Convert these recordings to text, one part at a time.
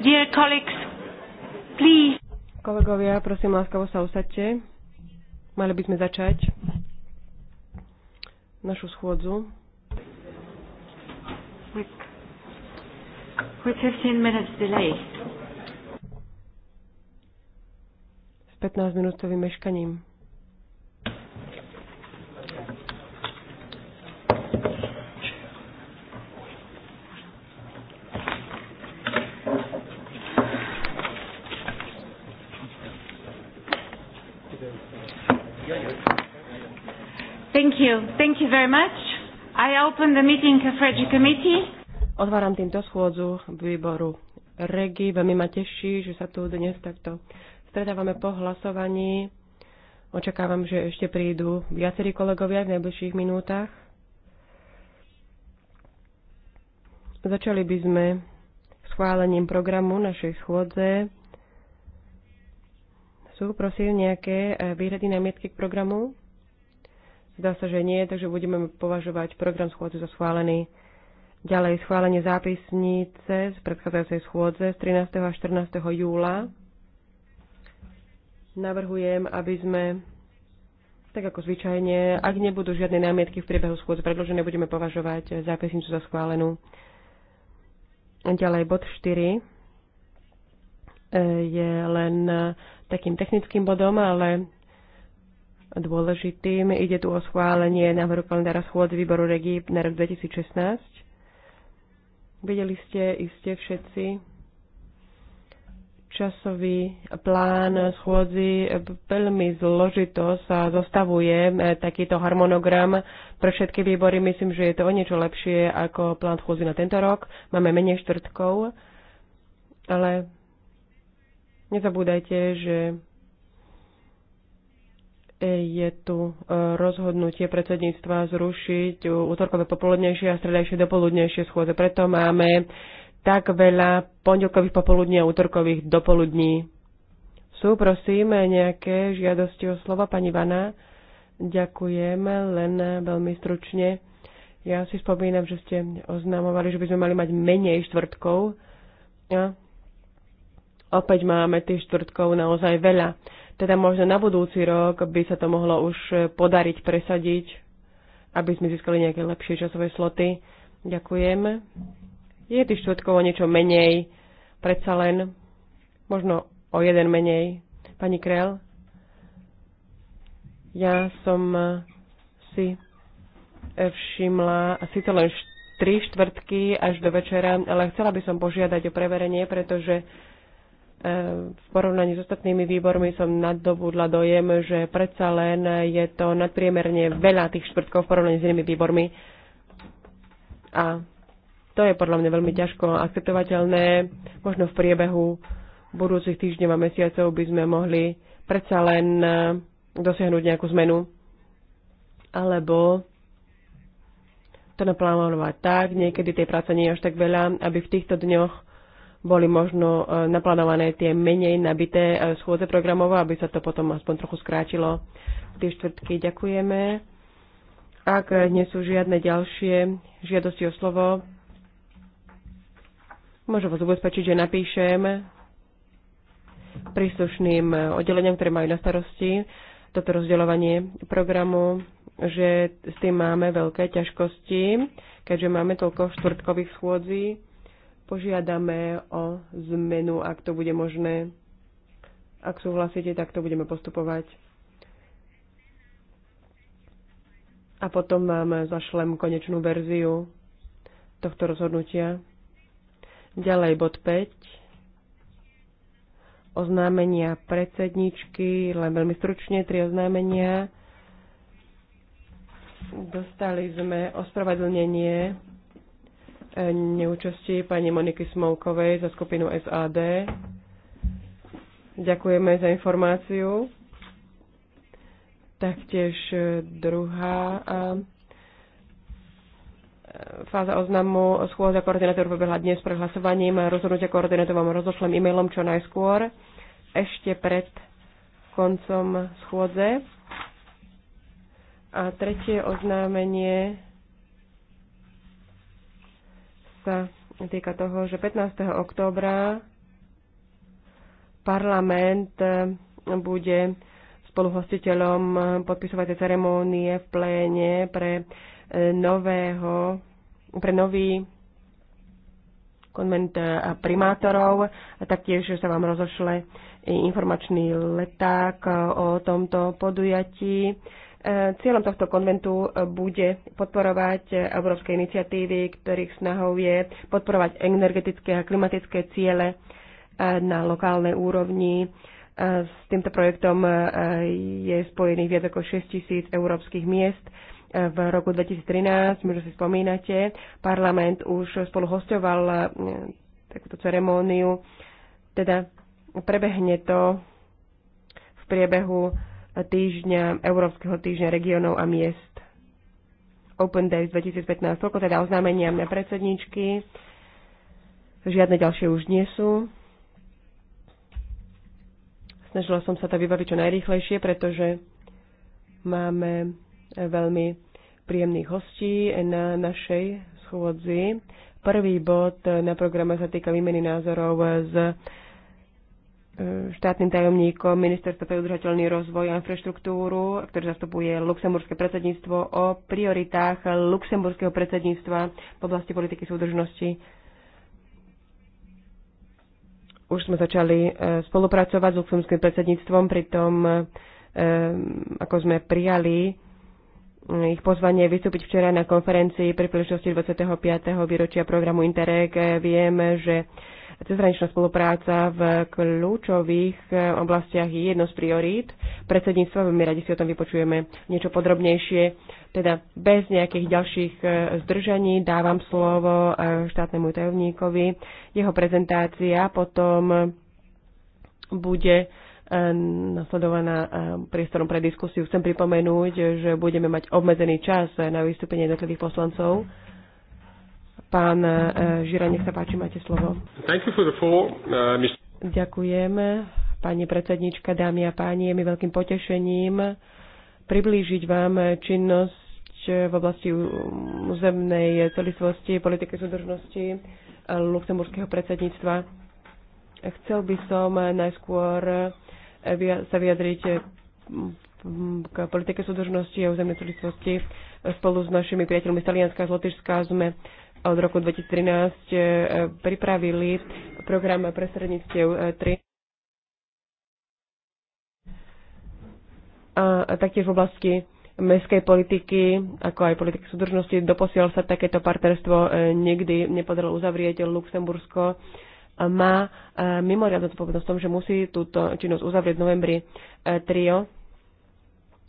Dear colleagues, please. Kolegovia, prosím, láskavo sa usadte. Mali by sme začať našu schôdzu. With, 15 minutes delay. S 15-minútovým meškaním. you. Thank you very much. I open the meeting of Regi Committee. Otváram týmto schôdzu výboru Regi. Veľmi ma teší, že sa tu dnes takto stretávame po hlasovaní. Očakávam, že ešte prídu viacerí kolegovia v najbližších minútach. Začali by sme schválením programu našej schôdze. Sú prosím nejaké výhrady námietky k programu? Zdá sa, že nie, takže budeme považovať program schôdze za schválený. Ďalej schválenie zápisnice z predchádzajúcej schôdze z 13. a 14. júla. Navrhujem, aby sme, tak ako zvyčajne, ak nebudú žiadne námietky v priebehu schôdze predložené, budeme považovať zápisnicu za schválenú. Ďalej bod 4 e, je len takým technickým bodom, ale dôležitým. Ide tu o schválenie návrhu kalendára schôd výboru regí na rok 2016. Videli ste iste všetci časový plán schôdzi veľmi zložito sa zostavuje e, takýto harmonogram pre všetky výbory. Myslím, že je to o niečo lepšie ako plán schôdzi na tento rok. Máme menej štvrtkov, ale nezabúdajte, že je tu e, rozhodnutie predsedníctva zrušiť útorkové popoludnejšie a stredajšie dopoludnejšie schôdze. Preto máme tak veľa pondelkových popoludní a útorkových dopoludní. Sú prosím nejaké žiadosti o slova, pani Vana? Ďakujem, len veľmi stručne. Ja si spomínam, že ste oznamovali, že by sme mali mať menej štvrtkov. Ja? Opäť máme tých štvrtkov naozaj veľa teda možno na budúci rok by sa to mohlo už e, podariť presadiť, aby sme získali nejaké lepšie časové sloty. Ďakujem. Je tých štvrtkovo niečo menej, predsa len možno o jeden menej. Pani Krel, ja som e, si e, všimla to len 3 štvrtky až do večera, ale chcela by som požiadať o preverenie, pretože E, v porovnaní s ostatnými výbormi som nadobudla dojem, že predsa len je to nadpriemerne veľa tých štvrtkov v porovnaní s inými výbormi. A to je podľa mňa veľmi ťažko akceptovateľné. Možno v priebehu budúcich týždňov a mesiacov by sme mohli predsa len e, dosiahnuť nejakú zmenu. Alebo to naplánovať tak, niekedy tej práce nie je až tak veľa, aby v týchto dňoch boli možno e, naplánované tie menej nabité e, schôdze programov, aby sa to potom aspoň trochu skrátilo. Tie štvrtky ďakujeme. Ak nie sú žiadne ďalšie žiadosti o slovo, môžem vás ubezpečiť, že napíšem príslušným oddeleniam, ktoré majú na starosti toto rozdeľovanie programu, že s tým máme veľké ťažkosti, keďže máme toľko štvrtkových schôdzí požiadame o zmenu, ak to bude možné. Ak súhlasíte, tak to budeme postupovať. A potom vám zašlem konečnú verziu tohto rozhodnutia. Ďalej bod 5 oznámenia predsedničky, len veľmi stručne tri oznámenia. Dostali sme ospravedlnenie E, neúčasti pani Moniky Smolkovej za skupinu SAD. Ďakujeme za informáciu. Taktiež e, druhá e, fáza oznamu schôdza koordinátor prebehla dnes pred hlasovaním. Rozhodnutia koordinátor vám rozošlem e-mailom čo najskôr, ešte pred koncom schôdze. A tretie oznámenie sa týka toho, že 15. októbra parlament e, bude spoluhostiteľom podpisovať ceremónie v pléne pre e, nového, pre nový konvent e, primátorov a taktiež sa vám rozošle informačný leták o tomto podujatí. E, cieľom tohto konventu e, bude podporovať európske iniciatívy, ktorých snahou je podporovať energetické a klimatické ciele e, na lokálnej úrovni. S týmto projektom je spojených viac ako 6 tisíc európskych miest. V roku 2013, možno si spomínate, parlament už spolu hostoval takúto ceremóniu. Teda prebehne to v priebehu týždňa, Európskeho týždňa regionov a miest. Open Days 2015. Toľko teda oznámenia mňa predsedničky. Žiadne ďalšie už nie sú. Snažila som sa to vybaviť čo najrýchlejšie, pretože máme veľmi príjemných hostí na našej schôdzi. Prvý bod na programe sa týka výmeny názorov s štátnym tajomníkom Ministerstva pre udržateľný rozvoj a infraštruktúru, ktorý zastupuje luxemburské predsedníctvo, o prioritách luxemburského predsedníctva v oblasti politiky súdržnosti. Už sme začali e, spolupracovať s luxemburským predsedníctvom, pritom e, ako sme prijali ich pozvanie vystúpiť včera na konferencii pri príležitosti 25. výročia programu Interreg, e, vieme, že Cezhraničná spolupráca v kľúčových eh, oblastiach je jedno z priorít. Predsedníctva veľmi radi si o tom vypočujeme niečo podrobnejšie. Teda bez nejakých ďalších eh, zdržaní dávam slovo eh, štátnemu tajomníkovi. Jeho prezentácia potom bude nasledovaná priestorom pre diskusiu. Chcem pripomenúť, že budeme mať obmedzený čas na vystúpenie jednotlivých poslancov. Mm Pán eh, Žira, nech sa páči, máte slovo. Floor, uh, Ďakujem, pani predsednička, dámy a páni. Je mi veľkým potešením priblížiť vám činnosť v oblasti územnej celistvosti, politiky súdržnosti eh, luxemburského predsedníctva. Chcel by som najskôr eh, sa vyjadriť k politike súdržnosti a územnej celistvosti spolu s našimi priateľmi z Talianska a z Lotyšska sme od roku 2013 eh, pripravili program prostredníctiev 3. Eh, a taktiež v oblasti mestskej politiky, ako aj politiky súdržnosti. Doposiaľ sa takéto partnerstvo eh, nikdy nepodarilo uzavrieť. Luxembursko má mimoriadnu zodpovednosť v tom, že musí túto činnosť uzavrieť v novembri. Trio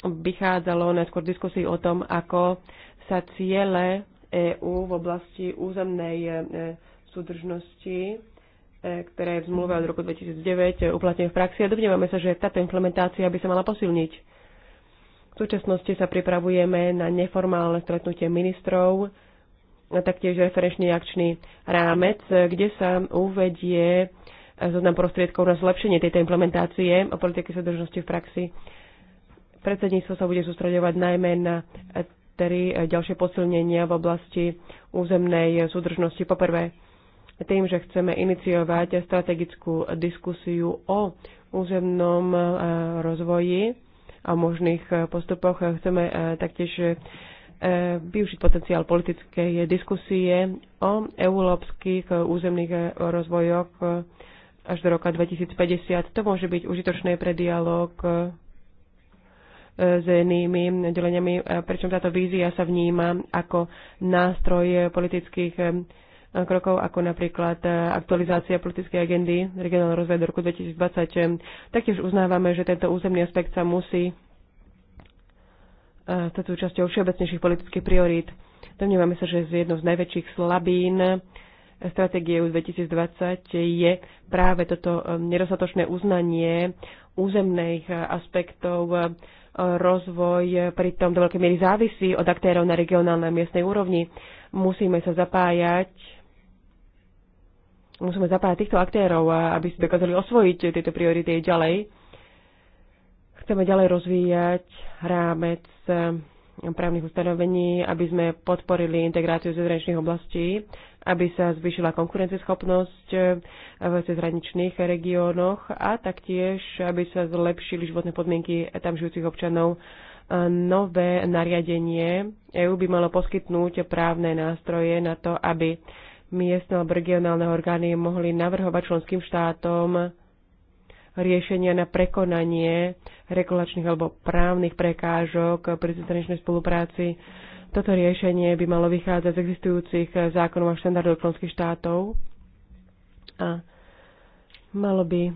vychádzalo najskôr diskusii o tom, ako sa ciele EÚ v oblasti územnej e, súdržnosti, e, ktoré je v zmluve od roku 2009 e, uplatnené v praxi. A domnievame sa, že táto implementácia by sa mala posilniť. V súčasnosti sa pripravujeme na neformálne stretnutie ministrov a taktiež referenčný akčný rámec, kde sa uvedie zoznam prostriedkov na zlepšenie tejto implementácie a politiky súdržnosti v praxi. Predsedníctvo sa bude sústredovať najmä na charaktery ďalšie posilnenia v oblasti územnej súdržnosti. Poprvé, tým, že chceme iniciovať strategickú diskusiu o územnom e, rozvoji a možných e, postupoch, e, chceme taktiež využiť potenciál politickej diskusie o európskych územných rozvojoch až do roka 2050. To môže byť užitočné pre dialog s inými deleniami, e, pričom táto vízia sa vníma ako nástroj politických e, krokov, ako napríklad e, aktualizácia politickej agendy regionálneho rozvoja do roku 2020. Taktiež uznávame, že tento územný aspekt sa musí stať súčasťou všeobecnejších politických priorít. Domnievame sa, že je jednou z najväčších slabín stratégie EU 2020 je práve toto um, nedostatočné uznanie územných uh, aspektov uh, rozvoj uh, pritom do veľkej miery závisí od aktérov na regionálnej miestnej úrovni. Musíme sa zapájať musíme zapájať týchto aktérov, aby si dokázali osvojiť tieto priority ďalej. Chceme ďalej rozvíjať rámec právnych ustanovení, aby sme podporili integráciu zahraničných oblastí aby sa zvyšila konkurenceschopnosť eh, v cezhraničných regiónoch a taktiež, aby sa zlepšili životné podmienky tam žijúcich občanov. Nové nariadenie EÚ by malo poskytnúť právne nástroje na to, aby miestne alebo regionálne orgány mohli navrhovať členským štátom riešenia na prekonanie regulačných alebo právnych prekážok pri zahraničnej spolupráci toto riešenie by malo vychádzať z existujúcich zákonov a štandardov členských štátov a malo by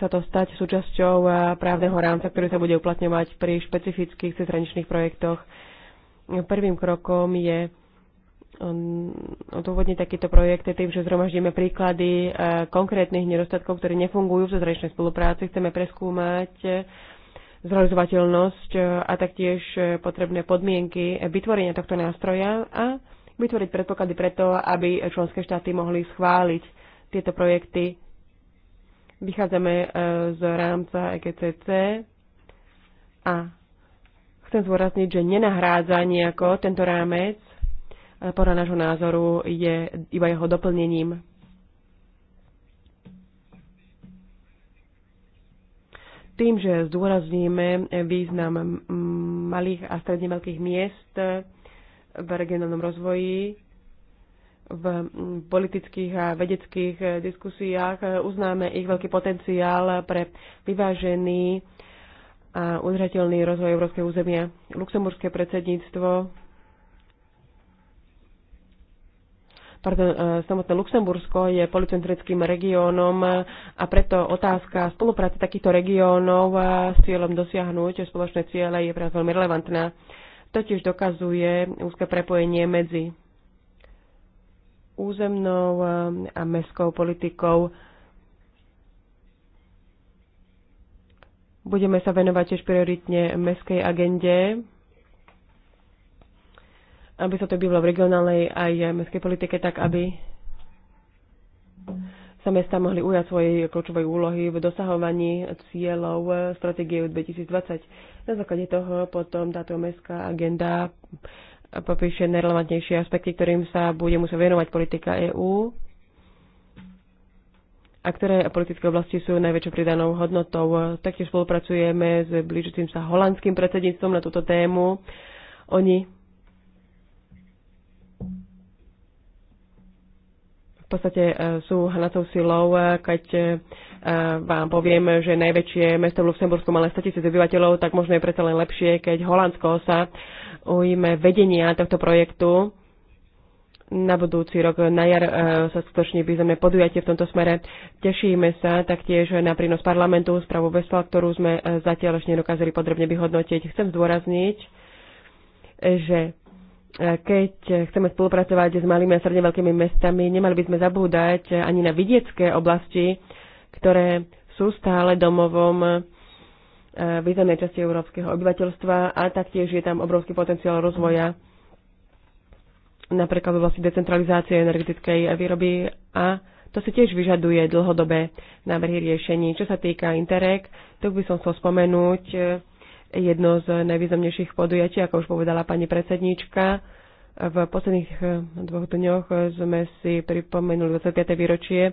sa to stať súčasťou eh, právneho rámca, ktorý sa bude uplatňovať pri špecifických cezhraničných projektoch. Prvým krokom je mm, odôvodniť takýto projekt tým, že zhromaždíme príklady eh, konkrétnych nedostatkov, ktoré nefungujú v cezhraničnej spolupráci. Chceme preskúmať zrealizovateľnosť eh, a taktiež eh, potrebné podmienky vytvorenia tohto nástroja a vytvoriť predpoklady preto, aby členské štáty mohli schváliť tieto projekty. Vychádzame eh, z rámca EGCC a chcem zvorazniť, že nenahrádza nejako tento rámec. Podľa nášho názoru je iba jeho doplnením. Tým, že zdôrazníme význam malých a stredne veľkých miest v regionálnom rozvoji, v politických a vedeckých diskusiách, uznáme ich veľký potenciál pre vyvážený a udržateľný rozvoj európskeho územia. Luxemburské predsedníctvo pardon, e, samotné Luxembursko je policentrickým regiónom a preto otázka spolupráce takýchto regiónov s cieľom dosiahnuť spoločné ciele je pre nás veľmi relevantná. Totiž dokazuje úzke prepojenie medzi územnou e, a mestskou politikou. Budeme sa venovať tiež prioritne mestskej agende aby sa to bylo v regionálnej aj mestskej politike, tak aby sa mesta mohli ujať svojej kľúčovej úlohy v dosahovaní cieľov stratégie 2020. Na základe toho potom táto mestská agenda popíše najrelevantnejšie aspekty, ktorým sa bude musieť venovať politika EÚ a ktoré politické oblasti sú najväčšou pridanou hodnotou. Taktiež spolupracujeme s blížitým sa holandským predsedníctvom na túto tému. Oni v podstate e, sú hnacou silou, e, keď e, vám poviem, že najväčšie mesto v Luxembursku má len 100 tisíc obyvateľov, tak možno je predsa len lepšie, keď Holandsko sa ujme vedenia tohto projektu. Na budúci rok na jar sa skutoční významné podujatie v tomto smere. Tešíme sa taktiež na prínos parlamentu správu Vesla, ktorú sme zatiaľ ešte nedokázali podrobne vyhodnotiť. Chcem zdôrazniť, že E, keď chceme spolupracovať s malými a stredne veľkými mestami, nemali by sme zabúdať ani na vidiecké oblasti, ktoré sú stále domovom e, významnej časti európskeho obyvateľstva a taktiež je tam obrovský potenciál rozvoja napríklad v oblasti decentralizácie energetickej výroby a to si tiež vyžaduje dlhodobé návrhy riešení. Čo sa týka Interreg, tu by som chcel spomenúť jedno z najvýznamnejších podujatí, ako už povedala pani predsedníčka. V posledných eh, dvoch dňoch sme si pripomenuli 25. výročie eh,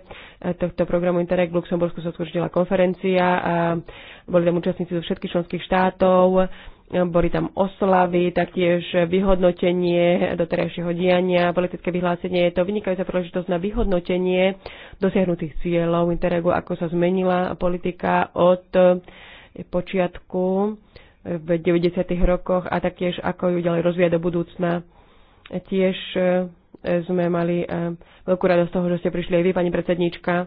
tohto programu Interreg. V Luxembursku sa skúšila konferencia a eh, boli tam účastníci zo všetkých členských štátov. Boli tam oslavy, taktiež vyhodnotenie doterajšieho diania, politické vyhlásenie. Je to vynikajúca príležitosť na vyhodnotenie dosiahnutých cieľov Interregu, ako sa zmenila politika od počiatku v 90. rokoch a taktiež ako ju ďalej rozvíjať do budúcna. Tiež e, sme mali e, veľkú radosť toho, že ste prišli aj vy, pani predsedníčka.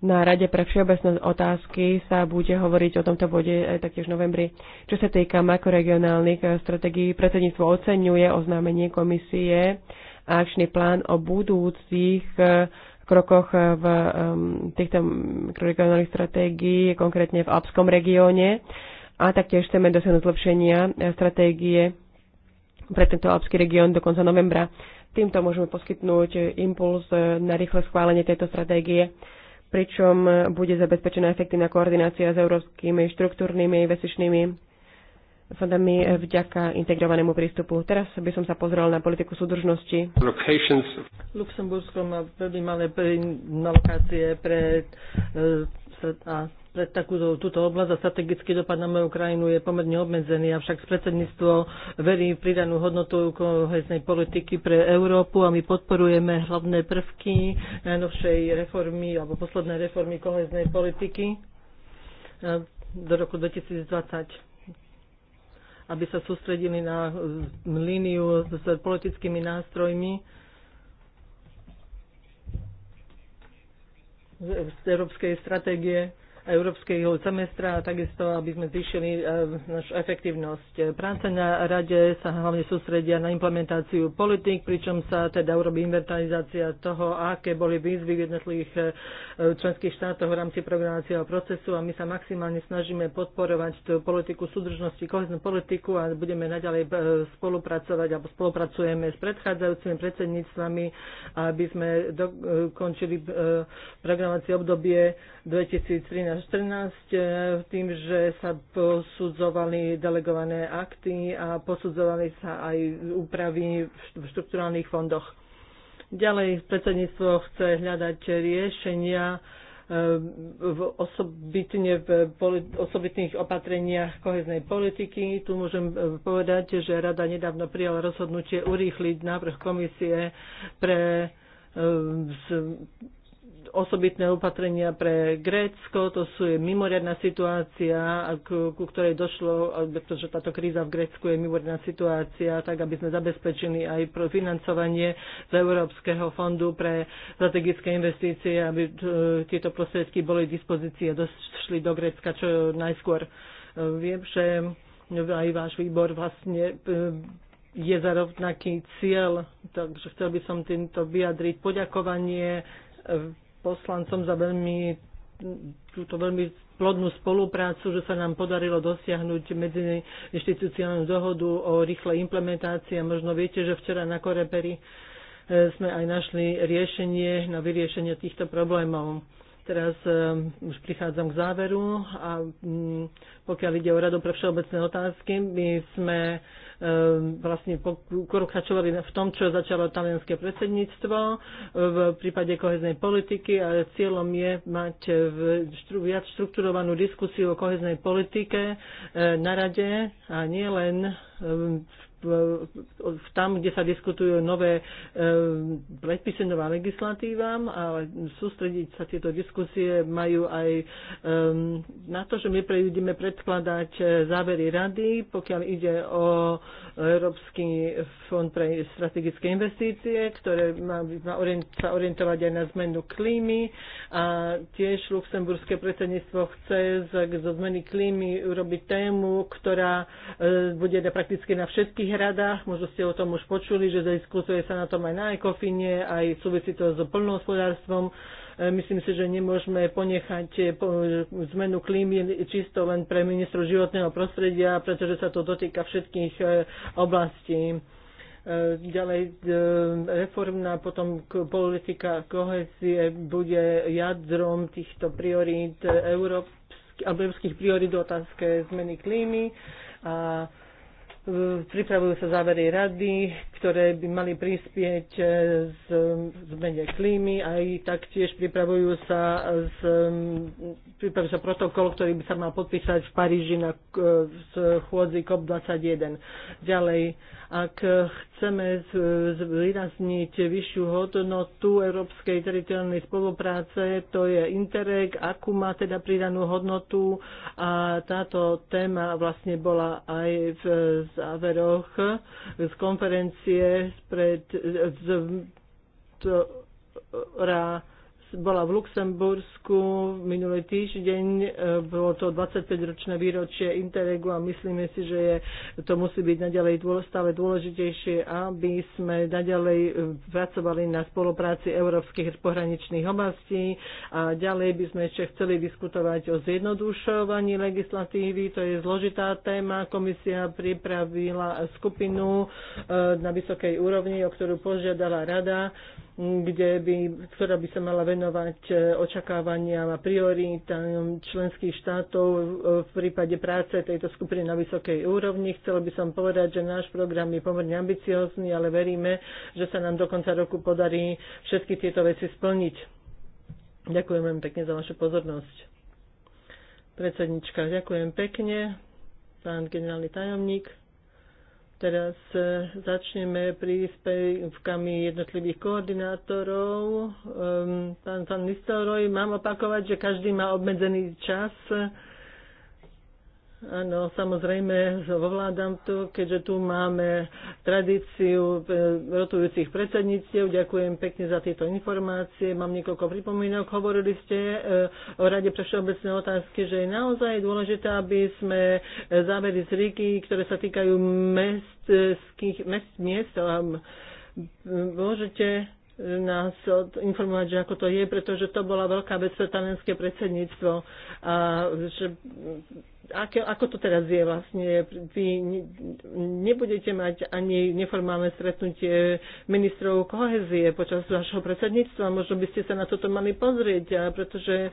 Na Rade pre všeobecné otázky sa bude hovoriť o tomto bode taktiež v novembri. Čo sa týka makroregionálnych e, strategií, predsedníctvo oceňuje oznámenie komisie a akčný plán o budúcich krokoch eh, v týchto mikroregionálnych stratégií, konkrétne v Alpskom regióne. A taktiež chceme dosiahnuť zlepšenia eh, stratégie pre tento Alpský región do konca novembra. Týmto môžeme poskytnúť eh, impuls na rýchle schválenie tejto stratégie, pričom bude zabezpečená efektívna koordinácia s európskymi štruktúrnymi investičnými fondami vďaka integrovanému prístupu. Teraz by som sa pozrel na politiku súdržnosti. Luxembursko má veľmi malé lokácie pre, e, a pre takúto túto oblasť a strategický dopad na moju krajinu je pomerne obmedzený, avšak predsedníctvo verí v pridanú hodnotu koheznej politiky pre Európu a my podporujeme hlavné prvky najnovšej reformy alebo poslednej reformy koheznej politiky e, do roku 2020 aby sa sústredili na mm, líniu s politickými nástrojmi z európskej stratégie európskeho semestra a takisto, aby sme zvýšili e, našu efektívnosť. Práca na rade sa hlavne sústredia na implementáciu politik, pričom sa teda urobí inventarizácia toho, aké boli výzvy v jednotlivých e, členských štátoch v rámci programovacieho procesu a my sa maximálne snažíme podporovať tú politiku súdržnosti, koheznú politiku a budeme naďalej e, spolupracovať alebo spolupracujeme s predchádzajúcimi predsedníctvami, aby sme dokončili programovacie obdobie 2013 2014 e, tým, že sa posudzovali delegované akty a posudzovali sa aj úpravy v štrukturálnych fondoch. Ďalej predsedníctvo chce hľadať riešenia e, v osobitne v osobitných opatreniach koheznej politiky. Tu môžem e, povedať, že Rada nedávno prijala rozhodnutie urýchliť návrh komisie pre osobitné opatrenia pre Grécko, to sú je mimoriadná situácia, ku, ku ktorej došlo, pretože táto kríza v Grécku je mimoriadná situácia, tak aby sme zabezpečili aj pro financovanie z Európskeho fondu pre strategické investície, aby e, tieto prostriedky boli v dispozícii a došli do Grécka čo najskôr. E, viem, že aj váš výbor vlastne e, je za rovnaký cieľ, takže chcel by som týmto vyjadriť poďakovanie poslancom za veľmi túto veľmi plodnú spoluprácu, že sa nám podarilo dosiahnuť medzi inštitúciálnu dohodu o rýchlej implementácii. A možno viete, že včera na Koreperi e, sme aj našli riešenie na vyriešenie týchto problémov. Teraz um, už prichádzam k záveru a um, pokiaľ ide o Radu pre všeobecné otázky, my sme uh, Ehm, vlastne pokračovali v tom, čo začalo talianské predsedníctvo e, v prípade koheznej politiky a cieľom je mať viac štrukturovanú diskusiu o koheznej politike e, na rade a nie len ehm, v v tam, kde sa diskutujú nové e, predpisy, nová legislatíva, ale sústrediť sa tieto diskusie majú aj na to, že my prejdeme predkladať e, závery rady, pokiaľ ide o Európsky fond pre strategické investície, ktoré má, má sa orientovať aj na zmenu klímy a tiež luxemburské predsedníctvo chce zo zmeny klímy urobiť tému, ktorá e, bude prakticky na všetkých výhradách. Možno ste o tom už počuli, že diskutuje sa na tom aj na ekofine, aj súvisí to s plnohospodárstvom. E, myslím si, že nemôžeme ponechať e, zmenu klímy čisto len pre ministru životného prostredia, pretože sa to dotýka všetkých e, oblastí ďalej reformná potom politika kohezie bude jadrom týchto priorít európskych, európskych priorít otázke zmeny klímy a E, pripravujú sa závery rady, ktoré by mali prispieť e, z zmene klímy, aj taktiež pripravujú sa, z, pripravujú sa protokol, ktorý by sa mal podpísať v Paríži na e, chôdzi COP21. Ďalej, ak chceme vyrazniť vyššiu hodnotu európskej teritoriálnej spolupráce, to je Interreg, akú má teda pridanú hodnotu a táto téma vlastne bola aj v záveroch z konferencie pred, z, ra bola v Luxembursku minulý týždeň, e, bolo to 25-ročné výročie Interregu a myslíme si, že je, to musí byť naďalej stále dôležitejšie, aby sme naďalej e, pracovali na spolupráci európskych pohraničných oblastí a ďalej by sme ešte chceli diskutovať o zjednodušovaní legislatívy, to je zložitá téma. Komisia pripravila skupinu e, na vysokej úrovni, o ktorú požiadala rada kde by, ktorá by sa mala venovať e, očakávaniam a prioritám členských štátov e, v prípade práce tejto skupiny na vysokej úrovni. Chcelo by som povedať, že náš program je pomerne ambiciózny, ale veríme, že sa nám do konca roku podarí všetky tieto veci splniť. Ďakujem veľmi pekne za vašu pozornosť. Predsednička, ďakujem pekne. Pán generálny tajomník. Teraz e, začneme príspevkami jednotlivých koordinátorov. Ehm, pán, pán Nistelroj, mám opakovať, že každý má obmedzený čas. Áno, samozrejme, ovládam to, keďže tu máme tradíciu e, rotujúcich predsedníctiev. Ďakujem pekne za tieto informácie. Mám niekoľko pripomínok. Hovorili ste e, o Rade pre všeobecné otázky, že je naozaj dôležité, aby sme e, závery z Ríky, ktoré sa týkajú mestských, mest, miest, môžete nás informovať, že ako to je, pretože to bola veľká vec pre talenské predsedníctvo. A že ako, ako to teraz je vlastne? Vy nebudete mať ani neformálne stretnutie ministrov kohezie počas vašho predsedníctva. Možno by ste sa na toto mali pozrieť, pretože e,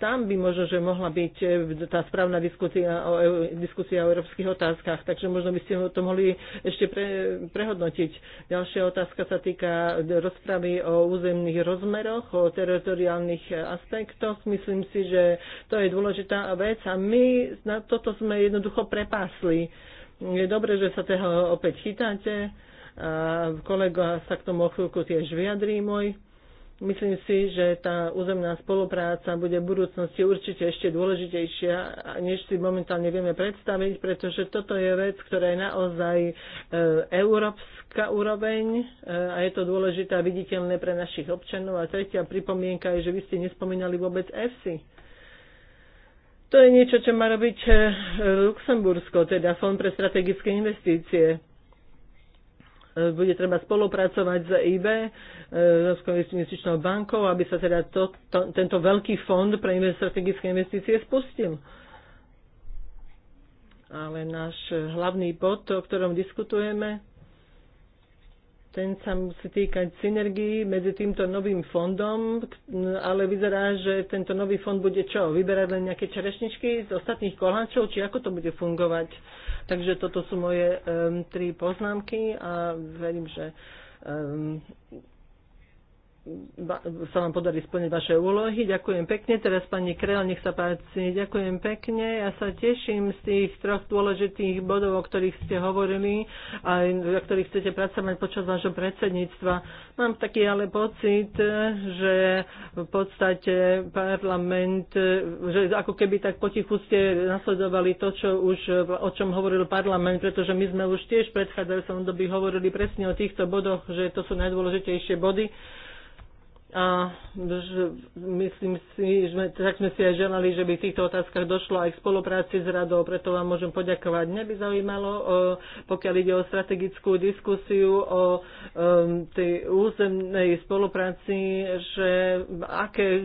tam by možno, že mohla byť e, tá správna diskusia o, e, diskusia o európskych otázkach. Takže možno by ste to mohli ešte pre, prehodnotiť. Ďalšia otázka sa týka rozpravy o územných rozmeroch, o teritoriálnych aspektoch. Myslím si, že to je dôležitá vec a my na toto sme jednoducho prepásli. Je dobré, že sa toho opäť chytáte. A kolega sa k tomu o chvíľku tiež vyjadrí môj. Myslím si, že tá územná spolupráca bude v budúcnosti určite ešte dôležitejšia, než si momentálne vieme predstaviť, pretože toto je vec, ktorá je naozaj e, európska úroveň e, a je to dôležité a viditeľné pre našich občanov. A tretia pripomienka je, že vy ste nespomínali vôbec EFSI. To je niečo, čo má robiť e, Luxembursko, teda Fond pre strategické investície. E, bude treba spolupracovať s EIB, e, Európskou investičnou bankou, aby sa teda to, to, tento veľký fond pre strategické investície spustil. Ale náš hlavný bod, o ktorom diskutujeme, ten sa musí týkať synergii medzi týmto novým fondom, ale vyzerá, že tento nový fond bude čo? Vyberať len nejaké čerešničky z ostatných koláčov, či ako to bude fungovať? Takže toto sú moje um, tri poznámky a verím, že um, sa vám podarí splniť vaše úlohy. Ďakujem pekne. Teraz pani Krel, nech sa páči. Ďakujem pekne. Ja sa teším z tých troch dôležitých bodov, o ktorých ste hovorili a o ktorých chcete pracovať počas vášho predsedníctva. Mám taký ale pocit, že v podstate parlament, že ako keby tak potichu ste nasledovali to, čo už, o čom hovoril parlament, pretože my sme už tiež v predchádzajúcom doby hovorili presne o týchto bodoch, že to sú najdôležitejšie body a myslím si, že tak sme si aj želali, že by v týchto otázkach došlo aj k spolupráci s radou, preto vám môžem poďakovať. Mňa by zaujímalo, pokiaľ ide o strategickú diskusiu o tej územnej spolupráci, že aké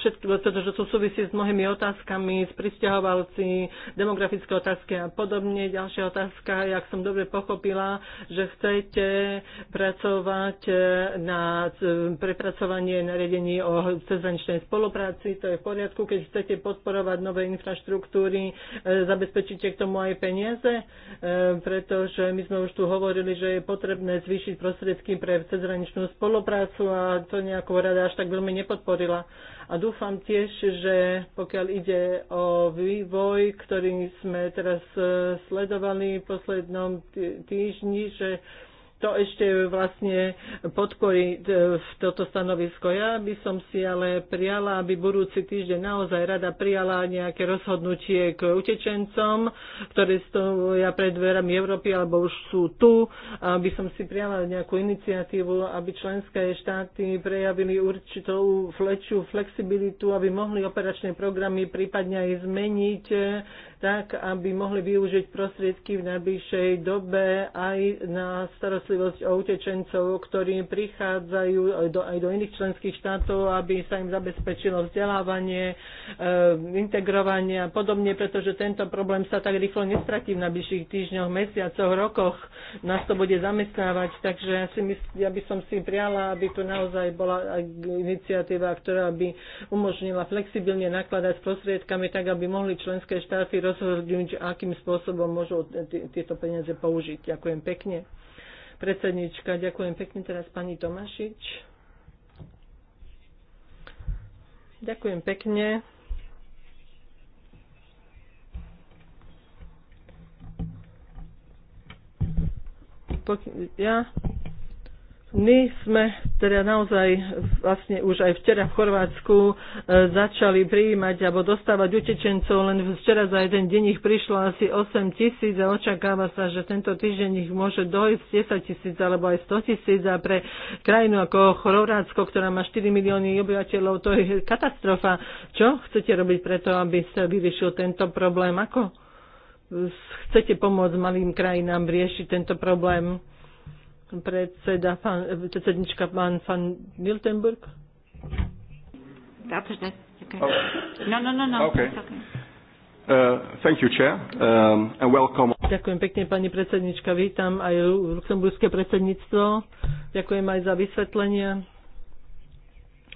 všetky, pretože to súvisí s mnohými otázkami, s pristahovalci, demografické otázky a podobne. Ďalšia otázka, jak som dobre pochopila, že chcete pracovať eh, na eh, prepracovanie hlasovanie nariadení o cezhraničnej spolupráci, to je v poriadku, keď chcete podporovať nové infraštruktúry, e, zabezpečíte k tomu aj peniaze, e, pretože my sme už tu hovorili, že je potrebné zvýšiť prostriedky pre cezhraničnú spoluprácu a to nejakú rada až tak veľmi nepodporila. A dúfam tiež, že pokiaľ ide o vývoj, ktorý sme teraz e, sledovali v poslednom týždni, že to ešte vlastne podporí e, toto stanovisko. Ja by som si ale prijala, aby budúci týždeň naozaj rada prijala nejaké rozhodnutie k utečencom, ktoré stoja pred dverami Európy alebo už sú tu. Aby som si prijala nejakú iniciatívu, aby členské štáty prejavili určitou fleču, flexibilitu, aby mohli operačné programy prípadne aj zmeniť e, tak, aby mohli využiť prostriedky v najbližšej dobe aj na starostlivosť starostlivosť o utečencov, ktorí prichádzajú aj do, aj do iných členských štátov, aby sa im zabezpečilo vzdelávanie, e, integrovanie a podobne, pretože tento problém sa tak rýchlo nestratí v najbližších týždňoch, mesiacoch, rokoch. Nás to bude zamestnávať, takže ja, si mysl, ja by som si priala, aby tu naozaj bola iniciatíva, ktorá by umožnila flexibilne nakladať s prostriedkami tak, aby mohli členské štáty rozhodnúť, akým spôsobom môžu tieto peniaze použiť. Ďakujem pekne. Predsednička, ďakujem pekne teraz pani Tomašič. Ďakujem pekne. Ja my sme teda naozaj vlastne už aj včera v Chorvátsku e, začali prijímať alebo dostávať utečencov, len včera za jeden deň ich prišlo asi 8 tisíc a očakáva sa, že tento týždeň ich môže dojsť 10 tisíc alebo aj 100 tisíc a pre krajinu ako Chorvátsko, ktorá má 4 milióny obyvateľov, to je katastrofa. Čo chcete robiť preto, aby sa vyriešil tento problém? Ako chcete pomôcť malým krajinám riešiť tento problém? predseda, pán, predsednička pán van Miltenburg. Okay. Oh. No, no, no, no. okay. Uh, thank you, Chair, um, and welcome. Ďakujem pekne, pani predsednička. Vítam aj luxemburské predsedníctvo. Ďakujem aj za vysvetlenie.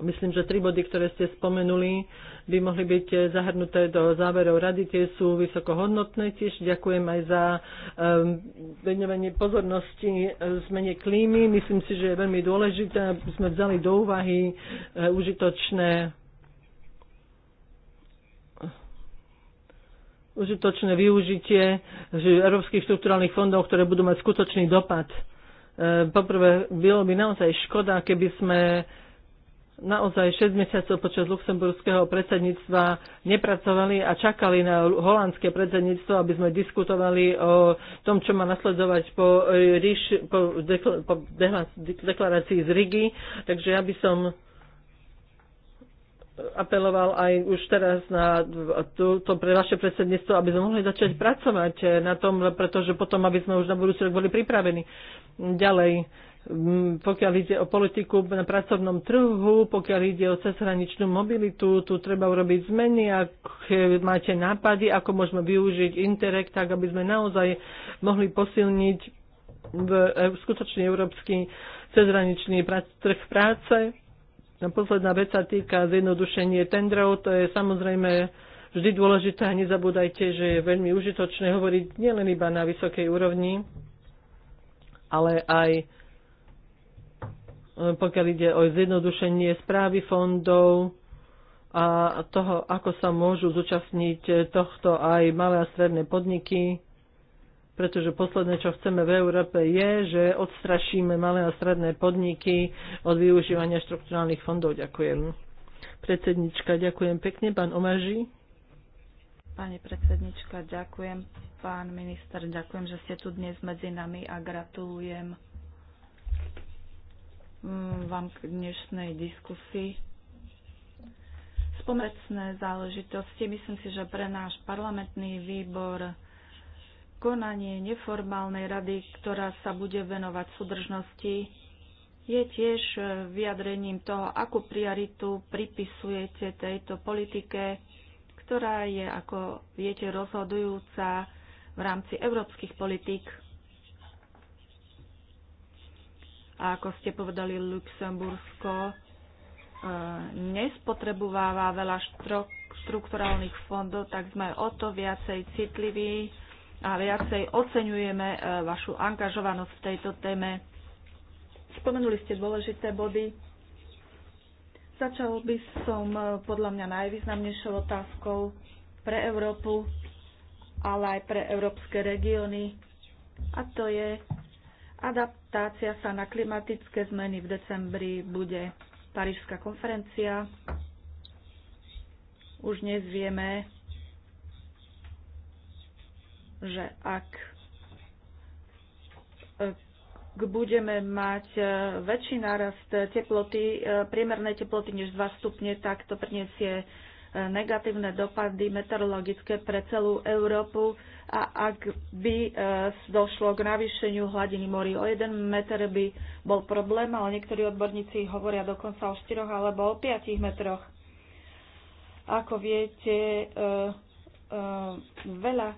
Myslím, že tri body, ktoré ste spomenuli, by mohli byť zahrnuté do záverov rady. Tie sú vysokohodnotné tiež. Ďakujem aj za ehm, venovanie pozornosti e, zmene klímy. Myslím si, že je veľmi dôležité, aby sme vzali do úvahy e, užitočné užitočné využitie európskych štrukturálnych fondov, ktoré budú mať skutočný dopad. E, poprvé, bylo by naozaj škoda, keby sme naozaj 6 mesiacov počas luxemburského predsedníctva nepracovali a čakali na holandské predsedníctvo, aby sme diskutovali o tom, čo má nasledovať po, e, ríš, po, dekl, po deklarácii z Rigi. Takže ja by som apeloval aj už teraz na to pre vaše predsedníctvo, aby sme mohli začať pracovať na tom, pretože potom, aby sme už na budúci rok boli pripravení. Ďalej, Mm, pokiaľ ide o politiku na pracovnom trhu, pokiaľ ide o cezhraničnú mobilitu, tu treba urobiť zmeny, ak máte nápady, ako môžeme využiť Interreg, tak aby sme naozaj mohli posilniť v, e, skutočný európsky cezhraničný trh práce. A posledná vec sa týka zjednodušenie tendrov, to je samozrejme vždy dôležité a nezabúdajte, že je veľmi užitočné hovoriť nielen iba na vysokej úrovni, ale aj pokiaľ ide o zjednodušenie správy fondov a toho, ako sa môžu zúčastniť tohto aj malé a stredné podniky, pretože posledné, čo chceme v Európe, je, že odstrašíme malé a stredné podniky od využívania štrukturálnych fondov. Ďakujem. Predsednička, ďakujem pekne. Pán Omaži. Pani predsednička, ďakujem. Pán minister, ďakujem, že ste tu dnes medzi nami a gratulujem Mm, vám k dnešnej diskusii. Spomecné záležitosti. Myslím si, že pre náš parlamentný výbor konanie neformálnej rady, ktorá sa bude venovať súdržnosti, je tiež e, vyjadrením toho, akú prioritu pripisujete tejto politike, ktorá je, ako viete, rozhodujúca v rámci európskych politík. A ako ste povedali, Luxembursko e, nespotrebováva veľa štrukturálnych fondov, tak sme o to viacej citliví a viacej oceňujeme e, vašu angažovanosť v tejto téme. Spomenuli ste dôležité body. Začal by som e, podľa mňa najvýznamnejšou otázkou pre Európu, ale aj pre európske regióny, a to je Adaptácia sa na klimatické zmeny v decembri bude Parížská konferencia. Už dnes vieme, že ak eh, budeme mať eh, väčší nárast teploty, eh, priemernej teploty než 2 stupne, tak to priniesie negatívne dopady meteorologické pre celú Európu a ak by e, došlo k navýšeniu hladiny morí o 1 meter, by bol problém, ale niektorí odborníci hovoria dokonca o 4 alebo o 5 metroch. Ako viete, e, e, veľa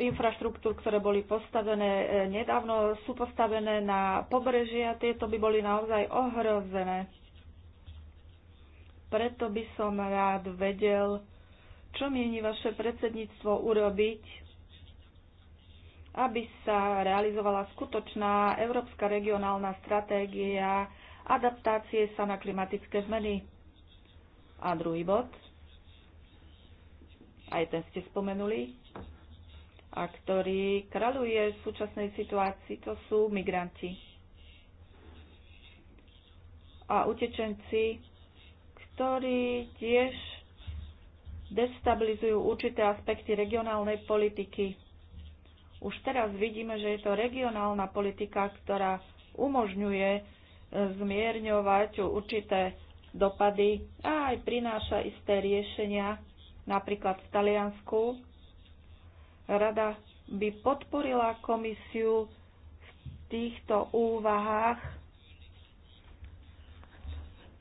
infraštruktúr, ktoré boli postavené nedávno, sú postavené na pobreží a tieto by boli naozaj ohrozené. Preto by som rád vedel, čo mieni vaše predsedníctvo urobiť aby sa realizovala skutočná európska regionálna stratégia adaptácie sa na klimatické zmeny. A druhý bod, aj ten ste spomenuli, a ktorý kráľuje v súčasnej situácii, to sú migranti a utečenci, ktorí tiež destabilizujú určité aspekty regionálnej politiky už teraz vidíme, že je to regionálna politika, ktorá umožňuje e, zmierňovať určité dopady a aj prináša isté riešenia. Napríklad v Taliansku rada by podporila komisiu v týchto úvahách,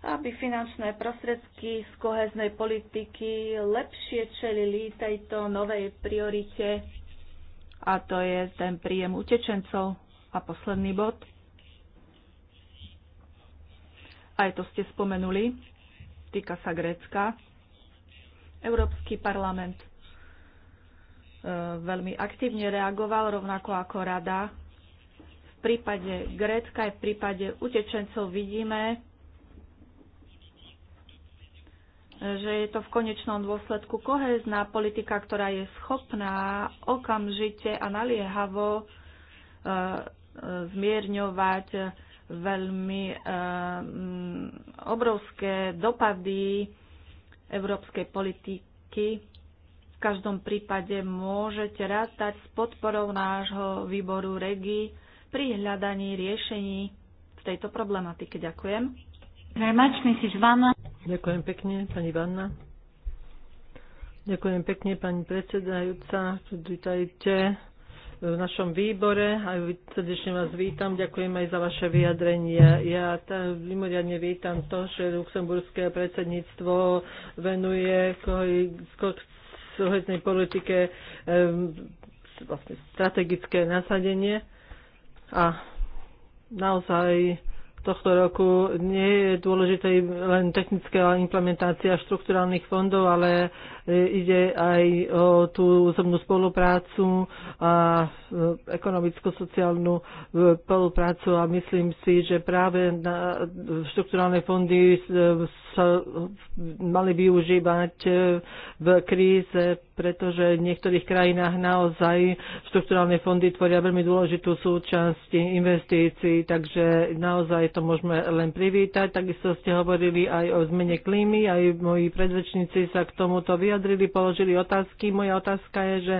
aby finančné prostredky z koheznej politiky lepšie čelili tejto novej priorite a to je ten príjem utečencov. A posledný bod, aj to ste spomenuli, týka sa Grécka. Európsky parlament e, veľmi aktívne reagoval, rovnako ako rada. V prípade Grécka aj v prípade utečencov vidíme, že je to v konečnom dôsledku kohezná politika, ktorá je schopná okamžite a naliehavo e, e, zmierňovať veľmi e, mm, obrovské dopady európskej politiky. V každom prípade môžete rátať s podporou nášho výboru REGI pri hľadaní riešení v tejto problematike. Ďakujem. Very much, Mrs. Ďakujem pekne, pani Vanna. Ďakujem pekne, pani predsedajúca. Vítajte v našom výbore a srdečne vás vítam. Ďakujem aj za vaše vyjadrenie. Ja tá, mimoriadne vítam to, že luxemburské predsedníctvo venuje koheznej politike vlastne strategické nasadenie a naozaj tohto roku nie je dôležité len technická implementácia štrukturálnych fondov, ale e, ide aj o tú územnú spoluprácu a e, ekonomicko-sociálnu e, spoluprácu a myslím si, že práve na štrukturálne fondy sa mali využívať v kríze pretože v niektorých krajinách naozaj štrukturálne fondy tvoria veľmi dôležitú súčasť investícií, takže naozaj to môžeme len privítať. Takisto ste hovorili aj o zmene klímy, aj moji predvečníci sa k tomuto vyjadrili, položili otázky. Moja otázka je, že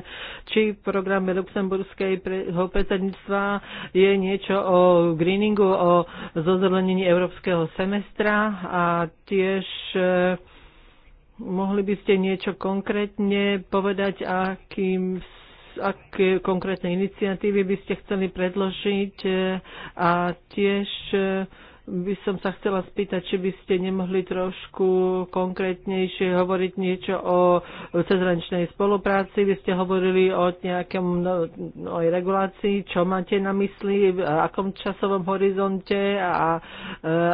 či v programe luxemburského predsedníctva je niečo o greeningu, o zozelenení európskeho semestra a tiež Mohli by ste niečo konkrétne povedať, akým, aké konkrétne iniciatívy by ste chceli predložiť eh, a tiež eh, by som sa chcela spýtať, či by ste nemohli trošku konkrétnejšie hovoriť niečo o cezhraničnej spolupráci. Vy ste hovorili o nejakom no, o regulácii, čo máte na mysli, v akom časovom horizonte a, a,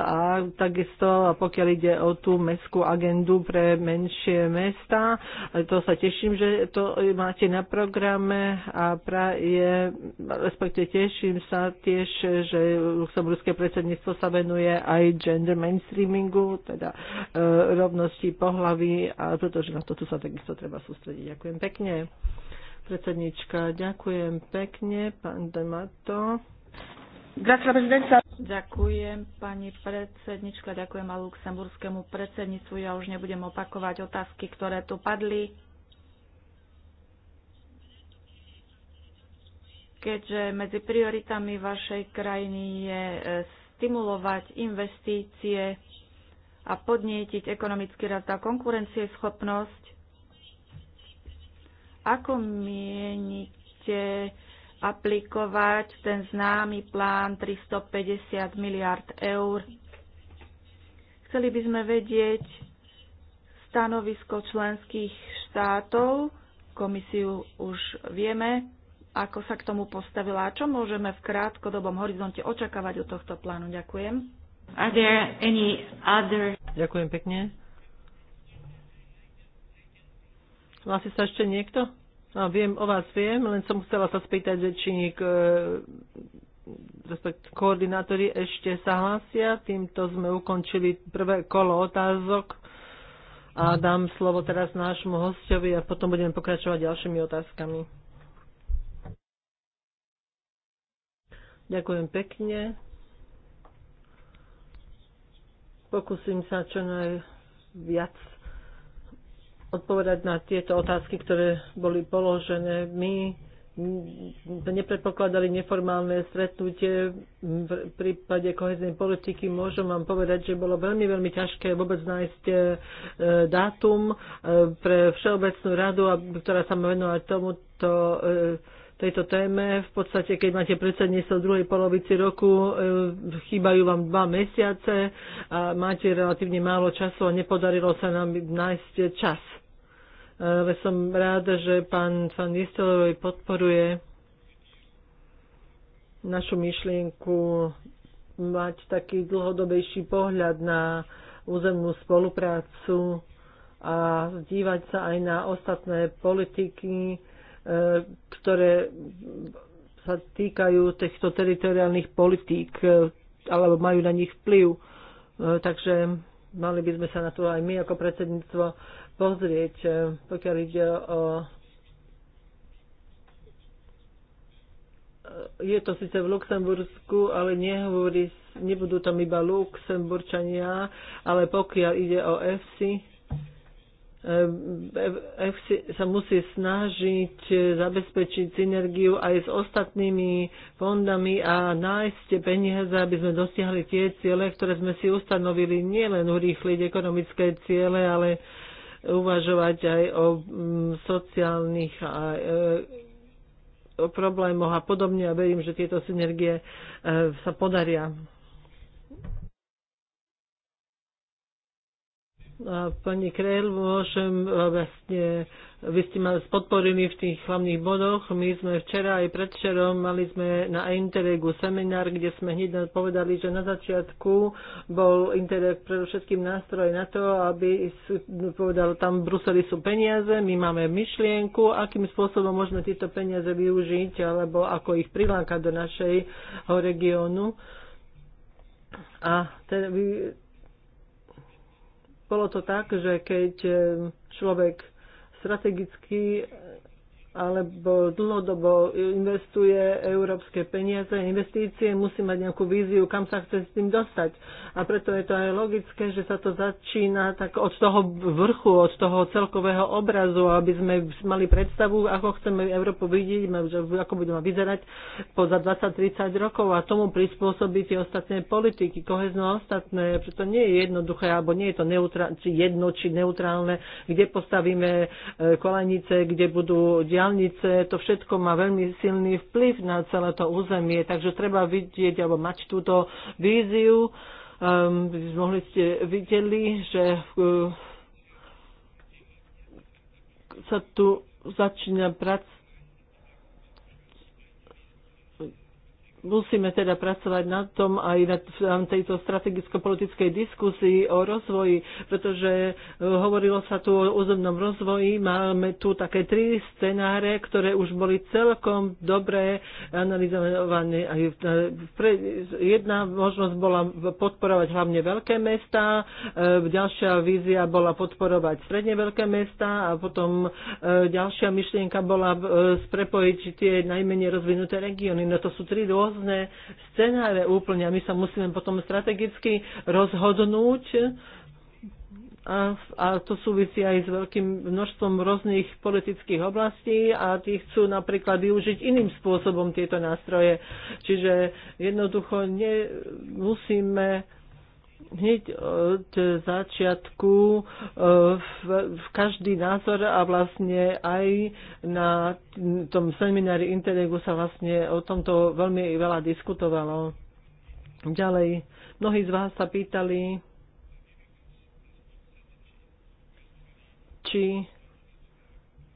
a takisto pokiaľ ide o tú mestskú agendu pre menšie mesta. To sa teším, že to máte na programe a pra je, respektive teším sa tiež, že luxemburské predsedníctvo sa venuje aj gender mainstreamingu, teda e, rovnosti pohlavy, a pretože na toto sa takisto treba sústrediť. Ďakujem pekne. Predsednička, ďakujem pekne, pán Demato. Ďakujem pani predsednička, ďakujem a luxemburskému predsedníctvu. Ja už nebudem opakovať otázky, ktoré tu padli. Keďže medzi prioritami vašej krajiny je e, stimulovať investície a podnietiť ekonomický rast a konkurencieschopnosť. Ako mienite aplikovať ten známy plán 350 miliard eur? Chceli by sme vedieť stanovisko členských štátov. Komisiu už vieme ako sa k tomu postavila a čo môžeme v krátkodobom horizonte očakávať od tohto plánu. Ďakujem. Are there any other... Ďakujem pekne. Hlási sa ešte niekto? No, viem, o vás viem, len som chcela sa spýtať, že či e, koordinátori ešte sa hlásia. Týmto sme ukončili prvé kolo otázok a dám slovo teraz nášmu hostovi a potom budeme pokračovať ďalšími otázkami. Ďakujem pekne. Pokúsim sa čo najviac odpovedať na tieto otázky, ktoré boli položené. My nepredpokladali neformálne stretnutie v prípade koheznej politiky. Môžem vám povedať, že bolo veľmi, veľmi ťažké vôbec nájsť e, dátum e, pre Všeobecnú radu, ktorá sa venovala tomuto e, tejto téme. V podstate, keď máte predsedníctvo v druhej polovici roku, e, chýbajú vám dva mesiace a máte relatívne málo času a nepodarilo sa nám nájsť čas. E, ale som ráda, že pán Van Nistelrooy podporuje našu myšlienku mať taký dlhodobejší pohľad na územnú spoluprácu a dívať sa aj na ostatné politiky, E, ktoré sa týkajú týchto teritoriálnych politík e, alebo majú na nich vplyv. E, takže mali by sme sa na to aj my ako predsedníctvo pozrieť, pokiaľ ide o je to síce v Luxembursku, ale nehovorí, nebudú tam iba Luxemburčania, ale pokiaľ ide o EFSI, EFSI ehm, sa musí snažiť eh, zabezpečiť synergiu aj s ostatnými fondami a nájsť peniaze, aby sme dosiahli tie ciele, ktoré sme si ustanovili, nielen urýchliť ekonomické ciele, ale uvažovať aj o mm, sociálnych a eh, o problémoch a podobne a verím, že tieto synergie eh, sa podaria. Pani Krell, môžem e, vlastne, vy ste ma podporili v tých hlavných bodoch. My sme včera aj predšerom mali sme na Interregu seminár, kde sme hneď povedali, že na začiatku bol Interreg predovšetkým nástroj na to, aby povedal, tam v Bruseli sú peniaze, my máme myšlienku, akým spôsobom môžeme tieto peniaze využiť, alebo ako ich prilákať do našej regiónu. A ten, bolo to tak, že keď eh, človek strategicky alebo dlhodobo investuje európske peniaze, investície, musí mať nejakú víziu, kam sa chce s tým dostať. A preto je to aj logické, že sa to začína tak od toho vrchu, od toho celkového obrazu, aby sme mali predstavu, ako chceme Európu vidieť, ako budeme vyzerať poza 20-30 rokov a tomu prispôsobiť tie ostatné politiky, kohezno ostatné, preto nie je jednoduché, alebo nie je to neutrál, či jedno, či neutrálne, kde postavíme e, kolenice, kde budú dia- diálnice, to všetko má veľmi silný vplyv na celé to územie, takže treba vidieť alebo mať túto víziu. Um, mohli ste videli, že uh, sa tu začína pracovať musíme teda pracovať na tom aj na, tejto strategicko-politickej diskusii o rozvoji, pretože e, hovorilo sa tu o územnom rozvoji, máme tu také tri scenáre, ktoré už boli celkom dobre analyzované. E, jedna možnosť bola podporovať hlavne veľké mesta, e, ďalšia vízia bola podporovať stredne veľké mesta a potom ďalšia myšlienka bola sprepojiť tie najmenej rozvinuté regióny. No to sú tri rôzne rôzne scenáre úplne a my sa musíme potom strategicky rozhodnúť, a, a to súvisí aj s veľkým množstvom rôznych politických oblastí a tí chcú napríklad využiť iným spôsobom tieto nástroje. Čiže jednoducho nemusíme hneď od začiatku e, v, v každý názor a vlastne aj na tom seminári Interregu sa vlastne o tomto veľmi veľa diskutovalo. Ďalej, mnohí z vás sa pýtali, či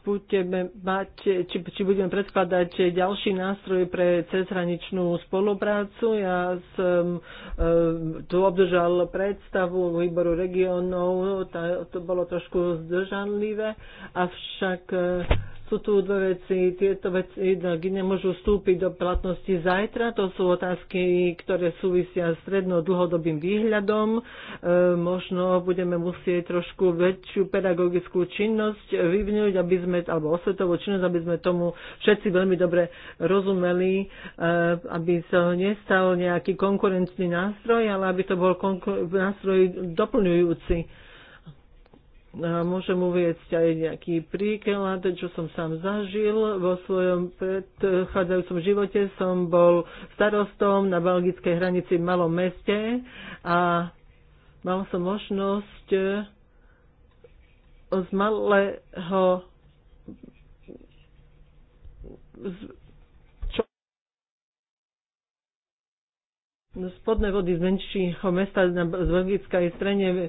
budeme mať, či, či budeme predkladať ďalší nástroj pre cezhraničnú spoluprácu. Ja som e, tu obdržal predstavu výboru regionov, to bolo trošku zdržanlivé, avšak e, sú tu dve veci. Tieto veci nemôžu vstúpiť do platnosti zajtra. To sú otázky, ktoré súvisia s stredno dlhodobým výhľadom. E, možno budeme musieť trošku väčšiu pedagogickú činnosť vyvinúť, aby sme, alebo osvetovú činnosť, aby sme tomu všetci veľmi dobre rozumeli, e, aby sa nestal nejaký konkurenčný nástroj, ale aby to bol nástroj doplňujúci Môžem uvieť aj nejaký príklad, čo som sám zažil. Vo svojom predchádzajúcom živote som bol starostom na belgickej hranici v malom meste a mal som možnosť e, z malého spodné vody z menšieho mesta z belgickej strane e,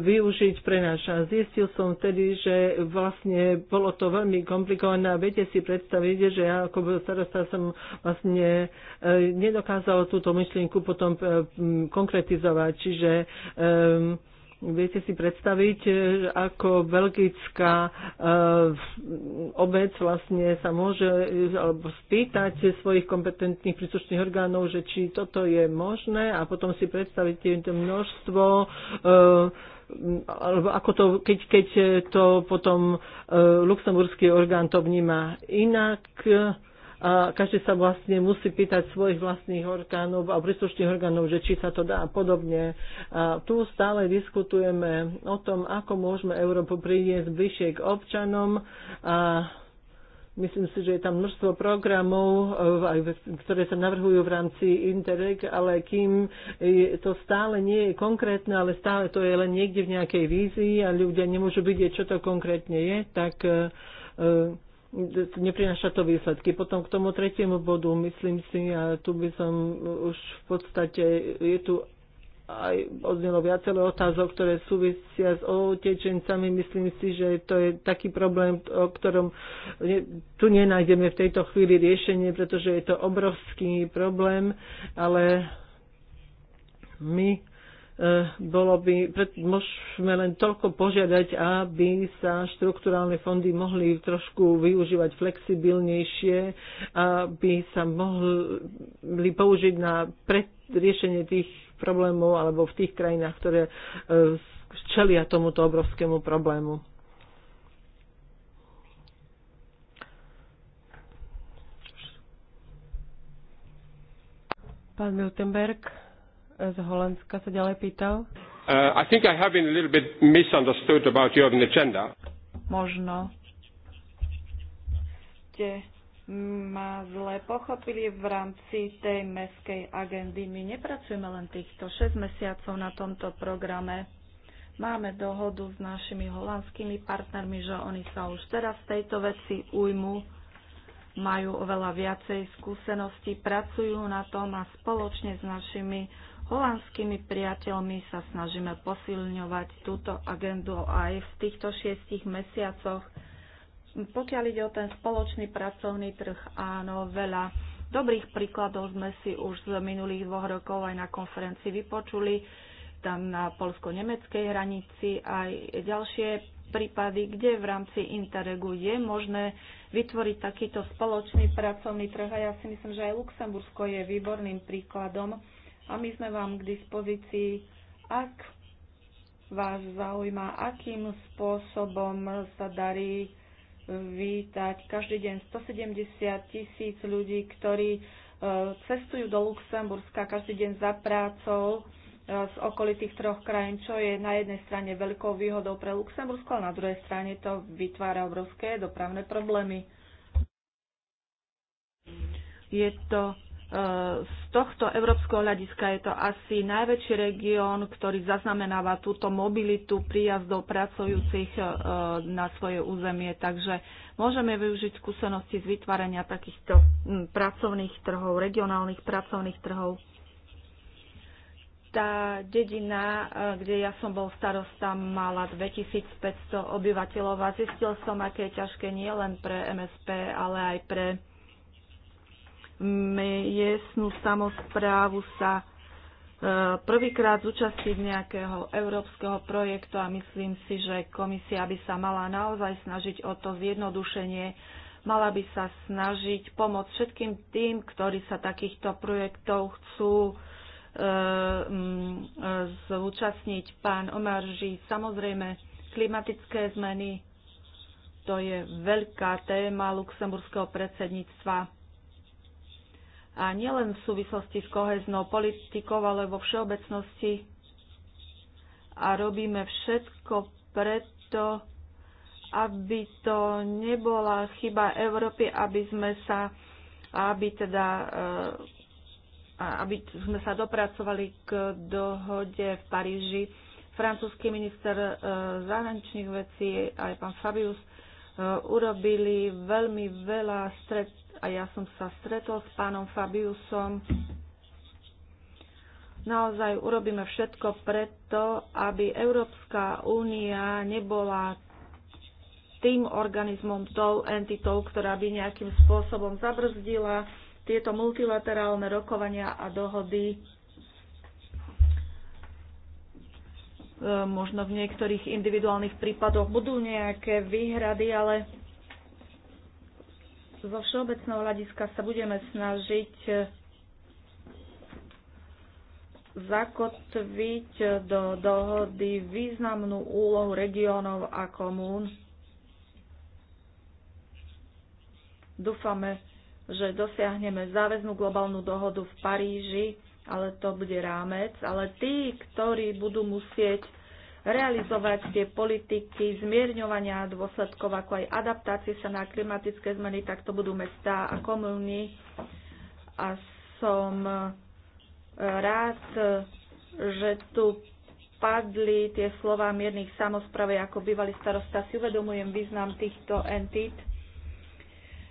využiť pre náš. A zistil som vtedy, že vlastne bolo to veľmi komplikované a viete si predstaviť, že ja ako starosta som vlastne e, nedokázal túto myšlienku potom e, konkretizovať. Čiže um, Viete si predstaviť, e, ako belgická e, obec vlastne sa môže e, alebo spýtať svojich kompetentných príslušných orgánov, že či toto je možné a potom si predstaviť to množstvo alebo ako to, keď, keď to potom luxemburský orgán to vníma inak, a každý sa vlastne musí pýtať svojich vlastných orgánov a príslušných orgánov, že či sa to dá a podobne. A tu stále diskutujeme o tom, ako môžeme Európu priniesť bližšie k občanom a Myslím si, že je tam množstvo programov, e, ktoré sa navrhujú v rámci Interreg, ale kým to stále nie je konkrétne, ale stále to je len niekde v nejakej vízii a ľudia nemôžu vidieť, čo to konkrétne je, tak e, e, neprináša to výsledky. Potom k tomu tretiemu bodu, myslím si, a tu by som už v podstate, je tu aj odznelo viacero otázok, ktoré súvisia s otečencami. Myslím si, že to je taký problém, o ktorom tu nenájdeme v tejto chvíli riešenie, pretože je to obrovský problém, ale my Eh, bolo by, môžeme len toľko požiadať, aby sa štruktúrálne fondy mohli trošku využívať flexibilnejšie, aby sa mohli použiť na pre, riešenie tých problémov alebo v tých krajinách, ktoré eh, čelia tomuto obrovskému problému. Pán Miltenberg z Holandska sa ďalej pýtal. Uh, I think I have been a little bit misunderstood about your agenda. Možno ste ma zle pochopili v rámci tej meskej agendy. My nepracujeme len týchto 6 mesiacov na tomto programe. Máme dohodu s našimi holandskými partnermi, že oni sa už teraz tejto veci ujmu, majú oveľa viacej skúseností, pracujú na tom a spoločne s našimi holandskými priateľmi sa snažíme posilňovať túto agendu aj v týchto šiestich mesiacoch. Pokiaľ ide o ten spoločný pracovný trh, áno, veľa dobrých príkladov sme si už z minulých dvoch rokov aj na konferencii vypočuli, tam na polsko-nemeckej hranici aj ďalšie prípady, kde v rámci Interregu je možné vytvoriť takýto spoločný pracovný trh a ja si myslím, že aj Luxembursko je výborným príkladom a my sme vám k dispozícii, ak vás zaujíma, akým spôsobom sa darí vítať každý deň 170 tisíc ľudí, ktorí e, cestujú do Luxemburska každý deň za prácou e, z okolitých troch krajín, čo je na jednej strane veľkou výhodou pre Luxembursko, ale na druhej strane to vytvára obrovské dopravné problémy. Je to z tohto európskeho hľadiska je to asi najväčší región, ktorý zaznamenáva túto mobilitu príjazdov pracujúcich e, na svoje územie. Takže môžeme využiť skúsenosti z vytvárania takýchto pracovných trhov, regionálnych pracovných trhov. Tá dedina, e, kde ja som bol starosta, mala 2500 obyvateľov a zistil som, aké je ťažké nie len pre MSP, ale aj pre miestnú samozprávu sa e, prvýkrát zúčastniť nejakého európskeho projektu a myslím si, že komisia by sa mala naozaj snažiť o to zjednodušenie, mala by sa snažiť pomôcť všetkým tým, ktorí sa takýchto projektov chcú e, e, zúčastniť. Pán Omarži, samozrejme, klimatické zmeny, to je veľká téma luxemburského predsedníctva a nielen v súvislosti s koheznou politikou, ale vo všeobecnosti. A robíme všetko preto, aby to nebola chyba Európy, aby sme sa aby teda e, aby sme sa dopracovali k dohode v Paríži. Francúzsky minister e, zahraničných vecí, aj pán Fabius, E, urobili veľmi veľa stret a ja som sa stretol s pánom Fabiusom. Naozaj urobíme všetko preto, aby Európska únia nebola tým organizmom, tou entitou, ktorá by nejakým spôsobom zabrzdila tieto multilaterálne rokovania a dohody Možno v niektorých individuálnych prípadoch budú nejaké výhrady, ale zo všeobecného hľadiska sa budeme snažiť zakotviť do dohody významnú úlohu regiónov a komún. Dúfame, že dosiahneme záväznú globálnu dohodu v Paríži ale to bude rámec, ale tí, ktorí budú musieť realizovať tie politiky zmierňovania dôsledkov, ako aj adaptácie sa na klimatické zmeny, tak to budú mestá a komuny. A som rád, že tu padli tie slova miernych samozprávy. Ako bývalý starosta si uvedomujem význam týchto entít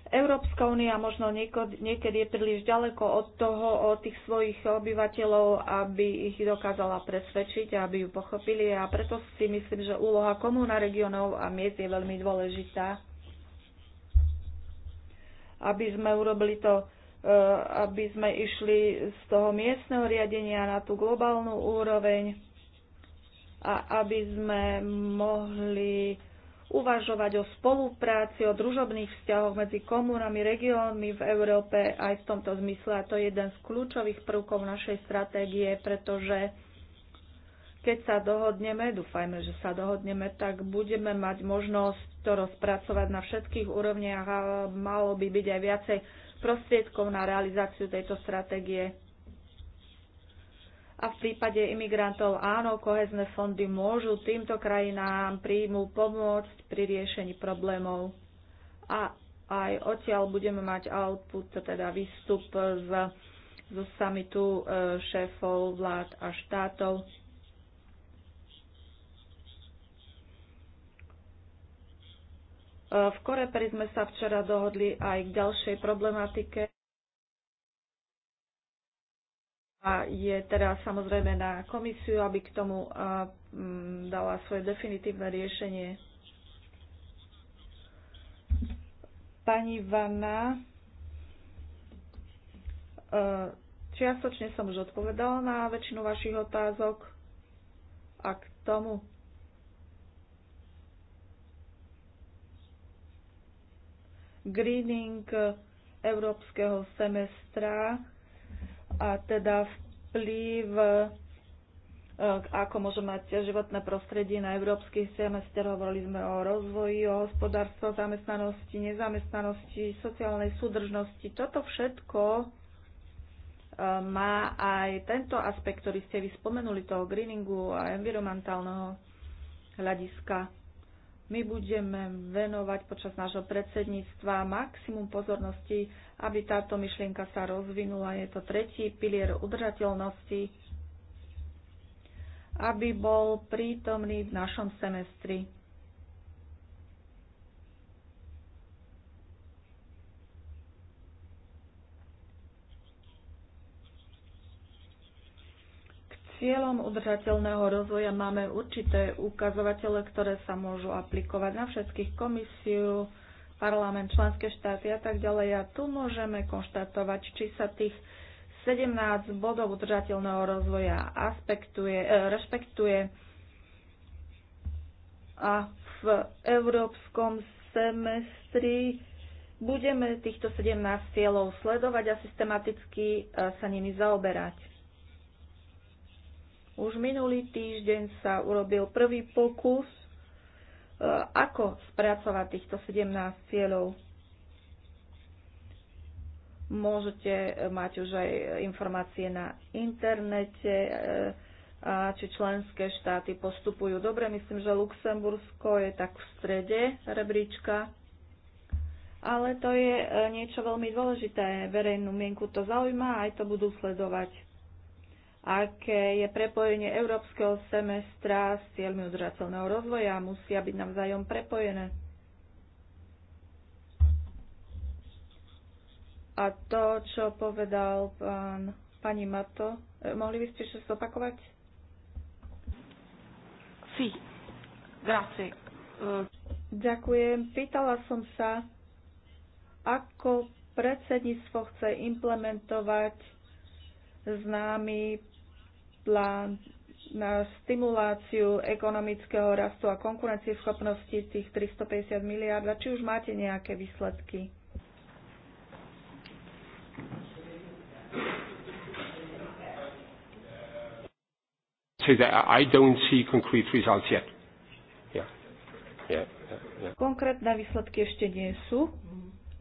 Európska únia možno niekedy je príliš ďaleko od toho, od tých svojich obyvateľov, aby ich dokázala presvedčiť, aby ju pochopili a preto si myslím, že úloha komúna regionov a miest je veľmi dôležitá, aby sme urobili to, e, aby sme išli z toho miestneho riadenia na tú globálnu úroveň a aby sme mohli uvažovať o spolupráci, o družobných vzťahoch medzi komunami, regiónmi v Európe aj v tomto zmysle. A to je jeden z kľúčových prvkov našej stratégie, pretože keď sa dohodneme, dúfajme, že sa dohodneme, tak budeme mať možnosť to rozpracovať na všetkých úrovniach a malo by byť aj viacej prostriedkov na realizáciu tejto stratégie. A v prípade imigrantov áno, kohezné fondy môžu týmto krajinám príjmu pomôcť pri riešení problémov. A aj odtiaľ budeme mať output, teda výstup z, zo samitu e, šéfov vlád a štátov. E, v Korepery sme sa včera dohodli aj k ďalšej problematike. A je teda samozrejme na komisiu, aby k tomu mm, dala svoje definitívne riešenie. Pani Vanna, e, čiastočne som už odpovedala na väčšinu vašich otázok a k tomu greening e, európskeho semestra a teda vplyv, e, ako môže mať životné prostredie na európsky semester. Hovorili sme o rozvoji, o hospodárstve, o zamestnanosti, nezamestnanosti, sociálnej súdržnosti. Toto všetko e, má aj tento aspekt, ktorý ste vyspomenuli, toho greeningu a environmentálneho hľadiska. My budeme venovať počas nášho predsedníctva maximum pozornosti, aby táto myšlienka sa rozvinula. Je to tretí pilier udržateľnosti, aby bol prítomný v našom semestri. cieľom udržateľného rozvoja máme určité ukazovatele, ktoré sa môžu aplikovať na všetkých komisiu, parlament, členské štáty a tak ďalej. A tu môžeme konštatovať, či sa tých 17 bodov udržateľného rozvoja aspektuje, eh, rešpektuje a v európskom semestri budeme týchto 17 cieľov sledovať a systematicky eh, sa nimi zaoberať. Už minulý týždeň sa urobil prvý pokus, e, ako spracovať týchto 17 cieľov. Môžete mať už aj informácie na internete, e, či členské štáty postupujú dobre. Myslím, že Luxembursko je tak v strede rebríčka. Ale to je e, niečo veľmi dôležité. Verejnú mienku to zaujíma a aj to budú sledovať aké je prepojenie európskeho semestra s cieľmi udržateľného rozvoja. a Musia byť navzájom prepojené. A to, čo povedal pán, pani Mato, eh, mohli by ste ešte zopakovať? Sí, grazie. Eh. Ďakujem. Pýtala som sa, ako predsedníctvo chce implementovať známy plán na stimuláciu ekonomického rastu a konkurencieschopnosti tých 350 miliard a či už máte nejaké výsledky? I don't see concrete results yet. Yeah. Yeah. Yeah. Konkrétne výsledky ešte nie sú.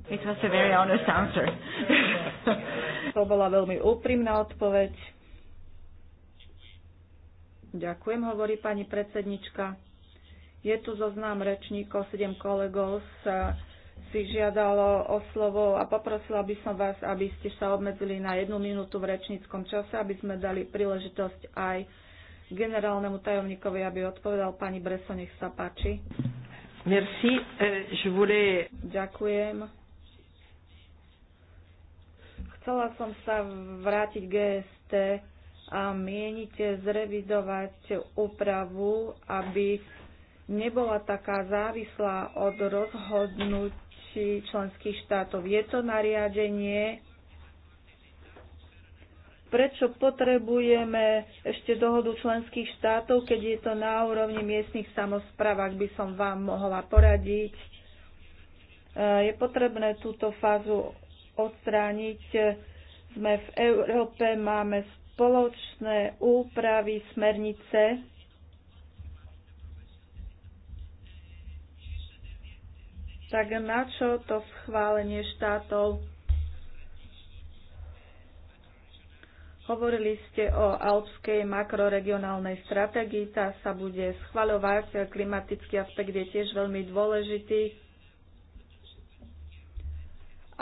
It was a very honest answer. to bola veľmi úprimná odpoveď. Ďakujem, hovorí pani predsednička. Je tu zoznám rečníkov, sedem kolegov sa si žiadalo o slovo a poprosila by som vás, aby ste sa obmedzili na jednu minútu v rečníckom čase, aby sme dali príležitosť aj generálnemu tajomníkovi, aby odpovedal pani Breso, nech sa páči. Merci, euh, je voulais... Ďakujem. Chcela som sa vrátiť GST mienite zrevidovať úpravu, aby nebola taká závislá od rozhodnutí členských štátov. Je to nariadenie? Prečo potrebujeme ešte dohodu členských štátov, keď je to na úrovni miestnych samozpráv, ak by som vám mohla poradiť? E, je potrebné túto fázu odstrániť. E, sme v Európe, máme spoločné úpravy smernice tak na čo to schválenie štátov? Hovorili ste o alpskej makroregionálnej stratégii, tá sa bude schvaľovať, klimatický aspekt je tiež veľmi dôležitý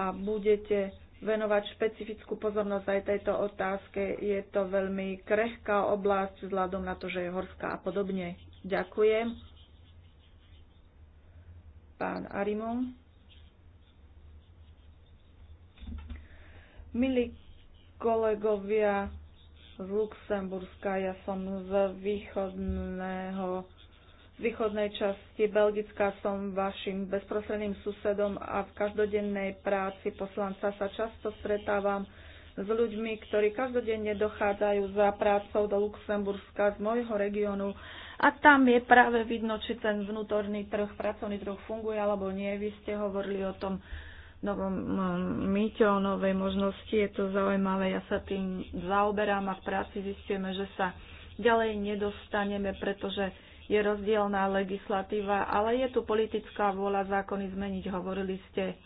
a budete venovať špecifickú pozornosť aj tejto otázke. Je to veľmi krehká oblasť vzhľadom na to, že je horská a podobne. Ďakujem. Pán Arimon. Milí kolegovia z Luxemburska, ja som z východného východnej časti Belgická som vašim bezprostredným susedom a v každodennej práci poslanca sa často stretávam s ľuďmi, ktorí každodenne dochádzajú za prácou do Luxemburska z môjho regiónu a tam je práve vidno, či ten vnútorný trh, pracovný trh funguje alebo nie. Vy ste hovorili o tom novom mm, mýte, o novej možnosti, je to zaujímavé, ja sa tým zaoberám a v práci zistíme, že sa ďalej nedostaneme, pretože je rozdielná legislatíva, ale je tu politická vôľa zákony zmeniť. Hovorili ste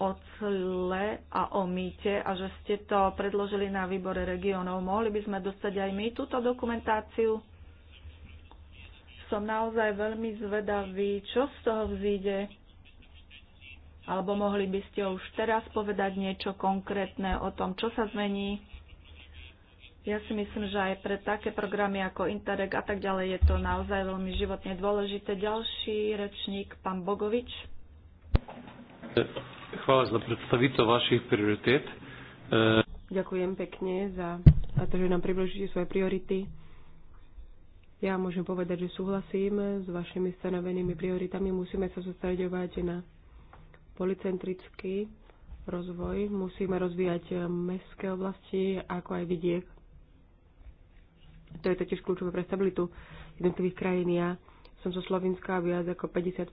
o cle a o mýte a že ste to predložili na výbore regionov. Mohli by sme dostať aj my túto dokumentáciu? Som naozaj veľmi zvedavý, čo z toho vzíde. Alebo mohli by ste už teraz povedať niečo konkrétne o tom, čo sa zmení ja si myslím, že aj pre také programy ako Interreg a tak ďalej je to naozaj veľmi životne dôležité. Ďalší rečník, pán Bogovič. Chvála za predstavito vašich prioritiet. E- Ďakujem pekne za to, že nám približíte svoje priority. Ja môžem povedať, že súhlasím s vašimi stanovenými prioritami. Musíme sa sústredovať na policentrický rozvoj. Musíme rozvíjať mestské oblasti, ako aj vidiek to je totiž kľúčové pre stabilitu jednotlivých krajín. Ja som zo Slovenska a viac ako 50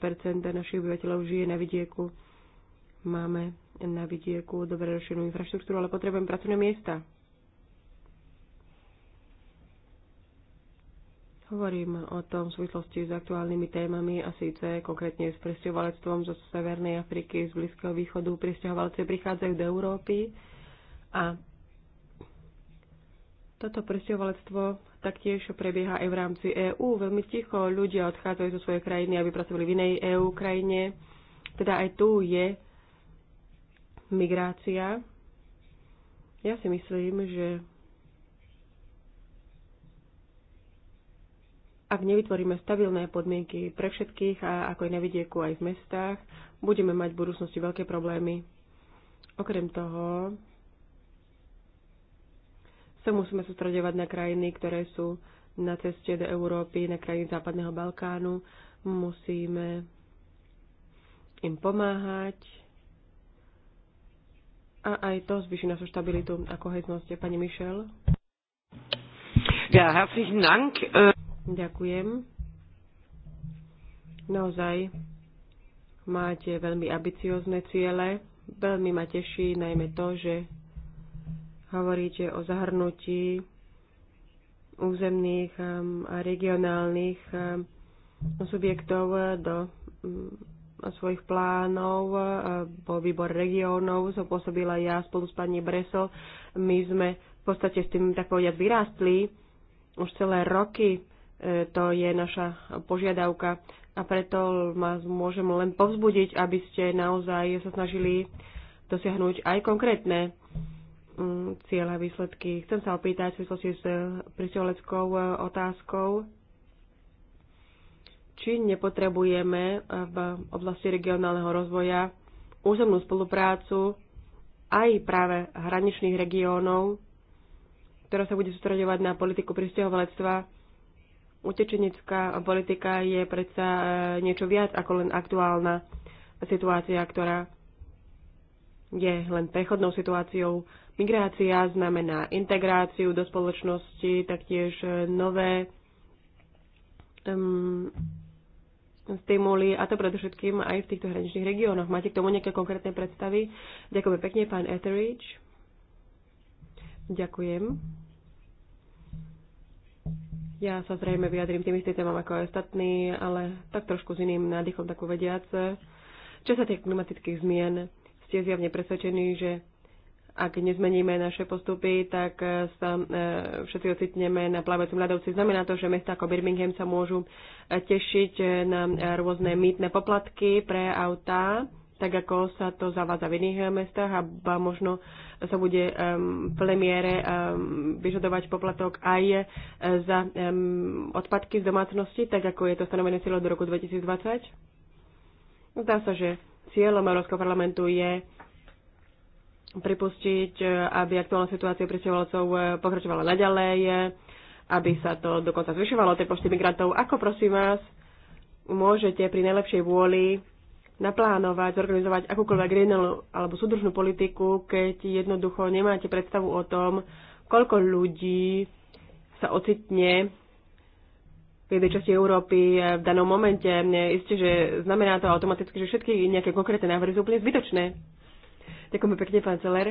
našich obyvateľov žije na vidieku. Máme na vidieku dobre rozšírenú infraštruktúru, ale potrebujeme pracovné miesta. Hovorím o tom v súvislosti s aktuálnymi témami a síce konkrétne s presťovalectvom zo Severnej Afriky, z Blízkeho východu. Presťahovalci prichádzajú do Európy a toto presťovalectvo taktiež prebieha aj v rámci EÚ. Veľmi ticho ľudia odchádzajú zo svojej krajiny, aby pracovali v inej EÚ krajine. Teda aj tu je migrácia. Ja si myslím, že ak nevytvoríme stabilné podmienky pre všetkých, a ako aj na vidieku, aj v mestách, budeme mať v budúcnosti veľké problémy. Okrem toho, sa musíme sústredovať na krajiny, ktoré sú na ceste do Európy, na krajiny Západného Balkánu. Musíme im pomáhať a aj to zvyši našu stabilitu a koheznosť. Pani Mišel. Ja, herzlichen Dank. Äh, Ďakujem. Naozaj máte veľmi ambiciozne ciele. Veľmi ma teší najmä to, že Hovoríte o zahrnutí územných um, a regionálnych um, subjektov uh, do um, svojich plánov. Po uh, výbor regiónov, som pôsobila ja spolu s pani Breso. My sme v podstate s tým, tak povediať, vyrástli už celé roky. E, to je naša požiadavka a preto ma môžem len povzbudiť, aby ste naozaj sa snažili dosiahnuť aj konkrétne Mm, cieľe, výsledky. Chcem sa opýtať v súvislosti s eh, prisťovaleckou eh, otázkou, či nepotrebujeme eh, v oblasti regionálneho rozvoja územnú spoluprácu aj práve hraničných regiónov, ktorá sa bude sústredovať na politiku prisťahovalectva. Utečenická politika je predsa niečo viac ako len aktuálna situácia, ktorá je len prechodnou situáciou Migrácia znamená integráciu do spoločnosti, taktiež e, nové um, stimuly, a to predovšetkým aj v týchto hraničných regiónoch. Máte k tomu nejaké konkrétne predstavy? Ďakujem pekne, pán Etheridge. Ďakujem. Ja sa zrejme vyjadrím tým istým témam ako aj ostatní, ale tak trošku s iným nádychom, tak uvediac. Čo sa tých klimatických zmien, ste zjavne presvedčení, že ak nezmeníme naše postupy, tak sa e, všetci ocitneme na plávajúcom ľadovci. Znamená to, že mesta ako Birmingham sa môžu e, tešiť e, na rôzne mýtne poplatky pre autá, tak ako sa to zavádza v iných mestách a možno sa bude v premiére vyžadovať poplatok aj za odpadky z domácnosti, tak ako je to stanovené cieľom do roku 2020. Zdá sa, že cieľom Európskeho parlamentu je pripustiť, eh, aby aktuálna situácia pristahovalcov eh, pokračovala naďalej, eh, aby sa to dokonca zvyšovalo, tie počty migrantov. Ako prosím vás, môžete pri najlepšej vôli naplánovať, zorganizovať akúkoľvek regionálnu alebo súdržnú politiku, keď jednoducho nemáte predstavu o tom, koľko ľudí sa ocitne v jednej časti Európy v danom momente. Isté, že znamená to automaticky, že všetky nejaké konkrétne návrhy sú úplne zbytočné Ďakujem pekne, pán Zeller.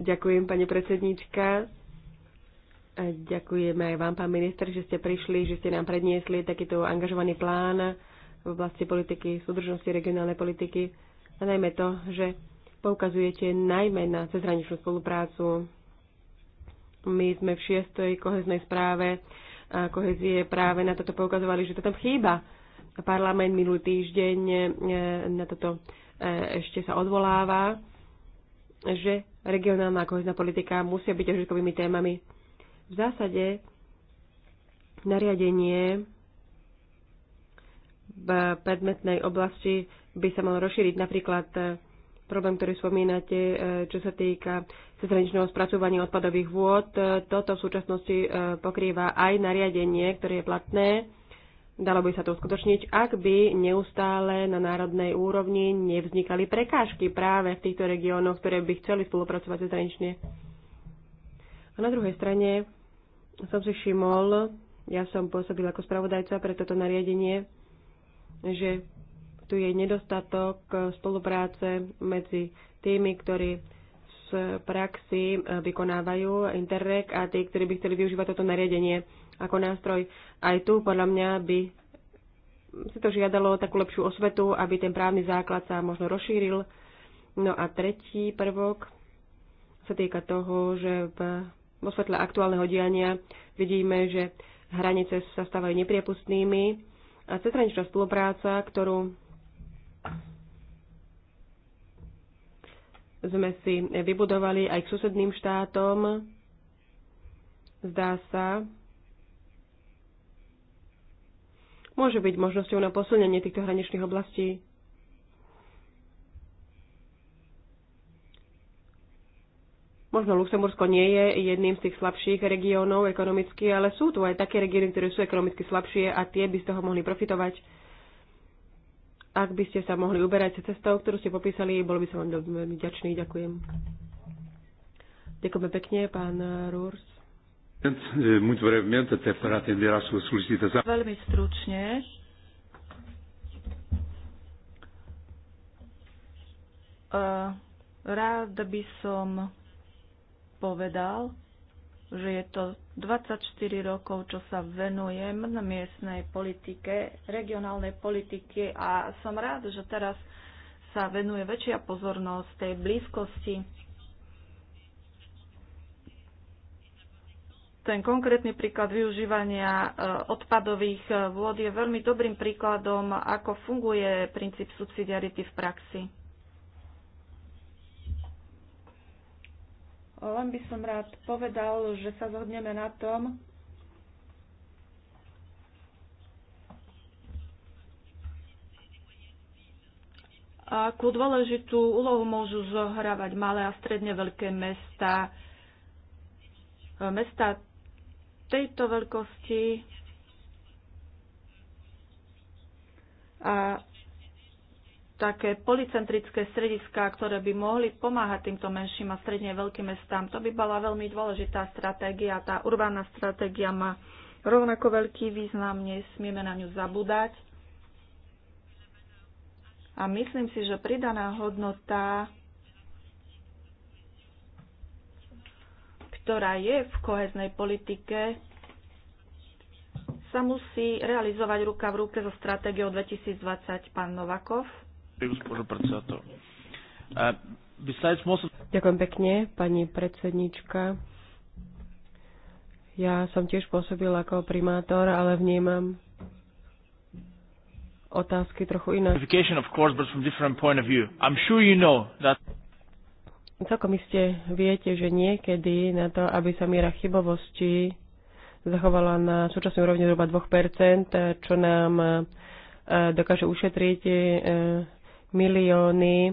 Ďakujem, pani predsedníčka. A ďakujeme aj vám, pán minister, že ste prišli, že ste nám predniesli takýto angažovaný plán v oblasti politiky, súdržnosti regionálnej politiky a najmä to, že poukazujete najmä na cezhraničnú spoluprácu. My sme v šiestej koheznej správe a kohezie práve na toto poukazovali, že to tam chýba parlament minulý týždeň e, na toto e, ešte sa odvoláva, že regionálna kohezná politika musia byť ožitkovými témami. V zásade nariadenie v predmetnej oblasti by sa malo rozšíriť napríklad e, problém, ktorý spomínate, čo sa týka cezhraničného spracovania odpadových vôd. Toto v súčasnosti pokrýva aj nariadenie, ktoré je platné Dalo by sa to uskutočniť, ak by neustále na národnej úrovni nevznikali prekážky práve v týchto regiónoch, ktoré by chceli spolupracovať zahranične. A na druhej strane som si všimol, ja som pôsobil ako spravodajca pre toto nariadenie, že tu je nedostatok spolupráce medzi tými, ktorí z praxi e, vykonávajú Interreg a tí, ktorí by chceli využívať toto nariadenie ako nástroj. Aj tu podľa mňa by si to žiadalo takú lepšiu osvetu, aby ten právny základ sa možno rozšíril. No a tretí prvok sa týka toho, že v, vo svetle aktuálneho diania vidíme, že hranice sa stávajú nepriepustnými a cetraničná spolupráca, ktorú sme si vybudovali aj k susedným štátom, zdá sa, môže byť možnosťou na posilnenie týchto hraničných oblastí. Možno Luxembursko nie je jedným z tých slabších regiónov ekonomicky, ale sú tu aj také regióny, ktoré sú ekonomicky slabšie a tie by z toho mohli profitovať. Ak by ste sa mohli uberať cestou, ktorú ste popísali, bol by som vám veľmi vďačný. Ďakujem. Ďakujem pekne, pán Rurs. Veľmi stručne. Rád by som povedal, že je to 24 rokov, čo sa venujem na miestnej politike, regionálnej politike a som rád, že teraz sa venuje väčšia pozornosť tej blízkosti ten konkrétny príklad využívania e, odpadových e, vôd je veľmi dobrým príkladom, ako funguje princíp subsidiarity v praxi. Len by som rád povedal, že sa zhodneme na tom, akú dôležitú úlohu môžu zohrávať malé a stredne veľké mesta. E, mesta tejto veľkosti a také policentrické strediská, ktoré by mohli pomáhať týmto menším a stredne veľkým mestám. To by bola veľmi dôležitá stratégia. Tá urbánna stratégia má rovnako veľký význam, nesmieme na ňu zabúdať. A myslím si, že pridaná hodnota ktorá je v koheznej politike, sa musí realizovať ruka v ruke so stratégiou 2020. Pán Novakov. Ďakujem pekne, pani predsednička. Ja som tiež pôsobil ako primátor, ale vnímam otázky trochu inak. Celkom iste viete, že niekedy na to, aby sa miera chybovosti zachovala na súčasnej úrovni zhruba 2%, čo nám e, dokáže ušetriť e, milióny e,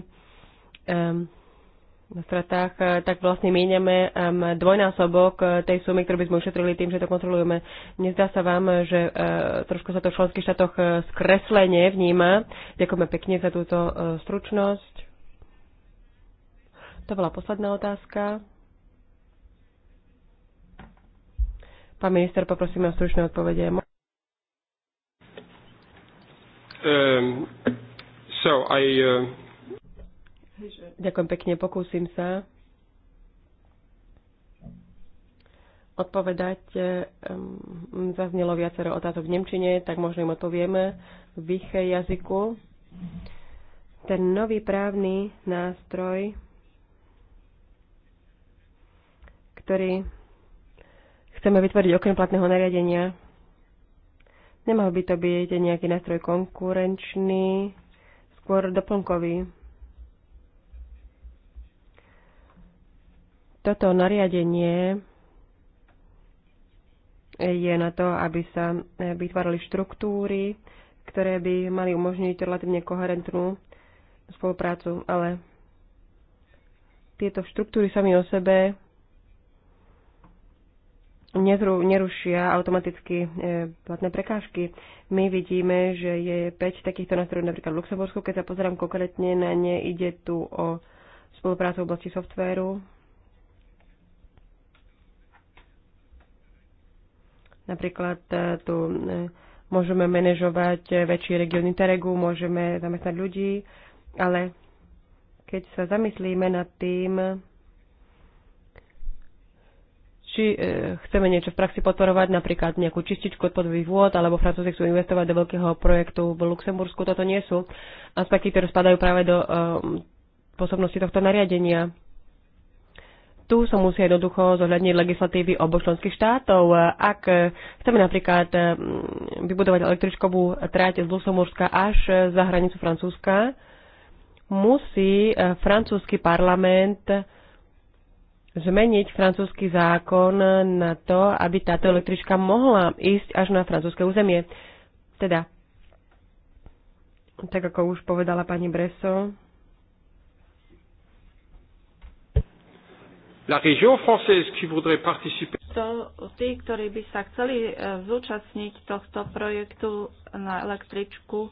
na stratách, tak vlastne míňame dvojnásobok tej sumy, ktorú by sme ušetrili tým, že to kontrolujeme. Nezdá sa vám, že trošku sa to v členských štátoch skreslenie vníma. Ďakujeme pekne za túto stručnosť. To bola posledná otázka. Pán minister, poprosíme o stručné odpovede. Um, so I, uh... Ďakujem pekne, pokúsim sa odpovedať. Um, zaznelo viacero otázok v Nemčine, tak možno im odpovieme v ich jazyku. Ten nový právny nástroj ktorý chceme vytvoriť okrem platného nariadenia. Nemal by to byť nejaký nástroj konkurenčný, skôr doplnkový. Toto nariadenie je na to, aby sa vytvárali štruktúry, ktoré by mali umožniť relatívne koherentnú spoluprácu, ale tieto štruktúry sami o sebe nezru, nerušia automaticky e, platné prekážky. My vidíme, že je 5 takýchto nástrojov napríklad v Luxembursku. Keď sa pozerám konkrétne na ne, ide tu o spoluprácu v oblasti softvéru. Napríklad e, tu e, môžeme manažovať väčší region Interregu, môžeme zamestnať ľudí, ale keď sa zamyslíme nad tým, či e, chceme niečo v praxi podporovať, napríklad nejakú čističku odpadových vôd, alebo Francúzi chcú investovať do veľkého projektu v Luxembursku. Toto nie sú aspekty, ktoré spadajú práve do e, pôsobnosti tohto nariadenia. Tu sa musí jednoducho zohľadniť legislatívy oboch členských štátov. Ak chceme napríklad ehm, vybudovať električkovú tráť z Luxemburska až za hranicu Francúzska, musí e, francúzsky parlament zmeniť francúzsky zákon na to, aby táto električka mohla ísť až na francúzske územie. Teda, tak ako už povedala pani Breso, La région française qui voudrait participer. To, tí, ktorí by sa chceli e, zúčastniť tohto projektu na električku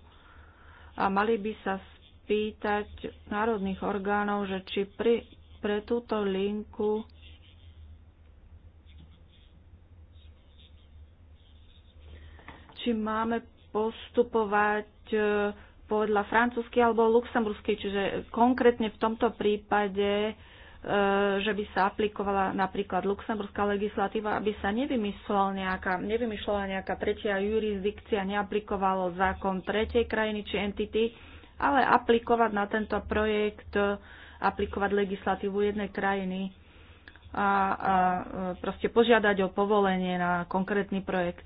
a mali by sa spýtať národných orgánov, že či pri pre túto linku či máme postupovať e, podľa francúzskej alebo luxemburskej, čiže konkrétne v tomto prípade, e, že by sa aplikovala napríklad luxemburská legislatíva, aby sa nevymyslela nejaká, nevymyšľala nejaká tretia jurisdikcia, neaplikovalo zákon tretej krajiny či entity, ale aplikovať na tento projekt aplikovať legislatívu jednej krajiny a, a e, proste požiadať o povolenie na konkrétny projekt.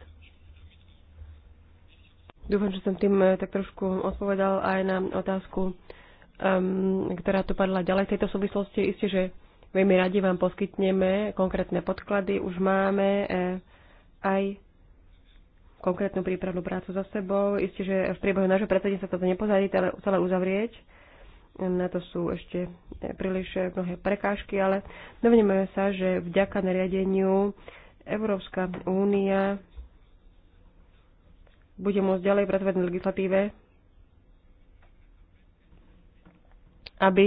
Dúfam, že som tým e, tak trošku odpovedal aj na otázku, um, ktorá tu padla ďalej v tejto súvislosti. Isté, že veľmi radi vám poskytneme konkrétne podklady. Už máme e, aj konkrétnu prípravnú prácu za sebou. Isté, že v priebehu nášho predsedenia sa nepozadí, ale celé uzavrieť na to sú ešte príliš mnohé prekážky, ale dovneme sa, že vďaka nariadeniu Európska únia bude môcť ďalej pracovať na legislatíve, aby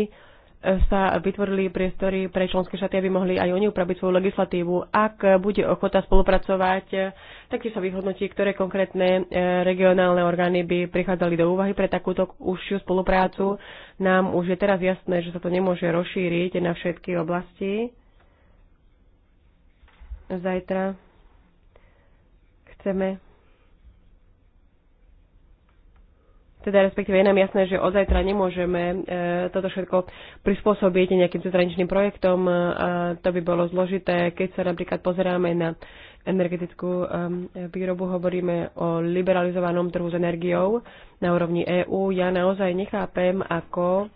sa vytvorili priestory pre členské štáty, aby mohli aj oni upraviť svoju legislatívu. Ak bude ochota spolupracovať, tak sa vyhodnotí, ktoré konkrétne e, regionálne orgány by prichádzali do úvahy pre takúto užšiu spoluprácu. Nám už je teraz jasné, že sa to nemôže rozšíriť na všetky oblasti. Zajtra chceme teda respektíve je nám jasné, že od zajtra nemôžeme e, toto všetko prispôsobiť nejakým zahraničným projektom. E, to by bolo zložité, keď sa napríklad pozeráme na energetickú výrobu, hovoríme o liberalizovanom trhu s energiou na úrovni EÚ. Ja naozaj nechápem, ako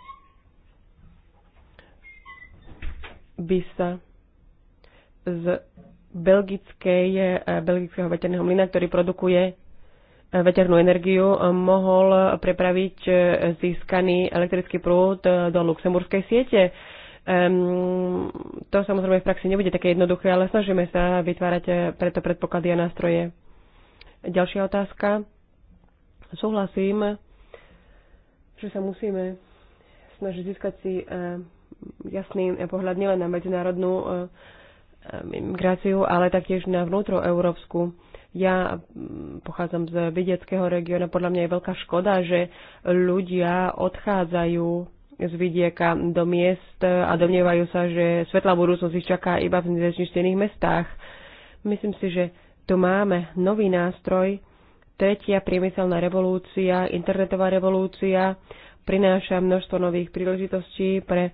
by sa z belgickej, e, belgického veterného mlyna, ktorý produkuje veternú energiu mohol prepraviť získaný elektrický prúd do luxemburskej siete. Um, to samozrejme v praxi nebude také jednoduché, ale snažíme sa vytvárať eh, preto predpoklady a nástroje. Ďalšia otázka. Súhlasím, že sa musíme snažiť získať si eh, jasný pohľad nielen na medzinárodnú eh, migráciu, ale taktiež na vnútroeurópsku ja mm, pochádzam z vidieckého regióna, podľa mňa je veľká škoda, že ľudia odchádzajú z vidieka do miest a domnievajú sa, že svetlá budúcnosť ich čaká iba v nezničtených mestách. Myslím si, že tu máme nový nástroj, tretia priemyselná revolúcia, internetová revolúcia, prináša množstvo nových príležitostí pre eh,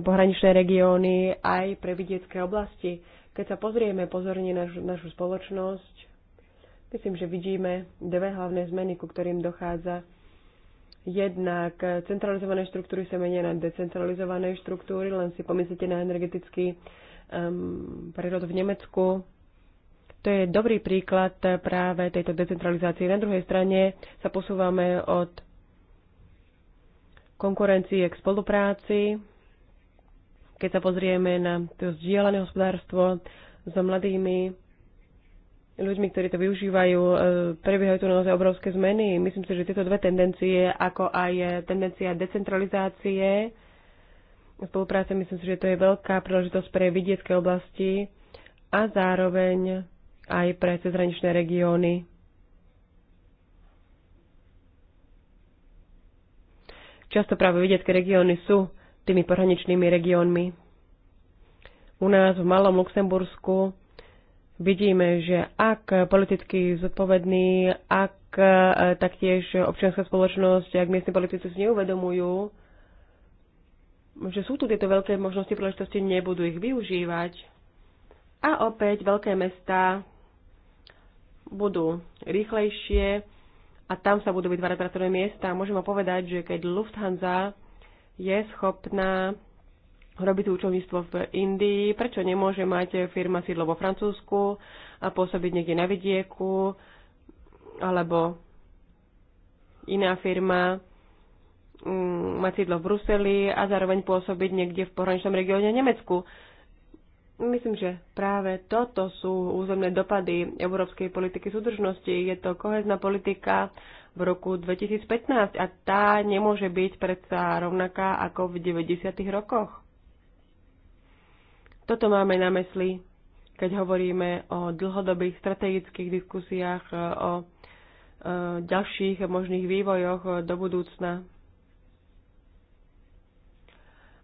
pohraničné regióny aj pre vidiecké oblasti. Keď sa pozrieme pozorne na našu, našu spoločnosť, Myslím, že vidíme dve hlavné zmeny, ku ktorým dochádza. Jednak centralizované štruktúry sa menia na decentralizované štruktúry, len si pomyslite na energetický um, prírod v Nemecku. To je dobrý príklad práve tejto decentralizácie. Na druhej strane sa posúvame od konkurencie k spolupráci. Keď sa pozrieme na to zdieľané hospodárstvo so mladými, ľuďmi, ktorí to využívajú, e, prebiehajú tu naozaj obrovské zmeny. Myslím si, že tieto dve tendencie, ako aj e, tendencia decentralizácie spolupráce, myslím si, že to je veľká príležitosť pre vidiecké oblasti a zároveň aj pre cezhraničné regióny. Často práve vidiecké regióny sú tými pohraničnými regiónmi. U nás v Malom Luxembursku vidíme, že ak politicky zodpovední, ak e, taktiež občianská spoločnosť, ak miestni politici si neuvedomujú, že sú tu tieto veľké možnosti príležitosti, nebudú ich využívať. A opäť veľké mesta budú rýchlejšie a tam sa budú vytvárať pracovné miesta. Môžeme povedať, že keď Lufthansa je schopná robí to účelníctvo v Indii, prečo nemôže mať firma sídlo vo Francúzsku a pôsobiť niekde na vidieku, alebo iná firma um, mm, mať sídlo v Bruseli a zároveň pôsobiť niekde v pohraničnom regióne Nemecku. Myslím, že práve toto sú územné dopady európskej politiky súdržnosti. Je to kohezná politika v roku 2015 a tá nemôže byť predsa rovnaká ako v 90. rokoch. Toto máme na mysli, keď hovoríme o dlhodobých strategických diskusiách, e, o e, ďalších možných vývojoch e, do budúcna.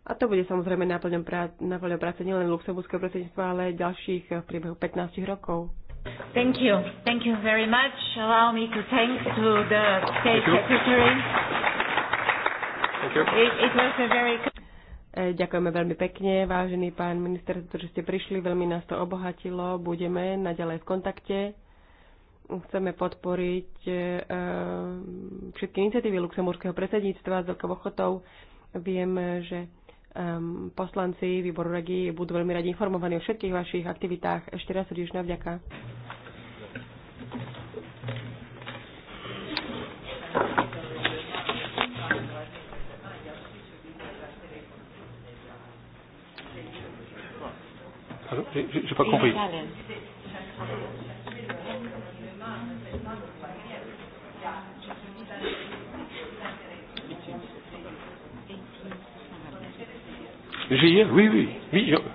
A to bude samozrejme na plne práce nielen luxemburského predsedníctva, ale ďalších v priebehu 15 rokov. Thank you. Thank you very much. Allow me to thank to the State Secretary. Thank you. It, it was a very E, ďakujeme veľmi pekne, vážený pán minister, za to, že ste prišli. Veľmi nás to obohatilo. Budeme naďalej v kontakte. Chceme podporiť e, všetky iniciatívy luxemburského predsedníctva s veľkou ochotou. Viem, že poslanci výboru regí budú veľmi radi informovaní o všetkých vašich aktivitách. Ešte raz srdečná vďaka. Alors, j'ai pas compris. J'ai oui, oui, oui. Je...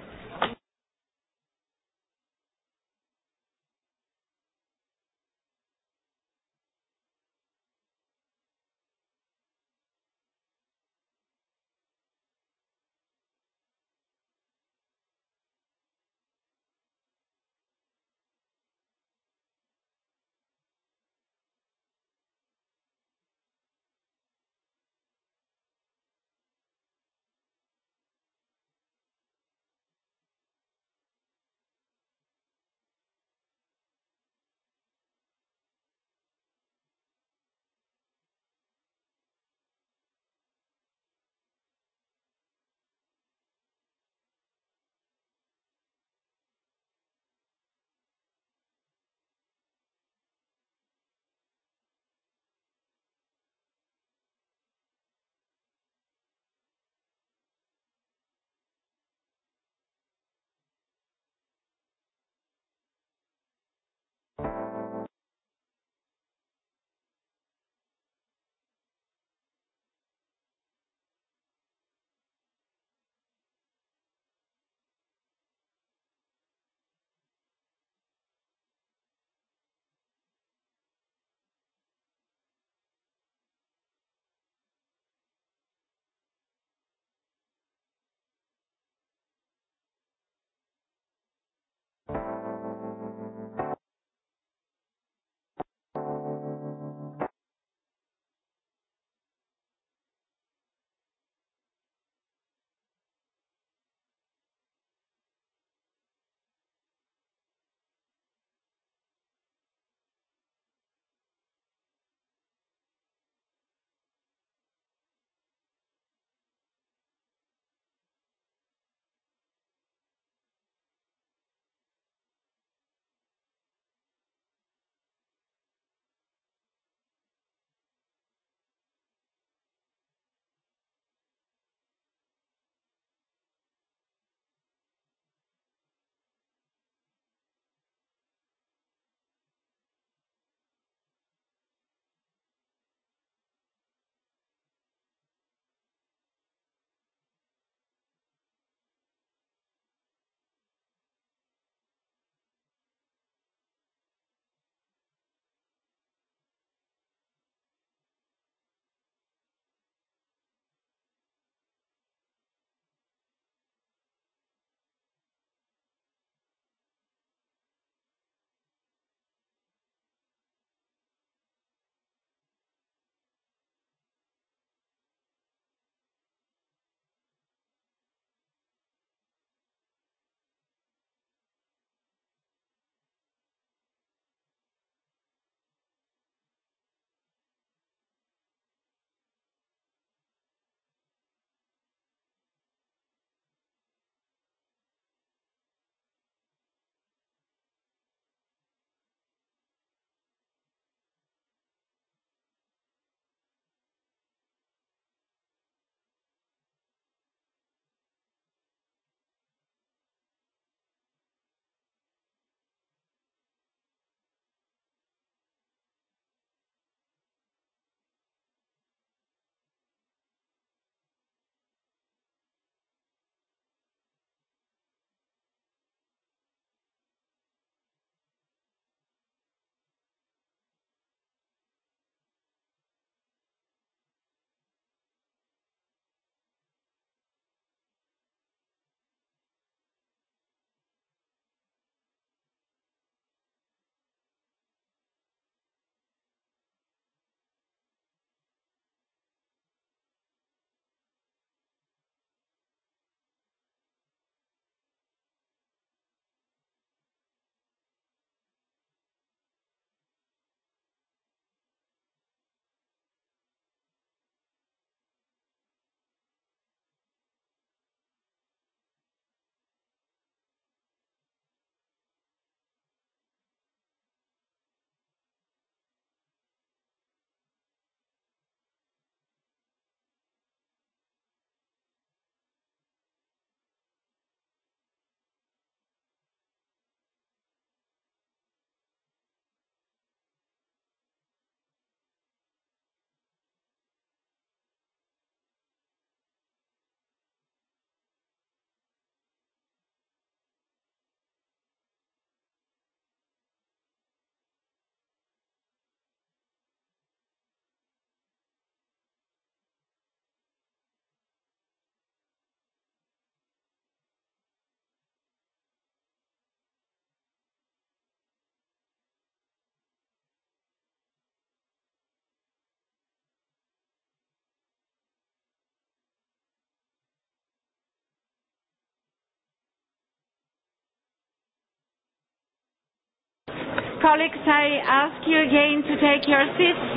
Colleagues, I ask you again to take your seats.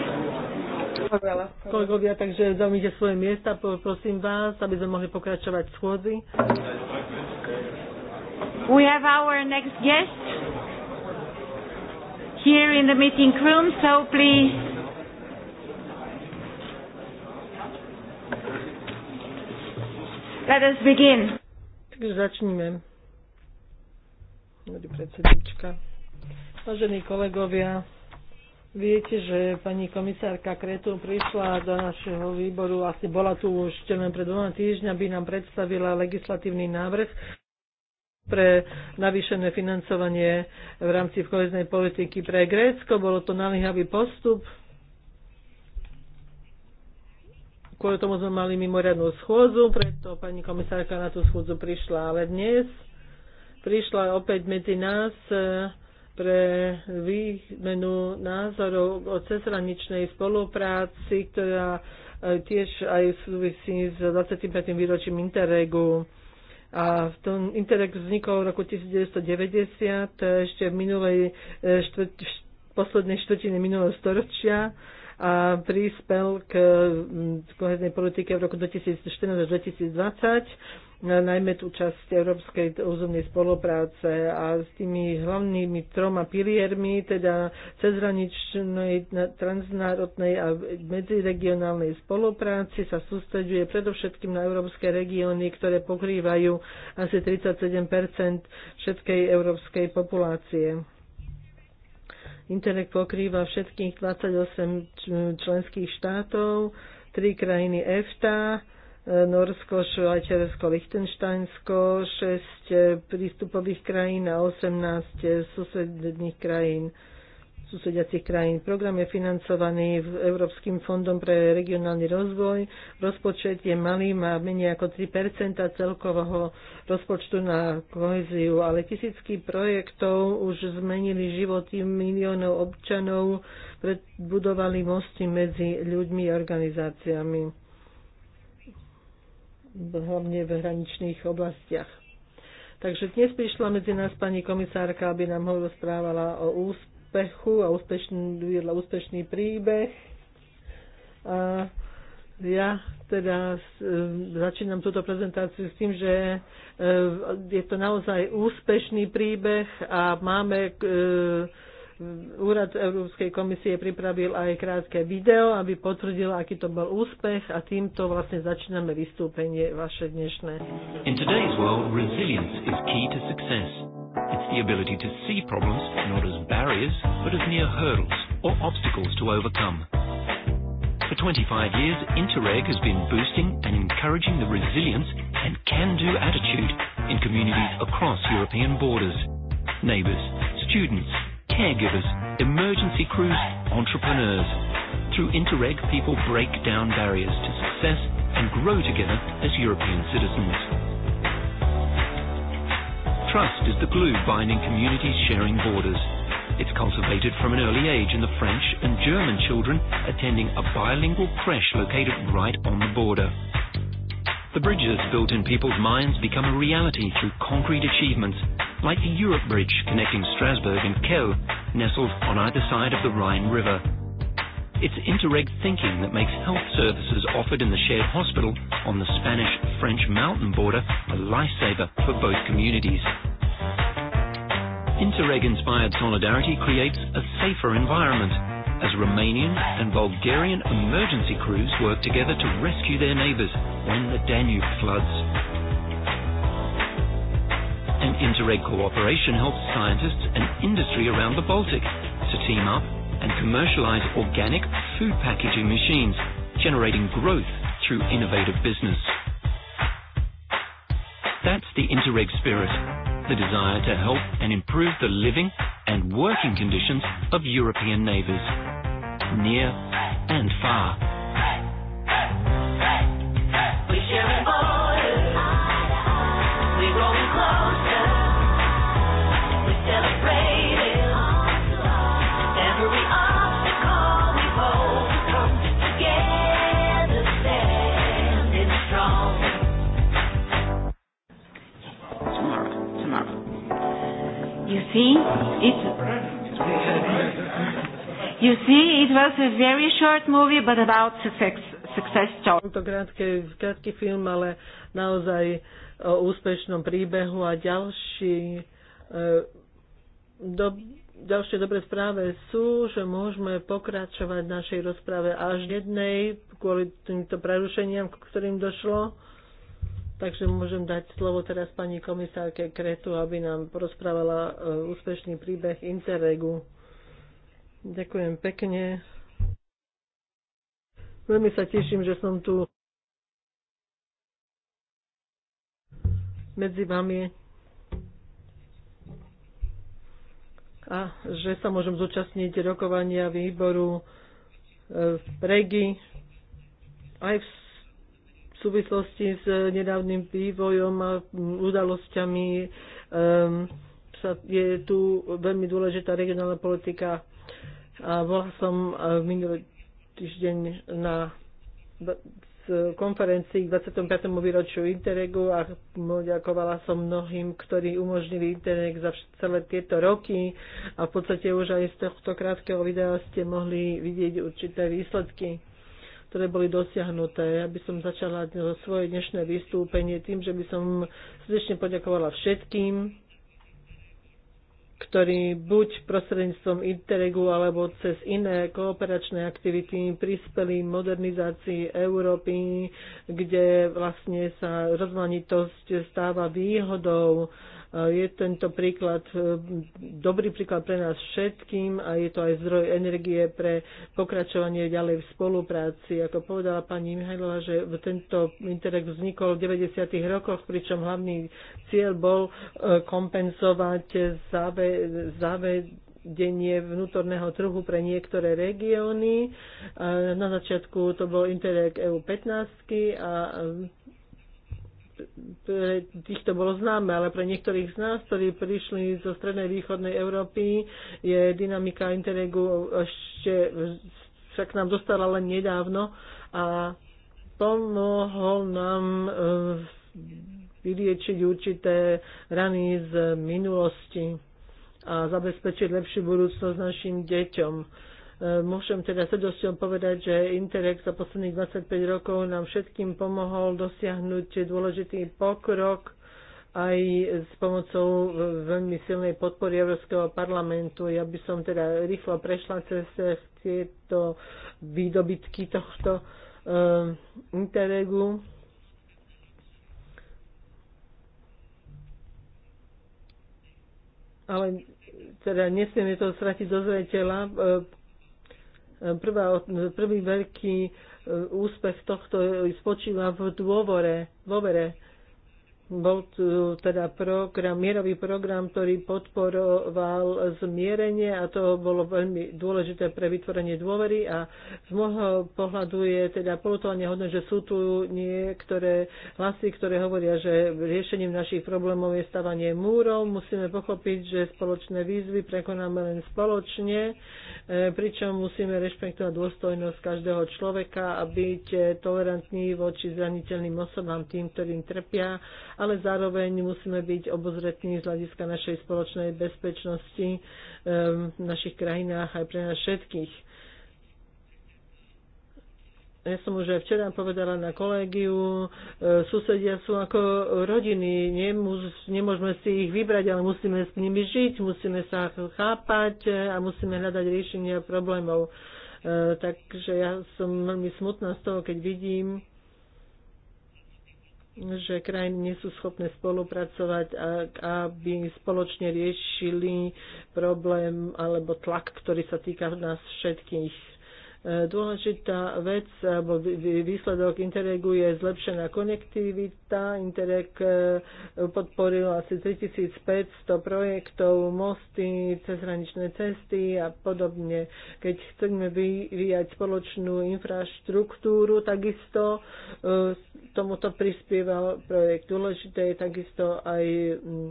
Kolegovia, takže zaujmite svoje miesta, prosím vás, aby sme mohli pokračovať v schôdzi. We have our next guest here in the meeting room, so please let us begin. Takže začníme. Dobrý predsednička. Vážení kolegovia, viete, že pani komisárka Kretu prišla do našeho výboru, asi bola tu už len pred dvoma týždňa, aby nám predstavila legislatívny návrh pre navýšené financovanie v rámci koheznej politiky pre Grécko. Bolo to naliehavý postup. Kvôli tomu sme mali mimoriadnú schôdzu, preto pani komisárka na tú schôdzu prišla. Ale dnes prišla opäť medzi nás eh, pre výmenu názorov o cezhraničnej spolupráci, ktorá e, tiež aj súvisí s 25. výročím Interregu. A v tom Interreg vznikol v roku 1990, e, ešte v minulej e, štvrt, poslednej štvrtine minulého storočia a prispel k kohéznej politike v roku 2014 až 2020 najmä tú časť Európskej územnej spolupráce a s tými hlavnými troma piliermi, teda cezhraničnej, transnárodnej a medziregionálnej spolupráci sa sústreďuje predovšetkým na európske regióny, ktoré pokrývajú asi 37 všetkej európskej populácie. Interreg pokrýva všetkých 28 členských štátov, tri krajiny EFTA, Norsko, Švajčiarsko, Lichtensteinsko, 6 prístupových krajín a 18 susedných krajín susediacich krajín. Program je financovaný Európskym fondom pre regionálny rozvoj. Rozpočet je malý, má menej ako 3 celkového rozpočtu na kohéziu, ale tisícky projektov už zmenili životy miliónov občanov, budovali mosty medzi ľuďmi a organizáciami hlavne v hraničných oblastiach. Takže dnes prišla medzi nás pani komisárka, aby nám ho rozprávala o úspechu a úspešný, úspešný príbeh. A ja teda eh, začínam túto prezentáciu s tým, že eh, je to naozaj úspešný príbeh a máme eh, úrad Európskej komisie pripravil aj krátke video, aby potvrdil, aký to bol úspech a týmto vlastne začíname vystúpenie vaše dnešné. In today's world, resilience is key to success. It's the ability to see problems not as barriers, but as mere hurdles or obstacles to overcome. For 25 years, Interreg has been boosting and encouraging the resilience and can-do attitude in communities across European borders. Neighbours, students, caregivers, emergency crews, entrepreneurs. Through Interreg, people break down barriers to success and grow together as European citizens. Trust is the glue binding communities sharing borders. It's cultivated from an early age in the French and German children attending a bilingual creche located right on the border. The bridges built in people's minds become a reality through concrete achievements like the Europe Bridge connecting Strasbourg and Kiel, nestled on either side of the Rhine River. It's Interreg thinking that makes health services offered in the shared hospital on the Spanish-French mountain border a lifesaver for both communities. Interreg-inspired solidarity creates a safer environment as Romanian and Bulgarian emergency crews work together to rescue their neighbors when the Danube floods and Interreg cooperation helps scientists and industry around the Baltic to team up and commercialize organic food packaging machines, generating growth through innovative business. That's the Interreg spirit, the desire to help and improve the living and working conditions of European neighbors, near and far. We share see, it, you see, it was a very short movie, but about success, success story. To krátke, krátky film, ale naozaj e, o úspešnom príbehu a ďalší e, do, ďalšie dobré správe sú, že môžeme pokračovať v našej rozprave až jednej kvôli týmto prerušeniam, k ktorým došlo. Takže môžem dať slovo teraz pani komisárke Kretu, aby nám porozprávala e, úspešný príbeh Interregu. Ďakujem pekne. Veľmi sa teším, že som tu medzi vami a že sa môžem zúčastniť rokovania výboru e, v Regi aj v v súvislosti s nedávnym vývojom a udalosťami um, sa, je tu veľmi dôležitá regionálna politika. A bola som eh, minulý týždeň na konferencii k 25. výročiu Interregu a ďakovala som mnohým, ktorí umožnili Interreg za celé tieto roky a v podstate už aj z tohto krátkeho videa ste mohli vidieť určité výsledky ktoré boli dosiahnuté. Ja by som začala svoje dnešné vystúpenie tým, že by som srdečne poďakovala všetkým, ktorí buď prostredníctvom Interregu alebo cez iné kooperačné aktivity prispeli modernizácii Európy, kde vlastne sa rozmanitosť stáva výhodou Eh, je tento príklad eh, dobrý príklad pre nás všetkým a je to aj zdroj energie pre pokračovanie ďalej v spolupráci. Ako povedala pani Mihajlova, že tento Interreg vznikol v 90. rokoch, pričom hlavný cieľ bol eh, kompenzovať zavedenie denie vnútorného trhu pre niektoré regióny. Na začiatku to bol Interreg EU 15 a pre tých to bolo známe, ale pre niektorých z nás, ktorí prišli zo strednej východnej Európy, je dynamika Interregu ešte však nám dostala len nedávno a pomohol nám eh, vyliečiť určité rany z minulosti a zabezpečiť lepšiu budúcnosť našim deťom Môžem teda s radosťou povedať, že Interreg za posledných 25 rokov nám všetkým pomohol dosiahnuť dôležitý pokrok aj s pomocou e, veľmi silnej podpory Európskeho parlamentu. Ja by som teda rýchlo prešla cez tieto výdobytky tohto e, Interregu. Ale teda nesmieme to stratiť do zreteľa, e, Prvá, prvý veľký e, úspech tohto spočíva v dôvore, dôvere bol tu teda program, mierový program, ktorý podporoval zmierenie a to bolo veľmi dôležité pre vytvorenie dôvery a z môjho pohľadu je teda polutovanie hodné, že sú tu niektoré hlasy, ktoré hovoria, že riešením našich problémov je stavanie múrov. Musíme pochopiť, že spoločné výzvy prekonáme len spoločne, e, pričom musíme rešpektovať dôstojnosť každého človeka a byť tolerantní voči zraniteľným osobám, tým, ktorým trpia ale zároveň musíme byť obozretní z hľadiska našej spoločnej bezpečnosti v našich krajinách aj pre nás všetkých. Ja som už aj včera povedala na kolégiu, e, susedia sú ako rodiny, nemôžeme si ich vybrať, ale musíme s nimi žiť, musíme sa chápať e, a musíme hľadať riešenia problémov. E, takže ja som veľmi smutná z toho, keď vidím, že krajiny nie sú schopné spolupracovať, aby spoločne riešili problém alebo tlak, ktorý sa týka nás všetkých. E, dôležitá vec alebo výsledok Interregu je zlepšená konektivita. Interreg e, podporil asi 3500 projektov, mosty, cezhraničné cesty a podobne. Keď chceme vyvíjať spoločnú infraštruktúru, takisto e, tomuto prispieval projekt. Dôležité je takisto aj mm,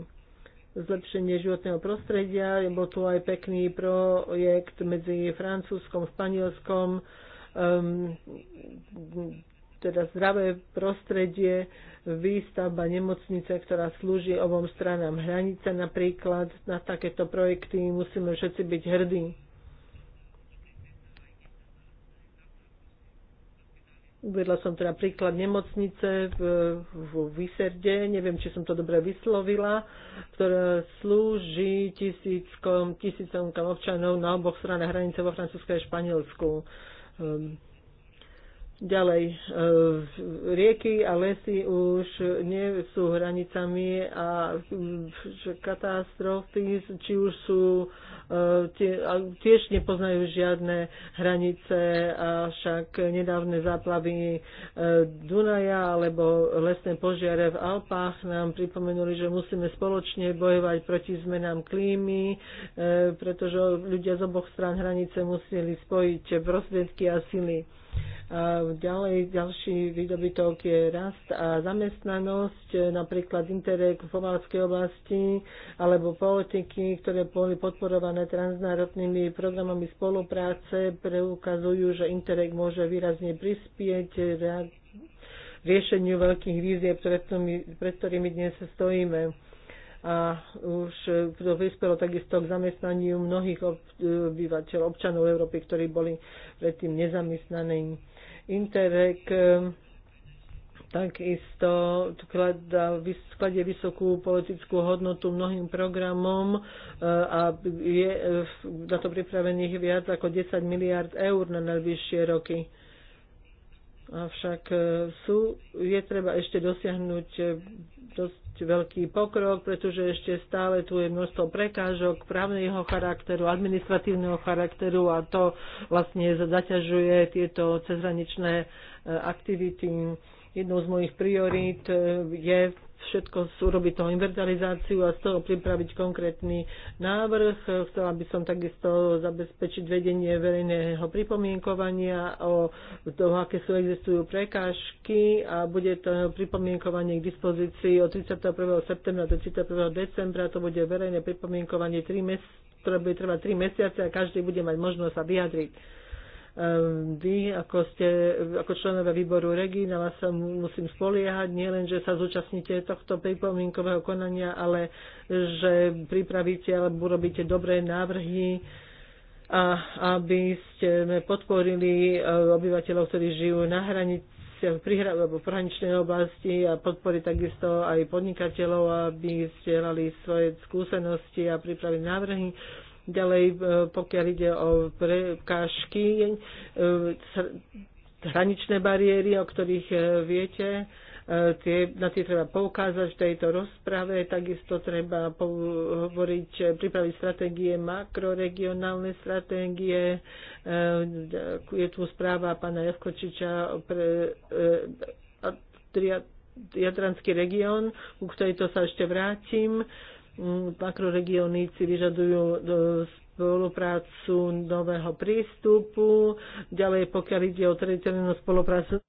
zlepšenie životného prostredia. Bol tu aj pekný projekt medzi Francúzskom, Španielskom, um, teda zdravé prostredie, výstavba nemocnice, ktorá slúži obom stranám hranice napríklad. Na takéto projekty musíme všetci byť hrdí. Uvedla som teda príklad nemocnice v, v Vyserde, neviem, či som to dobre vyslovila, ktorá slúži tisíckom, tisícom občanov na oboch stranách hranice vo Francúzsku a Španielsku. Um, Ďalej, e, rieky a lesy už nie sú hranicami a katastrofy, či už sú, e, tiež nepoznajú žiadne hranice, a však nedávne záplavy e, Dunaja alebo lesné požiare v Alpách nám pripomenuli, že musíme spoločne bojovať proti zmenám klímy, pretože ľudia z oboch strán hranice museli spojiť prostriedky a sily. Ďalej, ďalší výdobytok je rast a zamestnanosť, napríklad Interreg v Pomalskej oblasti, alebo politiky, ktoré boli podporované transnárodnými programami spolupráce, preukazujú, že Interreg môže výrazne prispieť riešeniu veľkých vízie, pred ktorými dnes stojíme a už e, to vyspelo takisto k zamestnaniu mnohých e, obyvateľov, občanov Európy, ktorí boli predtým nezamestnaní. Interreg e, takisto skladie vysokú politickú hodnotu mnohým programom a je na to pripravených viac ako 10 miliard eur na najbližšie roky. Avšak sú, je treba ešte dosiahnuť dosť veľký pokrok, pretože ešte stále tu je množstvo prekážok právneho charakteru, administratívneho charakteru a to vlastne zaťažuje tieto cezhraničné e, aktivity. Jednou z mojich priorít e, je všetko urobiť toho inventarizáciu a z toho pripraviť konkrétny návrh. Chcela by som takisto zabezpečiť vedenie verejného pripomienkovania o toho, aké sú existujú prekážky a bude to pripomienkovanie k dispozícii od 31. septembra do 31. decembra. To bude verejné pripomienkovanie, 3 mes- ktoré bude trvať 3 mesiace a každý bude mať možnosť sa vyjadriť. Ehm, vy ako, ste, ako členové výboru vás sa musím spoliehať, nielen, že sa zúčastnite tohto pripomienkového konania, ale že pripravíte alebo robíte dobré návrhy, a aby ste podporili eh, obyvateľov, ktorí žijú na hranici v hraničnej oblasti a podporiť takisto aj podnikateľov, aby stielali svoje skúsenosti a pripravili návrhy. Ďalej, e, pokiaľ ide o prekážky, e, hraničné bariéry, o ktorých e, viete, tie, na tie treba poukázať v tejto rozprave, takisto treba hovoriť, pripraviť stratégie, makroregionálne stratégie. Je tu správa pána Javkočiča pre Adria, Jadranský región, ktorej to sa ešte vrátim. Mm, makroregióny si vyžadujú e, spoluprácu nového prístupu. Ďalej, pokiaľ ide o teritoriálnu spoluprácu,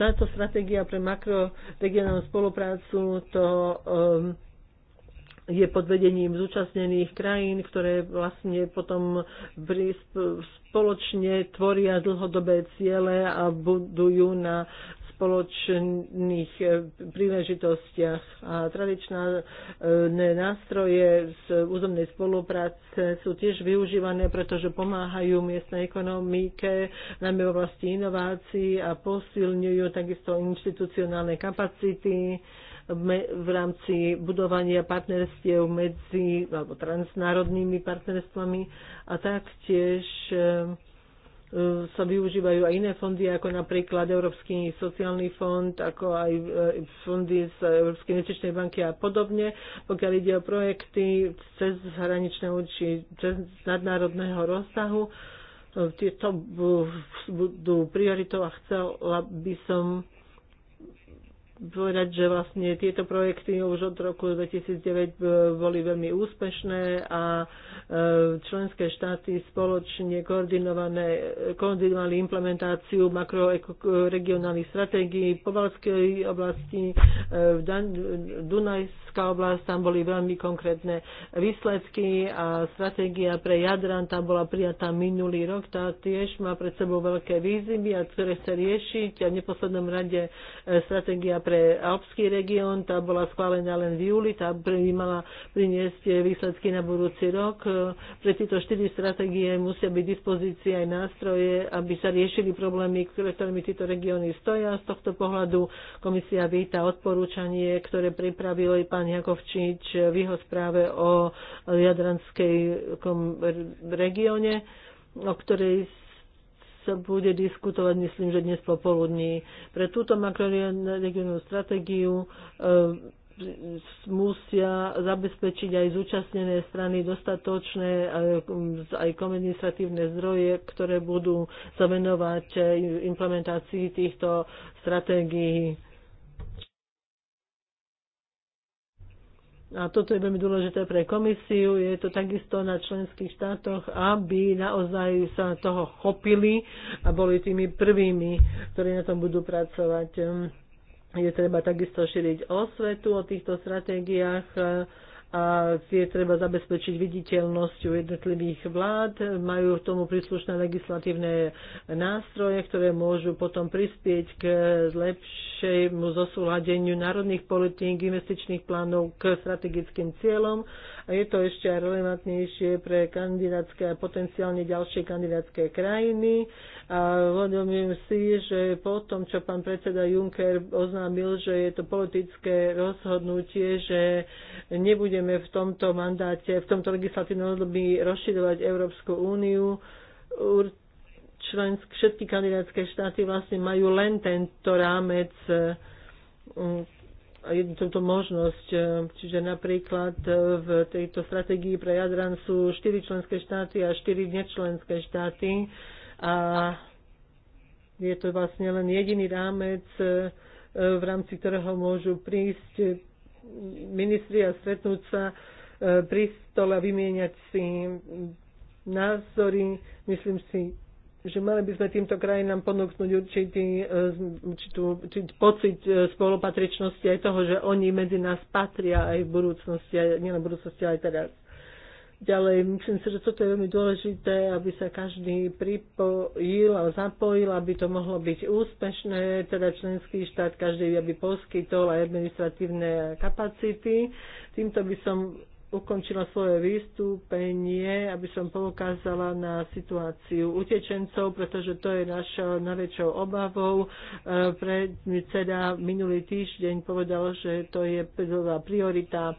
táto stratégia pre makroregionálnu spoluprácu to um, je pod vedením zúčastnených krajín, ktoré vlastne potom spoločne tvoria dlhodobé ciele a budujú na spoločných eh, príležitostiach. A tradičné eh, nástroje z územnej spolupráce sú tiež využívané, pretože pomáhajú miestnej ekonomike, najmä v oblasti inovácií a posilňujú takisto inštitucionálne kapacity v rámci budovania partnerstiev medzi alebo transnárodnými partnerstvami a taktiež eh, E, sa využívajú aj iné fondy, ako napríklad Európsky sociálny fond, ako aj e, fondy z Európskej investičnej banky a podobne. Pokiaľ ide o projekty cez hraničného či cez nadnárodného rozsahu, e, tieto budú prioritou a chcela by som povedať, že vlastne tieto projekty už od roku 2009 e, boli veľmi úspešné a e, členské štáty spoločne koordinované, koordinovali implementáciu makroregionálnych stratégií v Povalskej oblasti, e, v Dunajská oblast, tam boli veľmi konkrétne výsledky a stratégia pre Jadran, tam bola prijatá minulý rok, tá tiež má pred sebou veľké výzvy, a ktoré chce riešiť a v neposlednom rade stratégia pre Alpský región, tá bola schválená len v júli, tá by mala priniesť výsledky na budúci rok. Pre tieto štyri stratégie musia byť dispozície aj nástroje, aby sa riešili problémy, ktoré ktorými tieto regióny stoja. Z tohto pohľadu komisia víta odporúčanie, ktoré pripravil aj pán Jakovčič v jeho správe o jadranskej regióne, o ktorej sa bude diskutovať, myslím, že dnes popoludní. Pre túto makroregionálnu stratégiu eh, musia zabezpečiť aj zúčastnené strany dostatočné eh, aj komunistratívne zdroje, ktoré budú zamenovať venovať eh, implementácii týchto stratégií A toto je veľmi dôležité pre komisiu, je to takisto na členských štátoch, aby naozaj sa toho chopili a boli tými prvými, ktorí na tom budú pracovať. Je treba takisto šíriť osvetu o týchto stratégiách a tie treba zabezpečiť viditeľnosť u jednotlivých vlád. Majú k tomu príslušné legislatívne nástroje, ktoré môžu potom prispieť k lepšiemu zosúladeniu národných politík, investičných plánov k strategickým cieľom a je to ešte aj relevantnejšie pre kandidátske a potenciálne ďalšie kandidátske krajiny. A uvedomujem si, že po tom, čo pán predseda Juncker oznámil, že je to politické rozhodnutie, že nebudeme v tomto mandáte, v tomto legislatívnom období rozširovať Európsku úniu, členské, všetky kandidátske štáty vlastne majú len tento rámec mm, túto možnosť. E, čiže napríklad e, v tejto strategii pre Jadran sú 4 členské štáty a 4 nečlenské štáty a je to vlastne len jediný rámec, e, v rámci ktorého môžu prísť ministri a stretnúť sa pri stole a vymieňať si názory. Myslím si, Takže mali by sme týmto krajinám ponúknuť určitý, e, určitú, určitý pocit e, spolupatričnosti aj toho, že oni medzi nás patria aj v budúcnosti, aj, nie na budúcnosti, aj teraz. Ďalej, myslím si, že toto je veľmi dôležité, aby sa každý pripojil a zapojil, aby to mohlo byť úspešné, teda členský štát každý, aby poskytol aj administratívne kapacity. Týmto by som ukončila svoje vystúpenie, aby som poukázala na situáciu utečencov, pretože to je našou najväčšou obavou. E, predseda minulý týždeň povedal, že to je prvá priorita.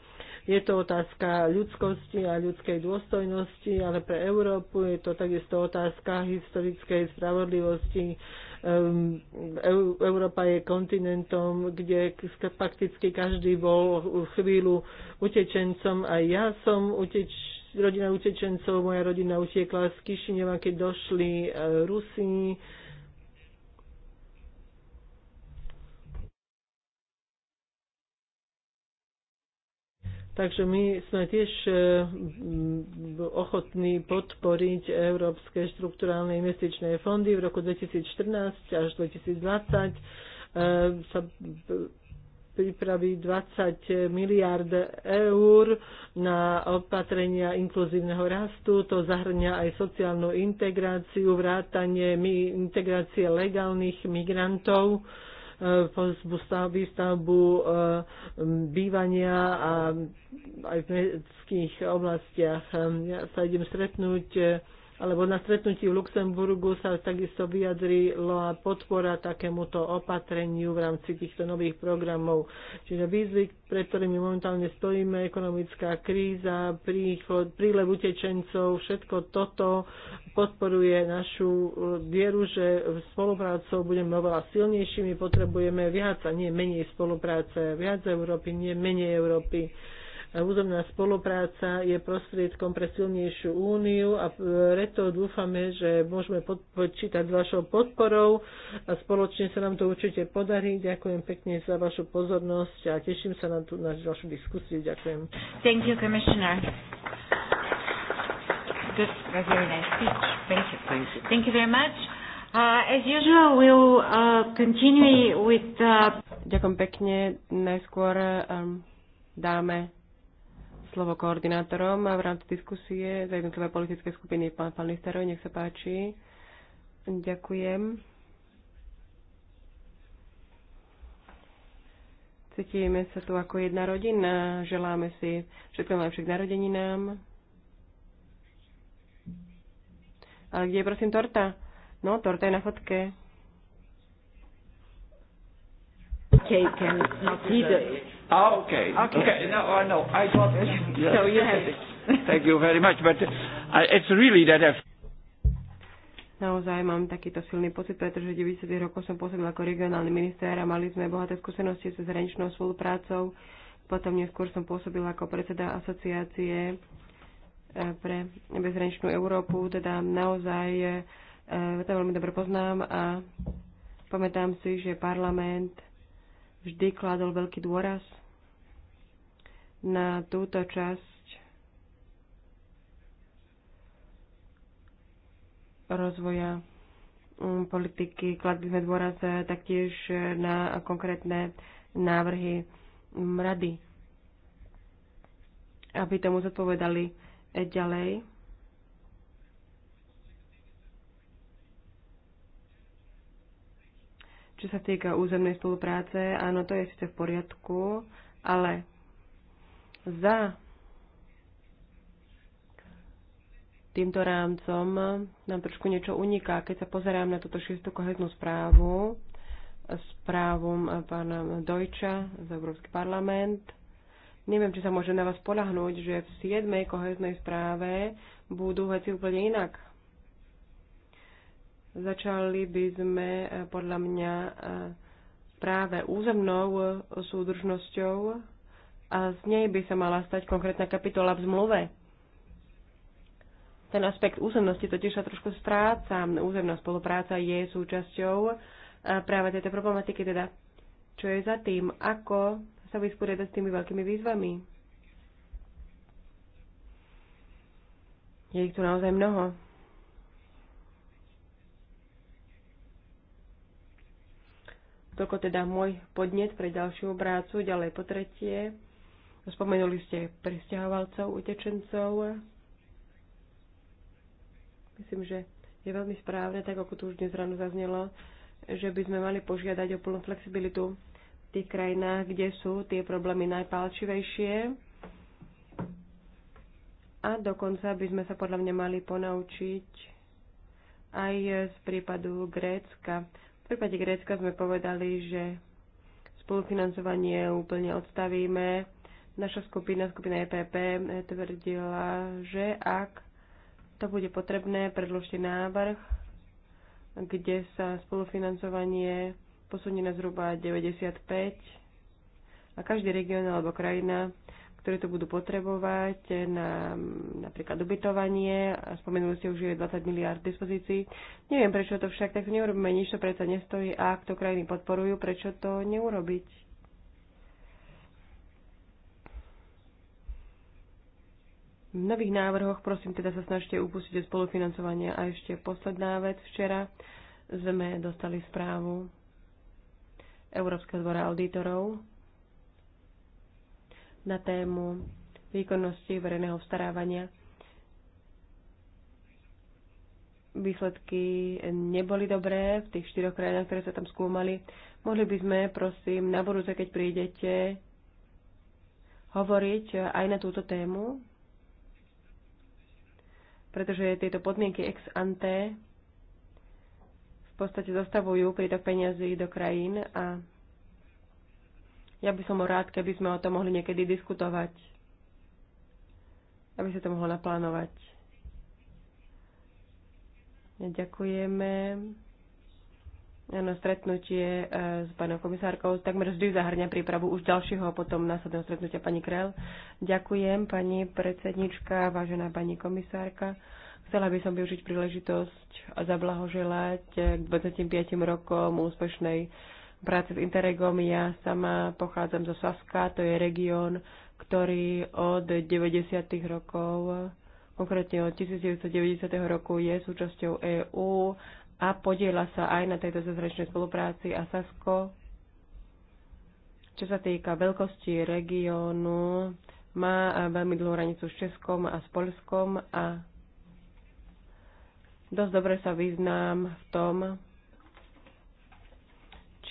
Je to otázka ľudskosti a ľudskej dôstojnosti, ale pre Európu je to takisto otázka historickej spravodlivosti Ehm, Európa je kontinentom, kde prakticky každý bol chvíľu utečencom. Aj ja som uteč, rodina utečencov, moja rodina utiekla z Kišineva, keď došli eh, Rusi Takže my sme tiež e, ochotní podporiť Európske štruktúrálne investičné fondy v roku 2014 až 2020 e, sa pripraví 20 miliard eur na opatrenia inkluzívneho rastu. To zahrňa aj sociálnu integráciu, vrátanie integrácie legálnych migrantov výstavbu eh, bývania a aj v mestských oblastiach. Ja sa idem stretnúť eh, alebo na stretnutí v Luxemburgu sa takisto vyjadrila podpora takémuto opatreniu v rámci týchto nových programov. Čiže výzvy, pred ktorými momentálne stojíme, ekonomická kríza, príchod, prílev utečencov, všetko toto podporuje našu vieru, že spoluprácou budeme oveľa silnejšími, potrebujeme viac a nie menej spolupráce, viac Európy, nie menej Európy. Územná spolupráca je prostriedkom pre silnejšiu úniu a e, preto dúfame, že môžeme počítať s vašou podporou a spoločne sa nám to určite podarí. Ďakujem pekne za vašu pozornosť a teším sa na, tú, na vašu diskusiu. Ďakujem. Thank you, Commissioner. Good, very nice speech. Thank you. Thank you, Thank you very much. Uh, as usual, we'll uh, continue with... Uh... Ďakujem pekne. Najskôr um, dáme slovo koordinátorom a v rámci diskusie za jednotlivé politické skupiny. Pán Falnisterov, nech sa páči. Ďakujem. Cítime sa tu ako jedna rodina. Želáme si všetko najlepšie k narodeninám. Ale kde je prosím torta? No, torta je na fotke. Cake and it's Oh, okay. okay. Okay. No, I know. I got it. Yes. So you have it. Thank you very much. But uh, it's really that I've Naozaj mám takýto silný pocit, pretože 90. rokov som pôsobil ako regionálny minister a mali sme bohaté skúsenosti so zahraničnou spoluprácou. Potom neskôr som pôsobil ako predseda asociácie eh, pre bezhraničnú Európu, teda naozaj eh, eh, to veľmi dobre poznám a pamätám si, že parlament vždy kladol veľký dôraz na túto časť rozvoja mm, politiky. Kladli sme dôraz eh, taktiež eh, na konkrétne návrhy mm, rady, aby tomu zodpovedali eh, ďalej. Čo sa týka územnej spolupráce, áno, to je síce v poriadku, ale za týmto rámcom nám trošku niečo uniká. Keď sa pozerám na túto šiestu koheznú správu, správu pána Dojča z Európsky parlament, neviem, či sa môže na vás polahnúť, že v siedmej koheznej správe budú veci úplne inak. Začali by sme eh, podľa mňa eh, práve územnou súdržnosťou a z nej by sa mala stať konkrétna kapitola v zmluve. Ten aspekt územnosti totiž sa trošku stráca. Územná spolupráca je súčasťou e, práve tejto problematiky, teda čo je za tým, ako sa vysporiadať s tými veľkými výzvami. Je ich tu naozaj mnoho. Toľko teda môj podnet pre ďalšiu prácu. Ďalej po tretie, Spomenuli ste pristahovalcov, utečencov. Myslím, že je veľmi správne, tak ako tu už dnes ráno zaznelo, že by sme mali požiadať o plnú flexibilitu v tých krajinách, kde sú tie problémy najpálčivejšie. A dokonca by sme sa podľa mňa mali ponaučiť aj z prípadu Grécka. V prípade Grécka sme povedali, že spolufinancovanie úplne odstavíme Naša skupina, skupina EPP, e, tvrdila, že ak to bude potrebné, predložte návrh, kde sa spolufinancovanie posunie na zhruba 95 a každý región alebo krajina ktoré to budú potrebovať na napríklad ubytovanie. A spomenuli ste už, že je 20 miliard dispozícií. dispozícii. Neviem, prečo to však tak neurobíme. Nič to predsa nestojí. A ak to krajiny podporujú, prečo to neurobiť? V nových návrhoch prosím teda sa snažte upustiť od spolufinancovania. A ešte posledná vec. Včera sme dostali správu Európskeho dvora auditorov na tému výkonnosti verejného vstarávania. Výsledky neboli dobré v tých štyroch krajinách, ktoré sa tam skúmali. Mohli by sme, prosím, na budúce, keď prídete, hovoriť aj na túto tému, pretože tieto podmienky ex ante v podstate zastavujú prítok peniazy do krajín a ja by som rád, keby sme o tom mohli niekedy diskutovať, aby sa to mohlo naplánovať. Ďakujeme. Áno, stretnutie e, s pánom komisárkou takmer vždy zahrňa prípravu už ďalšieho potom následného stretnutia pani Krel. Ďakujem, pani predsednička, vážená pani komisárka. Chcela by som využiť príležitosť a zablahoželať k 25 rokom úspešnej práce v Interregom. Ja sama pochádzam zo Saska, to je región, ktorý od 90. rokov, konkrétne od 1990. roku je súčasťou EÚ a podiela sa aj na tejto zazračnej spolupráci a Sasko, čo sa týka veľkosti regiónu, má veľmi dlhú hranicu s Českom a s Polskom a dosť dobre sa vyznám v tom,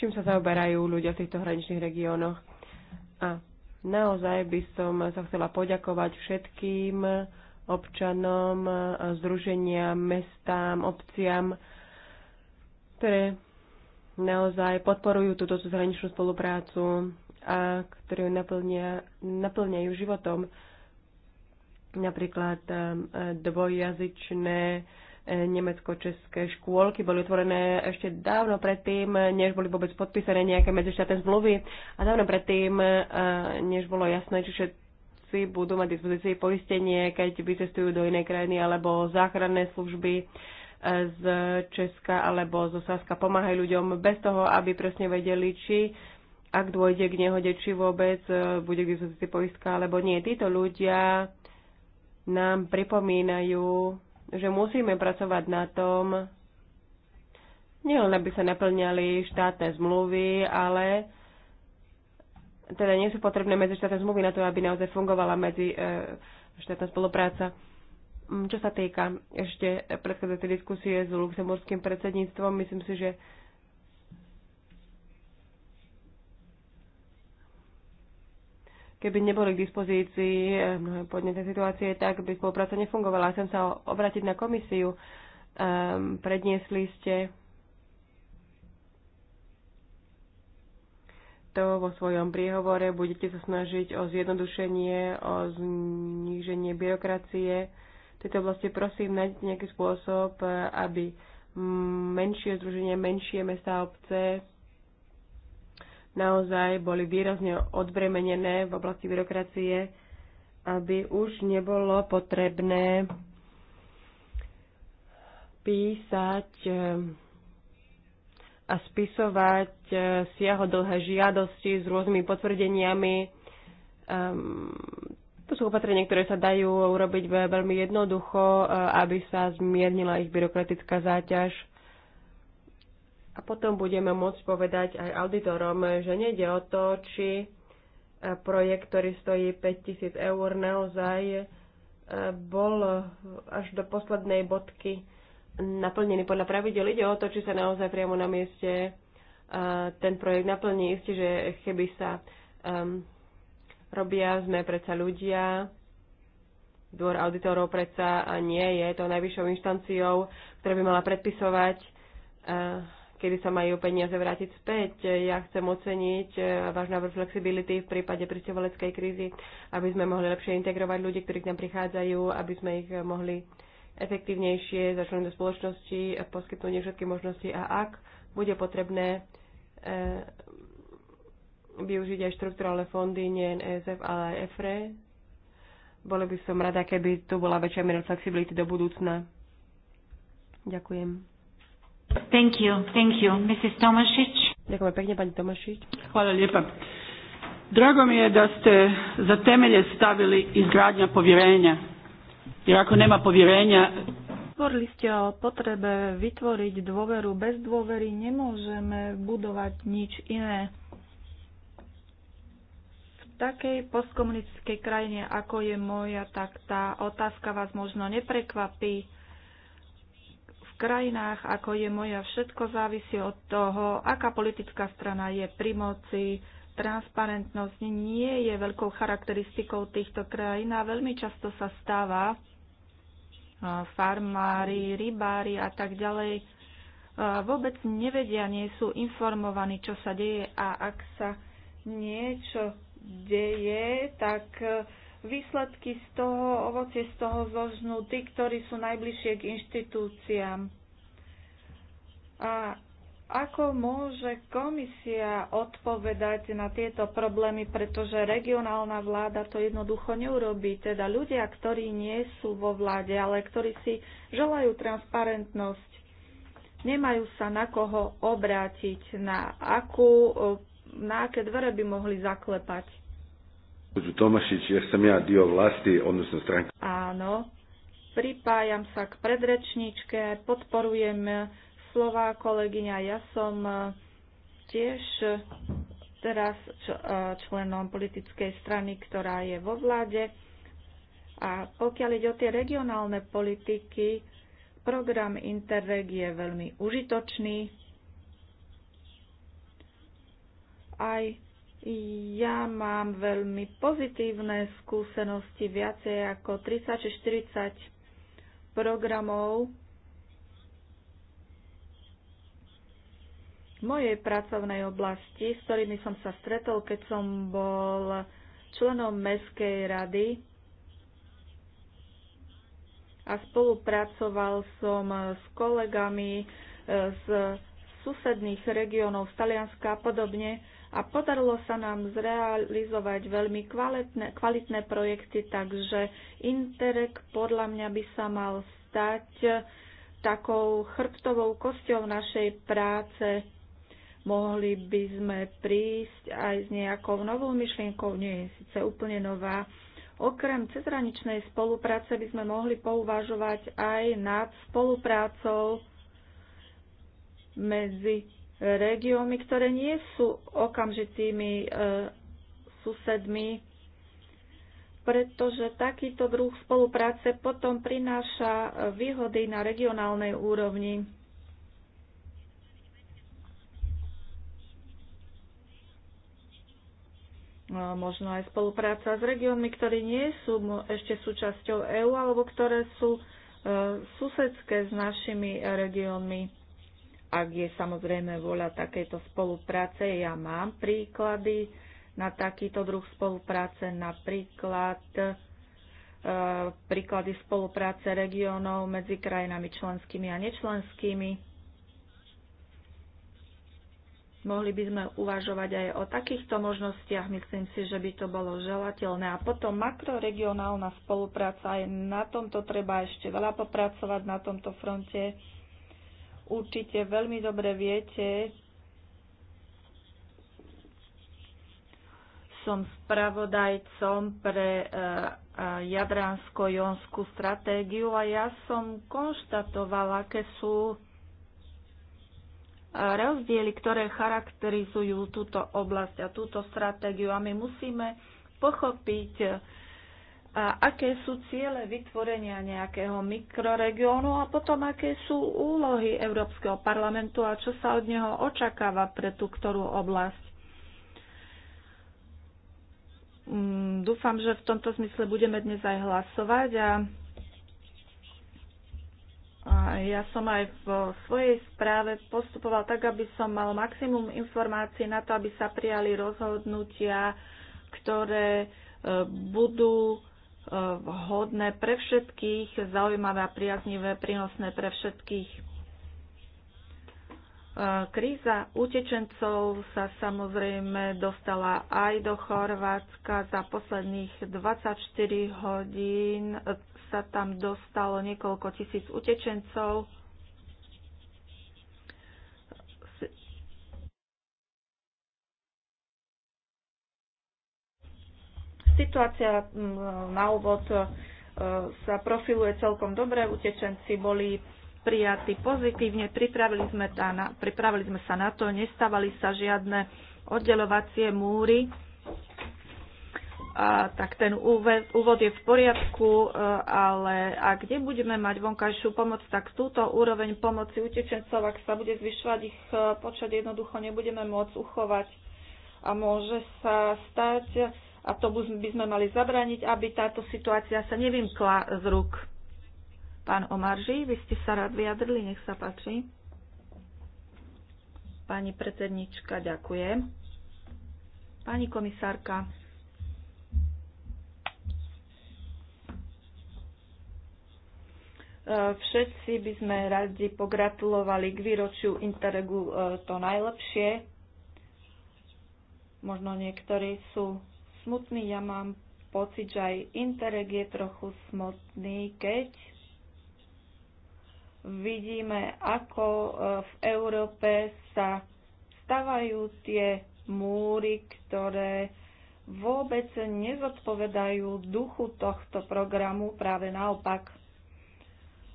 čím sa zaoberajú ľudia v týchto hraničných regiónoch. A naozaj by som sa chcela poďakovať všetkým občanom, združeniam, mestám, obciam, ktoré naozaj podporujú túto zahraničnú spoluprácu a ktoré ju naplnia, naplňajú životom. Napríklad um, dvojjazyčné e, nemecko-české škôlky boli otvorené ešte dávno predtým, než boli vôbec podpísané nejaké medzištátne zmluvy a dávno predtým, e, než bolo jasné, či všetci budú mať dispozícii poistenie, keď vycestujú do inej krajiny alebo záchranné služby z Česka alebo zo Saska pomáhajú ľuďom bez toho, aby presne vedeli, či ak dôjde k nehode, či vôbec e, bude k dispozícii poistka alebo nie. Títo ľudia nám pripomínajú, že musíme pracovať na tom, nielen aby sa naplňali štátne zmluvy, ale teda nie sú potrebné medzištátne zmluvy na to, aby naozaj fungovala medzi e, štátna spolupráca. Mm, čo sa týka ešte predchádzajúcej diskusie s luxemburským predsedníctvom, myslím si, že keby neboli k dispozícii eh, mnohé podnetné situácie, tak by spolupráca nefungovala. Chcem sa obrátiť na komisiu. Um, predniesli ste to vo svojom príhovore. Budete sa snažiť o zjednodušenie, o zníženie byrokracie v tejto oblasti. Prosím, nájdete nejaký spôsob, eh, aby menšie združenie, menšie mesta a obce naozaj boli výrazne odbremenené v oblasti byrokracie, aby už nebolo potrebné písať eh, a spisovať eh, siahodlhé žiadosti s rôznymi potvrdeniami. Ehm, to sú opatrenia, ktoré sa dajú urobiť veľmi jednoducho, e, aby sa zmiernila ich byrokratická záťaž. A potom budeme môcť povedať aj auditorom, že nejde o to, či e, projekt, ktorý stojí 5000 eur, naozaj e, bol až do poslednej bodky naplnený podľa pravidel. Ide o to, či sa naozaj priamo na mieste ten projekt naplní. Isté, že keby sa robia, sme predsa ľudia, dvor auditorov predsa a nie je to najvyššou inštanciou, ktorá by mala predpisovať, eh, kedy sa majú peniaze vrátiť späť. Ja chcem oceniť eh, váš návrh flexibility v prípade pristiovaleckej krízy, aby sme mohli lepšie integrovať ľudí, ktorí k nám prichádzajú, aby sme ich mohli efektívnejšie začleniť do spoločnosti, eh, poskytnúť všetky možnosti a ak bude potrebné využiť aj štrukturálne fondy, nie ESF, e ale aj EFRE. E. Bolo by som rada, keby tu bola väčšia miera flexibility do budúcna. Ďakujem. Thank you, thank you. Mrs. Tomašič. Ďakujem pekne, pani Tomašič. Hvala lijepa. Drago mi je da ste za temelje stavili izgradnja povjerenja. Jer ako nema povjerenja... Hovorili ste o potrebe vytvoriť dôveru. Bez dôvery nemôžeme budovať nič iné takej postkomunistickej krajine, ako je moja, tak tá otázka vás možno neprekvapí. V krajinách, ako je moja, všetko závisí od toho, aká politická strana je pri moci. Transparentnosť nie je veľkou charakteristikou týchto krajín a veľmi často sa stáva farmári, rybári a tak ďalej vôbec nevedia, nie sú informovaní, čo sa deje a ak sa niečo deje, tak e, výsledky z toho, ovocie z toho zožnú tí, ktorí sú najbližšie k inštitúciám. A ako môže komisia odpovedať na tieto problémy, pretože regionálna vláda to jednoducho neurobí. Teda ľudia, ktorí nie sú vo vláde, ale ktorí si želajú transparentnosť, nemajú sa na koho obrátiť, na, akú, e, na aké dvere by mohli zaklepať. Tomašić, ja som ja dio vlasti, odnosno stranka. Áno, pripájam sa k predrečníčke, podporujem slova kolegyňa. Ja som e, tiež teraz e, členom politickej strany, ktorá je vo vláde. A pokiaľ ide o tie regionálne politiky, program Interreg je veľmi užitočný. Aj ja mám veľmi pozitívne skúsenosti, viacej ako 30 či 40 programov v mojej pracovnej oblasti, s ktorými som sa stretol, keď som bol členom Mestskej rady a spolupracoval som s kolegami eh, z susedných regiónov z Talianska a podobne a podarilo sa nám zrealizovať veľmi kvalitné, kvalitné projekty, takže Interreg podľa mňa by sa mal stať takou chrbtovou kosťou našej práce. Mohli by sme prísť aj s nejakou novou myšlienkou, nie je síce úplne nová. Okrem cezhraničnej spolupráce by sme mohli pouvažovať aj nad spoluprácou medzi regiómi, ktoré nie sú okamžitými e, susedmi, pretože takýto druh spolupráce potom prináša e, výhody na regionálnej úrovni. No, možno aj spolupráca s regiónmi, ktorí nie sú ešte súčasťou EÚ alebo ktoré sú e, susedské s našimi regiónmi ak je samozrejme voľa takéto spolupráce. Ja mám príklady na takýto druh spolupráce, napríklad e, príklady spolupráce regiónov medzi krajinami členskými a nečlenskými. Mohli by sme uvažovať aj o takýchto možnostiach, myslím si, že by to bolo želateľné. A potom makroregionálna spolupráca, aj na tomto treba ešte veľa popracovať, na tomto fronte. Určite veľmi dobre viete, som spravodajcom pre e, e, jadransko-jonskú stratégiu a ja som konštatovala, aké sú e, rozdiely, ktoré charakterizujú túto oblasť a túto stratégiu. A my musíme pochopiť, a aké sú ciele vytvorenia nejakého mikroregiónu a potom aké sú úlohy Európskeho parlamentu a čo sa od neho očakáva pre tú ktorú oblasť. Mm, dúfam, že v tomto zmysle budeme dnes aj hlasovať a, a ja som aj v svojej správe postupoval tak, aby som mal maximum informácií na to, aby sa prijali rozhodnutia, ktoré e, budú vhodné pre všetkých, zaujímavé a priaznivé, prínosné pre všetkých. E, kríza utečencov sa samozrejme dostala aj do Chorvátska. Za posledných 24 hodín sa tam dostalo niekoľko tisíc utečencov. Situácia mm, na úvod e, sa profiluje celkom dobre. Utečenci boli prijatí pozitívne, pripravili sme, tá, na, pripravili sme sa na to, nestávali sa žiadne oddelovacie múry. A, tak ten úvod, úvod je v poriadku, e, ale ak nebudeme mať vonkajšiu pomoc, tak túto úroveň pomoci utečencov, ak sa bude zvyšovať ich e, počet, jednoducho nebudeme môcť uchovať. A môže sa stať, a to by sme mali zabrániť, aby táto situácia sa nevymkla z rúk. Pán Omarži, vy ste sa rád vyjadrili, nech sa páči. Pani predsednička, ďakujem. Pani komisárka, e, Všetci by sme radi pogratulovali k výročiu Interregu e, to najlepšie. Možno niektorí sú smutný. Ja mám pocit, že aj Interreg je trochu smutný, keď vidíme, ako e, v Európe sa stavajú tie múry, ktoré vôbec nezodpovedajú duchu tohto programu, práve naopak.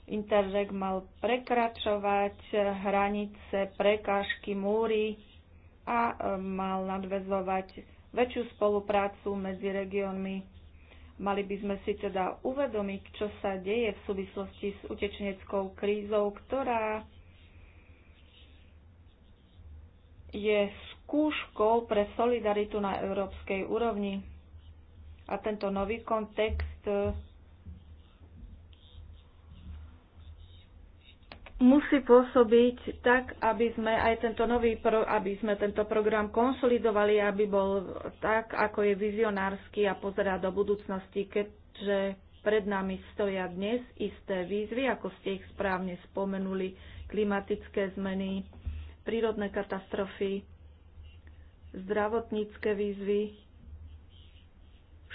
Interreg mal prekračovať hranice, prekážky, múry a e, mal nadvezovať väčšiu spoluprácu medzi regiónmi. Mali by sme si teda uvedomiť, čo sa deje v súvislosti s utečeneckou krízou, ktorá je skúškou pre solidaritu na európskej úrovni. A tento nový kontext musí pôsobiť tak, aby sme aj tento nový, pro, aby sme tento program konsolidovali, aby bol tak, ako je vizionársky a pozerá do budúcnosti, keďže pred nami stoja dnes isté výzvy, ako ste ich správne spomenuli, klimatické zmeny, prírodné katastrofy, zdravotnícke výzvy.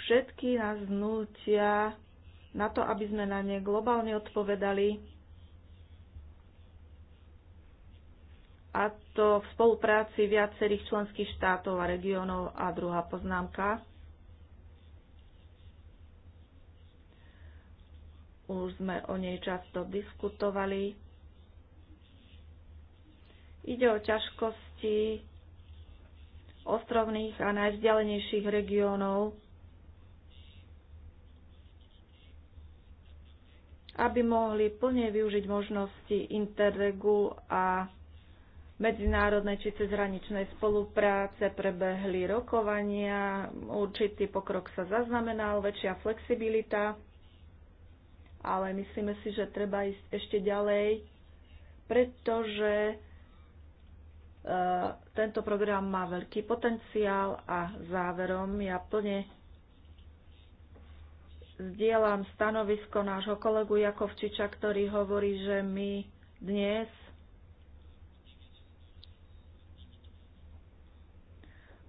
Všetky nás nútia na to, aby sme na ne globálne odpovedali a to v spolupráci viacerých členských štátov a regiónov. A druhá poznámka. Už sme o nej často diskutovali. Ide o ťažkosti ostrovných a najvzdialenejších regiónov, aby mohli plne využiť možnosti Interregu a medzinárodnej či cezhraničnej spolupráce, prebehli rokovania, určitý pokrok sa zaznamenal, väčšia flexibilita, ale myslíme si, že treba ísť ešte ďalej, pretože e, tento program má veľký potenciál a záverom ja plne zdieľam stanovisko nášho kolegu Jakovčiča, ktorý hovorí, že my dnes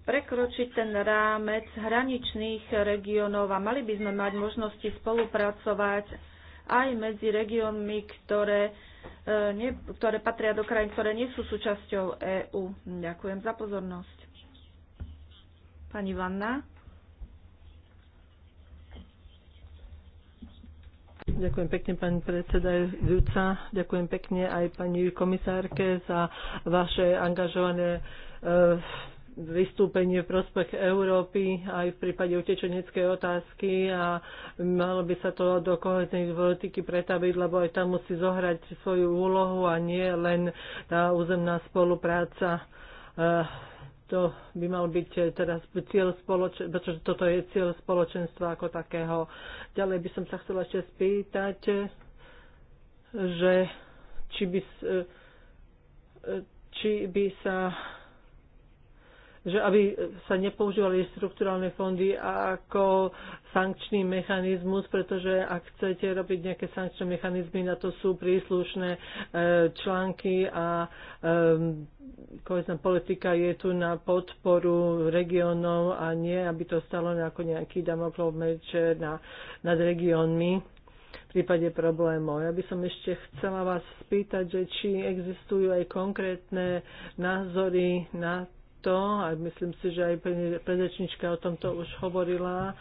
prekročiť ten rámec hraničných regiónov a mali by sme mať možnosti spolupracovať aj medzi regiónmi, ktoré, e, ne, ktoré patria do krajín, ktoré nie sú súčasťou EÚ. Ďakujem za pozornosť. Pani Vanna. Ďakujem pekne, pani predsedajúca. Ďakujem pekne aj pani komisárke za vaše angažované e, vystúpenie v prospech Európy aj v prípade utečeneckej otázky a malo by sa to do koheznej politiky pretaviť, lebo aj tam musí zohrať svoju úlohu a nie len tá územná spolupráca. Eh, to by mal byť teraz cieľ spoločenstva, pretože toto je cieľ spoločenstva ako takého. Ďalej by som sa chcela ešte spýtať, že či by, eh, či by sa že aby sa nepoužívali štruktúralne fondy ako sankčný mechanizmus, pretože ak chcete robiť nejaké sankčné mechanizmy, na to sú príslušné e, články a e, kohezná politika je tu na podporu regiónov a nie, aby to stalo ako nejaký damoklov mečer na, nad regiónmi v prípade problémov. Ja by som ešte chcela vás spýtať, že či existujú aj konkrétne názory na to, a myslím si, že aj predrečnička o tomto už hovorila,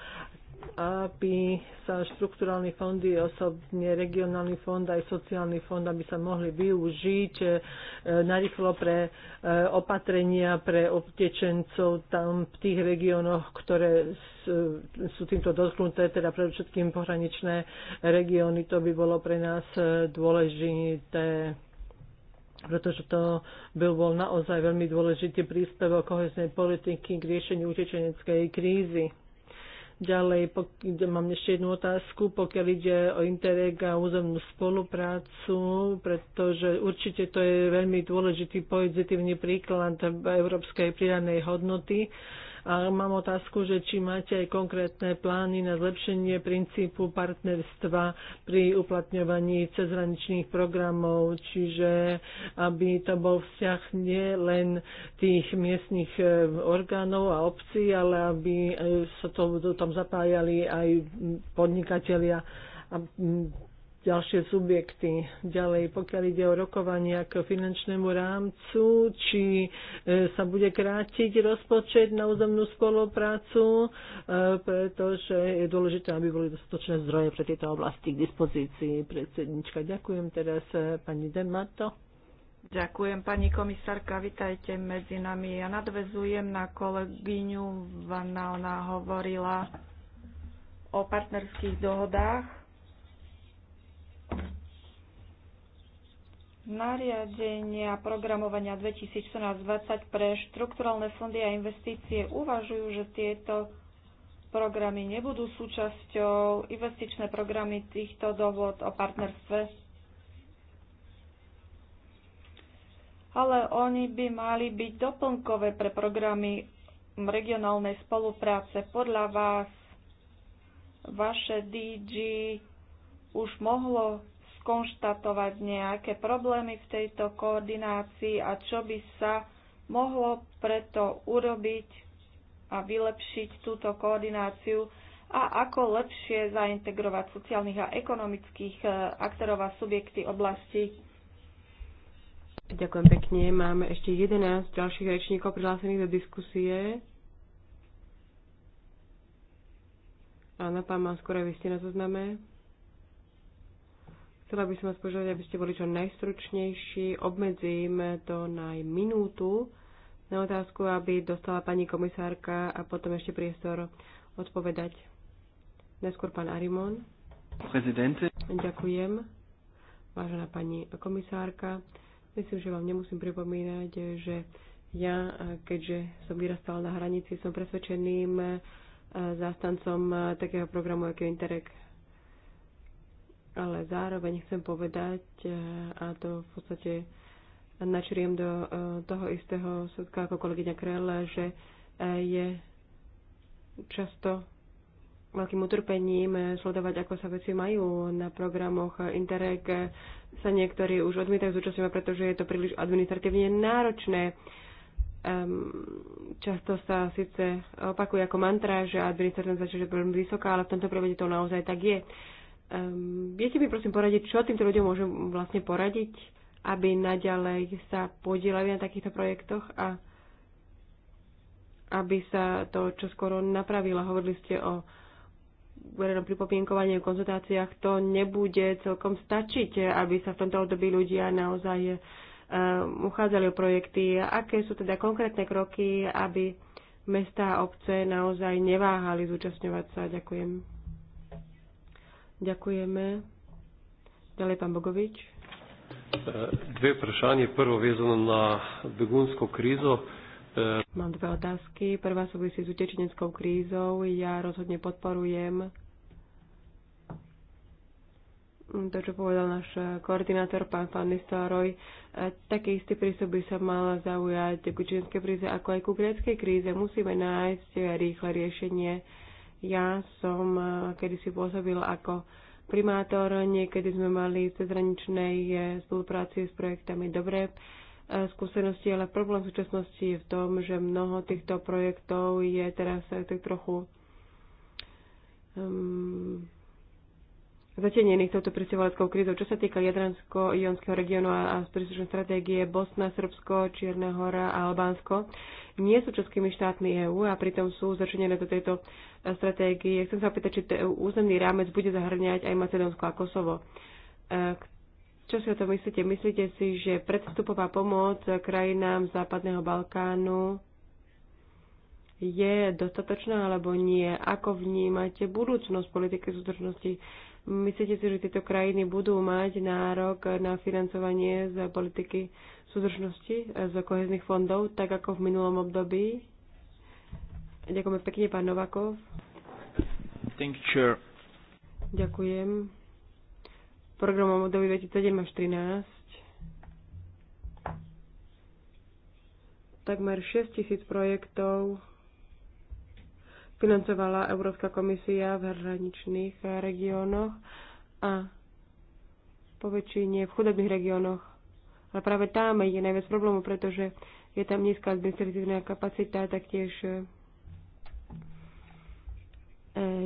aby sa štrukturálne fondy, osobne regionálny fond aj sociálny fond, aby sa mohli využiť e, narýchlo pre e, opatrenia pre obtečencov tam v tých regiónoch, ktoré sú týmto dotknuté, teda všetkým pohraničné regióny. To by bolo pre nás e, dôležité pretože to byl, bol naozaj veľmi dôležitý príspevok koheznej politiky k riešeniu utečeneckej krízy. Ďalej mám ešte jednu otázku, pokiaľ ide o Interreg a územnú spoluprácu, pretože určite to je veľmi dôležitý pozitívny príklad európskej pridanej hodnoty a mám otázku, že či máte aj konkrétne plány na zlepšenie princípu partnerstva pri uplatňovaní cezhraničných programov, čiže aby to bol vzťah nie len tých miestnych e, orgánov a obcí, ale aby e, sa to, tam zapájali aj podnikatelia a ďalšie subjekty. Ďalej, pokiaľ ide o rokovania k finančnému rámcu, či e, sa bude krátiť rozpočet na územnú spoluprácu, e, pretože je dôležité, aby boli dostatočné zdroje pre tieto oblasti k dispozícii. Predsednička, ďakujem teraz e, pani Demato. Ďakujem, pani komisárka, vitajte medzi nami. Ja nadvezujem na kolegyňu ona hovorila o partnerských dohodách nariadenia programovania 2014-2020 pre štrukturálne fondy a investície uvažujú, že tieto programy nebudú súčasťou investičné programy týchto dohod o partnerstve. Ale oni by mali byť doplnkové pre programy regionálnej spolupráce. Podľa vás vaše DG už mohlo skonštatovať nejaké problémy v tejto koordinácii a čo by sa mohlo preto urobiť a vylepšiť túto koordináciu a ako lepšie zaintegrovať sociálnych a ekonomických e, aktorov a subjekty oblasti. Ďakujem pekne. Máme ešte 11 ďalších rečníkov prihlásených do diskusie. Áno, pán Maskore, vy ste na zozname. Chcela by som vás požiadať, aby ste boli čo najstručnejší. Obmedzím to na minútu na otázku, aby dostala pani komisárka a potom ešte priestor odpovedať. Neskôr pán Arimon. Prezidente. Ďakujem, vážená pani komisárka. Myslím, že vám nemusím pripomínať, že ja, keďže som vyrastal na hranici, som presvedčeným eh, zástancom eh, takého programu, ako Interreg ale zároveň chcem povedať, eh, a to v podstate načriem do eh, toho istého súdka ako kolegyňa krela, že eh, je často veľkým utrpením sledovať, ako sa veci majú na programoch Interreg. Sa niektorí už odmietajú zúčastňovať, pretože je to príliš administratívne náročné. Um, často sa síce opakuje ako mantra, že administratívne zaťaž je veľmi vysoká, ale v tomto prípade to naozaj tak je. Uh, Um, viete mi prosím poradiť, čo týmto ľuďom môžem vlastne poradiť, aby naďalej sa podielali na takýchto projektoch a aby sa to čo skoro napravilo. Hovorili ste o verejnom pripomienkovaní, o konzultáciách. To nebude celkom stačiť, aby sa v tomto období ľudia naozaj um, uchádzali o projekty. Aké sú teda konkrétne kroky, aby mesta a obce naozaj neváhali zúčastňovať sa? Ďakujem. Ďakujeme. Ďalej pán Bogovič. Eh, dve vprašanie. Prvo vezano na begunskú krízu. Eh, Mám dve otázky. Prvá súvisí s utečeneckou krízou. Ja rozhodne podporujem to, čo povedal náš koordinátor, pán Fan Stároj. Eh, taký istý prístup by sa mal zaujať k utečeneckej kríze, ako aj ku gréckej kríze. Musíme nájsť rýchle riešenie ja som eh, kedysi pôsobil ako primátor, niekedy sme mali v cezhraničnej eh, spolupráci s projektami dobré eh, skúsenosti, ale problém v súčasnosti je v tom, že mnoho týchto projektov je teraz tak trochu um, zatenených touto pristevaleckou krízou. Čo sa týka jadransko Ionského regiónu a, a príslušnej stratégie Bosna, Srbsko, Čierna hora a Albánsko, nie sú českými štátmi EÚ a pritom sú začlenené do tejto e, stratégie. Chcem sa opýtať, či ten územný rámec bude zahrňať aj Macedónsko a Kosovo. E, čo si o to myslíte? Myslíte si, že predstupová pomoc krajinám Západného Balkánu je dostatočná alebo nie? Ako vnímate budúcnosť politiky súdržnosti? Myslíte si, že tieto krajiny budú mať nárok na financovanie z politiky súdržnosti, z kohezných fondov, tak ako v minulom období? Ďakujeme pekne, pán Novakov. Thank you, Ďakujem. Programom období 2007 až 2013 Takmer 6 tisíc projektov financovala Európska komisia v hraničných regiónoch a po väčšine v chudobných regiónoch. Ale práve tam je najviac problémov, pretože je tam nízka administratívna kapacita, taktiež e,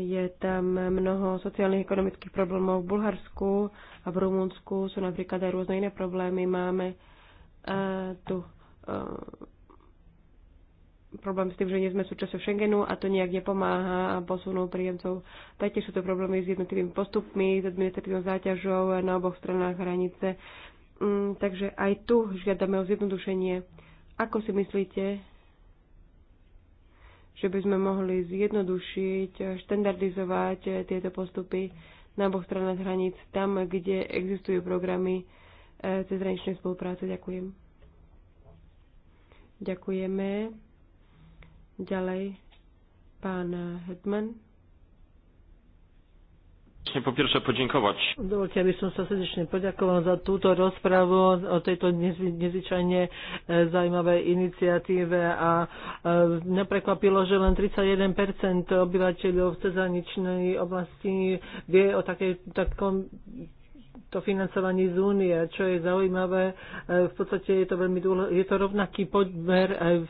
je tam mnoho sociálnych ekonomických problémov v Bulharsku a v Rumunsku sú napríklad aj rôzne iné problémy. Máme e, tu e, problém s tým, že nie sme súčasťou Schengenu a to nejak nepomáha a posunú príjemcov. Taktiež sú to problémy s jednotlivými postupmi, s administratívnou záťažou na oboch stranách hranice. Mm, takže aj tu žiadame o zjednodušenie. Ako si myslíte, že by sme mohli zjednodušiť, štandardizovať tieto postupy na oboch stranách hraníc, tam, kde existujú programy e, cezhraničnej spolupráce? Ďakujem. Ďakujeme. Ďalej pán Hetman. Po pierwsze podziękować. Dovolte, aby som sa srdečne poďakoval za túto rozpravu o tejto nezvy, nezvyčajne e, zaujímavej iniciatíve a e, neprekvapilo, že len 31% obyvateľov v cezaničnej oblasti vie o takej, takom to financovanie z únie, čo je zaujímavé. E, v podstate je to veľmi dôležité, je to rovnaký podmer aj v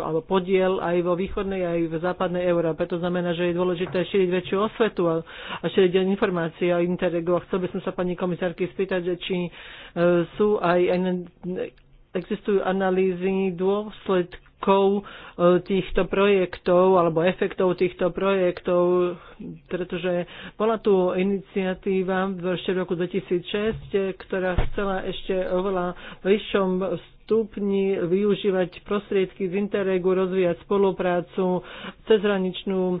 alebo podiel aj vo východnej, aj v západnej Európe. To znamená, že je dôležité šíriť väčšiu osvetu a, a šíriť informácie o Interregu. A chcel by som sa pani komisárky spýtať, že či e, sú aj, aj existujú analýzy dôsledkov e, týchto projektov alebo efektov týchto projektov, pretože bola tu iniciatíva v roku 2006, e, ktorá chcela ešte oveľa vyššom stupni využívať prostriedky z Interregu, rozvíjať spoluprácu, cezhraničnú e,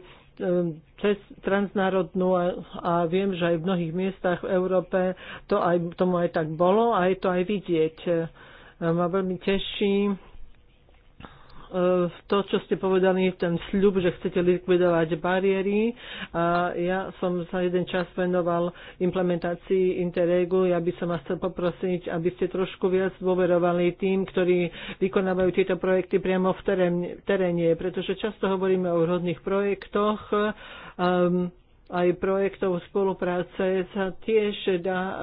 cez transnárodnú a, a viem, že aj v mnohých miestach v Európe to aj, tomu aj tak bolo a je to aj vidieť. E, ma veľmi teší, to, čo ste povedali, ten sľub, že chcete likvidovať bariéry. A ja som sa jeden čas venoval implementácii Interregu. Ja by som vás chcel poprosiť, aby ste trošku viac dôverovali tým, ktorí vykonávajú tieto projekty priamo v teréne, pretože často hovoríme o rôznych projektoch. Um, aj projektov spolupráce sa tiež dá,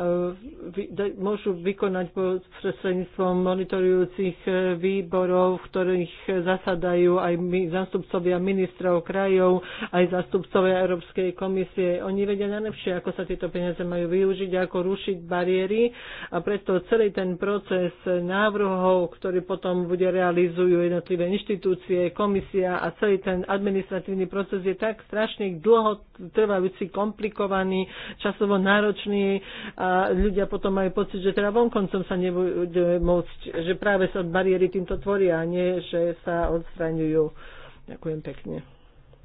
e, môžu vykonať prostredníctvom monitorujúcich e, výborov, v ktorých zasadajú aj my, zastupcovia ministrov krajov, aj zastupcovia Európskej komisie. Oni vedia najlepšie, ako sa tieto peniaze majú využiť, ako rušiť bariéry a preto celý ten proces návrhov, ktorý potom bude realizujú jednotlivé inštitúcie, komisia a celý ten administratívny proces je tak strašne dlho trvá zaostávajúci, komplikovaný, časovo náročný a ľudia potom majú pocit, že teda vonkoncom sa nebude môcť, že práve sa bariéry týmto tvoria, a nie, že sa odstraňujú. Ďakujem pekne.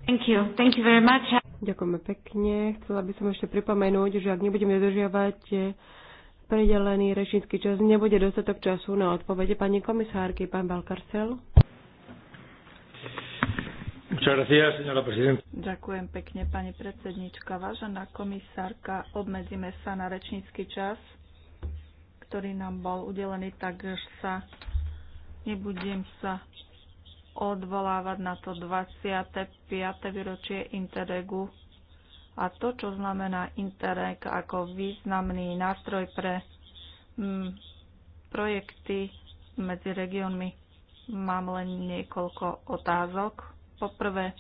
Thank you. Thank you very much. Ďakujeme pekne. Chcela by som ešte pripomenúť, že ak nebudeme dodržiavať predelený rečnícky čas, nebude dostatok času na odpovede pani komisárky, pán Balkarcel. Ďakujem pekne, pani predsednička. Vážená komisárka, obmedzíme sa na rečnícky čas, ktorý nám bol udelený, takže sa nebudem sa odvolávať na to 25. výročie Interregu a to, čo znamená Interreg ako významný nástroj pre mm, projekty medzi regiónmi. Mám len niekoľko otázok Poprvé,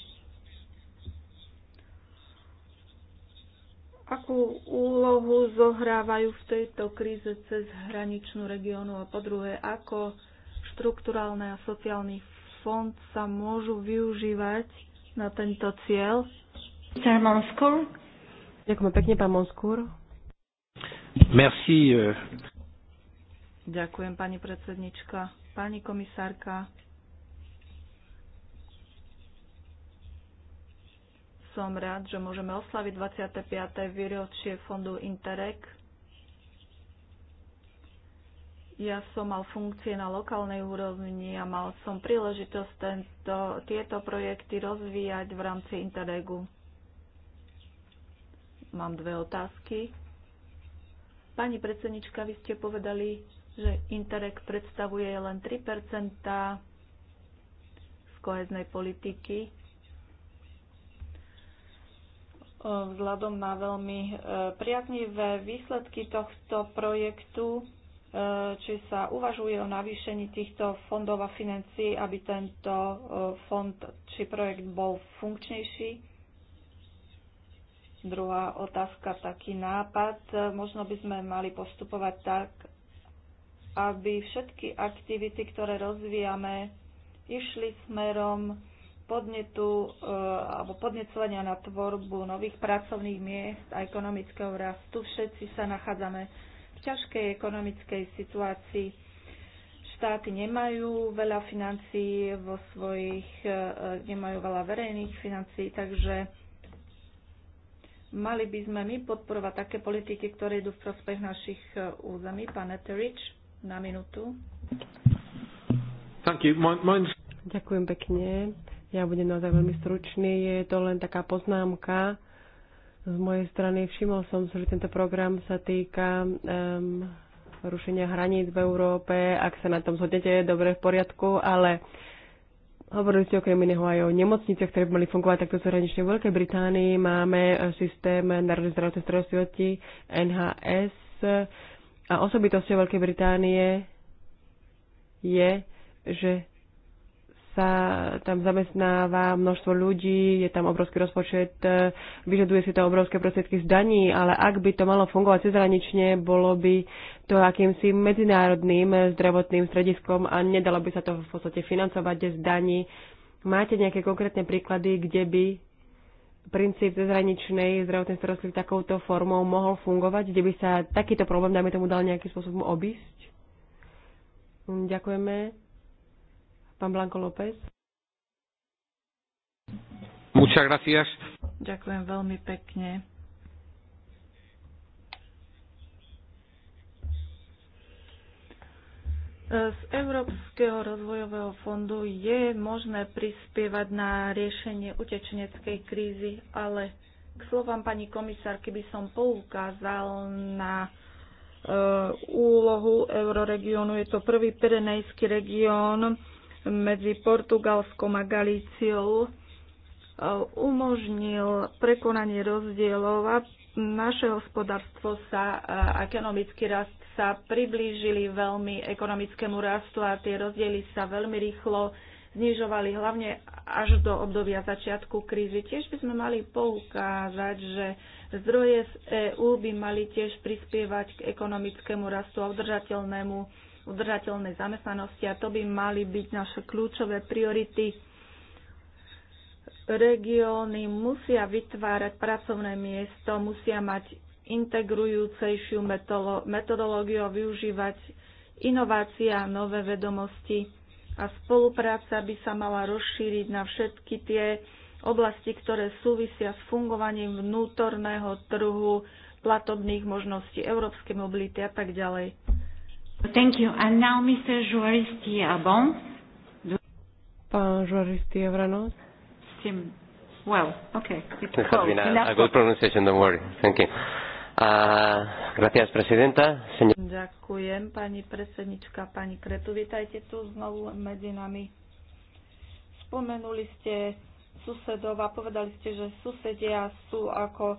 akú úlohu zohrávajú v tejto kríze cez hraničnú regiónu a po druhé, ako štrukturálne a sociálny fond sa môžu využívať na tento cieľ. Ďakujem pekne, pán Monskúr. Merci. Euh. Ďakujem, pani predsednička. Pani komisárka, som rád, že môžeme oslaviť 25. výročie fondu Interreg. Ja som mal funkcie na lokálnej úrovni a mal som príležitosť tento, tieto projekty rozvíjať v rámci Interregu. Mám dve otázky. Pani predsednička, vy ste povedali, že Interreg predstavuje len 3 z koheznej politiky E, vzhľadom na veľmi e, priaznivé výsledky tohto projektu, e, či sa uvažuje o navýšení týchto fondov a financií, aby tento fond či projekt bol funkčnejší. Druhá otázka, taký nápad. Možno by sme mali postupovať tak, aby všetky aktivity, ktoré rozvíjame, išli smerom podnetu e, alebo podnecovania na tvorbu nových pracovných miest a ekonomického rastu. Všetci sa nachádzame v ťažkej ekonomickej situácii. Štáty nemajú veľa financií vo svojich, e, nemajú veľa verejných financií, takže mali by sme my podporovať také politiky, ktoré idú v prospech našich e, území. Pán Eterič, na minútu. Thank you. Mine, Ďakujem pekne. Ja budem naozaj veľmi stručný. Je to len taká poznámka z mojej strany. Všimol som si, že tento program sa týka um, rušenia hraníc v Európe. Ak sa na tom zhodnete, je dobre v poriadku, ale hovorili ste okrem iného aj o nemocniciach, ktoré by mali fungovať takto zahranične. V Veľkej Británii máme eh, systém Národnej zdravotnej starostlivosti NHS eh, a osobitosťou Veľkej Británie je, že sa tam zamestnáva množstvo ľudí, je tam obrovský rozpočet, e, vyžaduje si to obrovské prostriedky z daní, ale ak by to malo fungovať cezhranične, bolo by to akýmsi medzinárodným zdravotným strediskom a nedalo by sa to v podstate financovať z daní. Máte nejaké konkrétne príklady, kde by princíp cezhraničnej zdravotnej starostlivosti takouto formou mohol fungovať, kde by sa takýto problém, dajme tomu, dal nejakým spôsobom obísť? Hm, ďakujeme. Pán Blanco López. Muchas gracias. Ďakujem veľmi pekne. Z Európskeho rozvojového fondu je možné prispievať na riešenie utečeneckej krízy, ale k slovám pani komisárky by som poukázal na e, úlohu Euroregiónu. Je to prvý pirenejský región, medzi Portugalskom a Galíciou e, umožnil prekonanie rozdielov a naše hospodárstvo sa a e, ekonomický rast sa priblížili veľmi ekonomickému rastu a tie rozdiely sa veľmi rýchlo znižovali, hlavne až do obdobia začiatku krízy. Tiež by sme mali poukázať, že zdroje z EÚ by mali tiež prispievať k ekonomickému rastu a udržateľnému udržateľnej zamestnanosti a to by mali byť naše kľúčové priority. Regióny musia vytvárať pracovné miesto, musia mať integrujúcejšiu metodológiu a využívať inovácia a nové vedomosti. A spolupráca by sa mala rozšíriť na všetky tie oblasti, ktoré súvisia s fungovaním vnútorného trhu, platobných možností, európskej mobility a tak ďalej. Thank you. And now Mr. Juaristi Abon. Pán Juaristi Abranos. Sim. Well, okay. It's a a good pronunciation, don't worry. Thank you. Uh, gracias, presidenta. Señor... Ďakujem, pani predsednička, pani Kretu. Vítajte tu znovu medzi nami. Spomenuli ste susedov a povedali ste, že susedia sú ako e,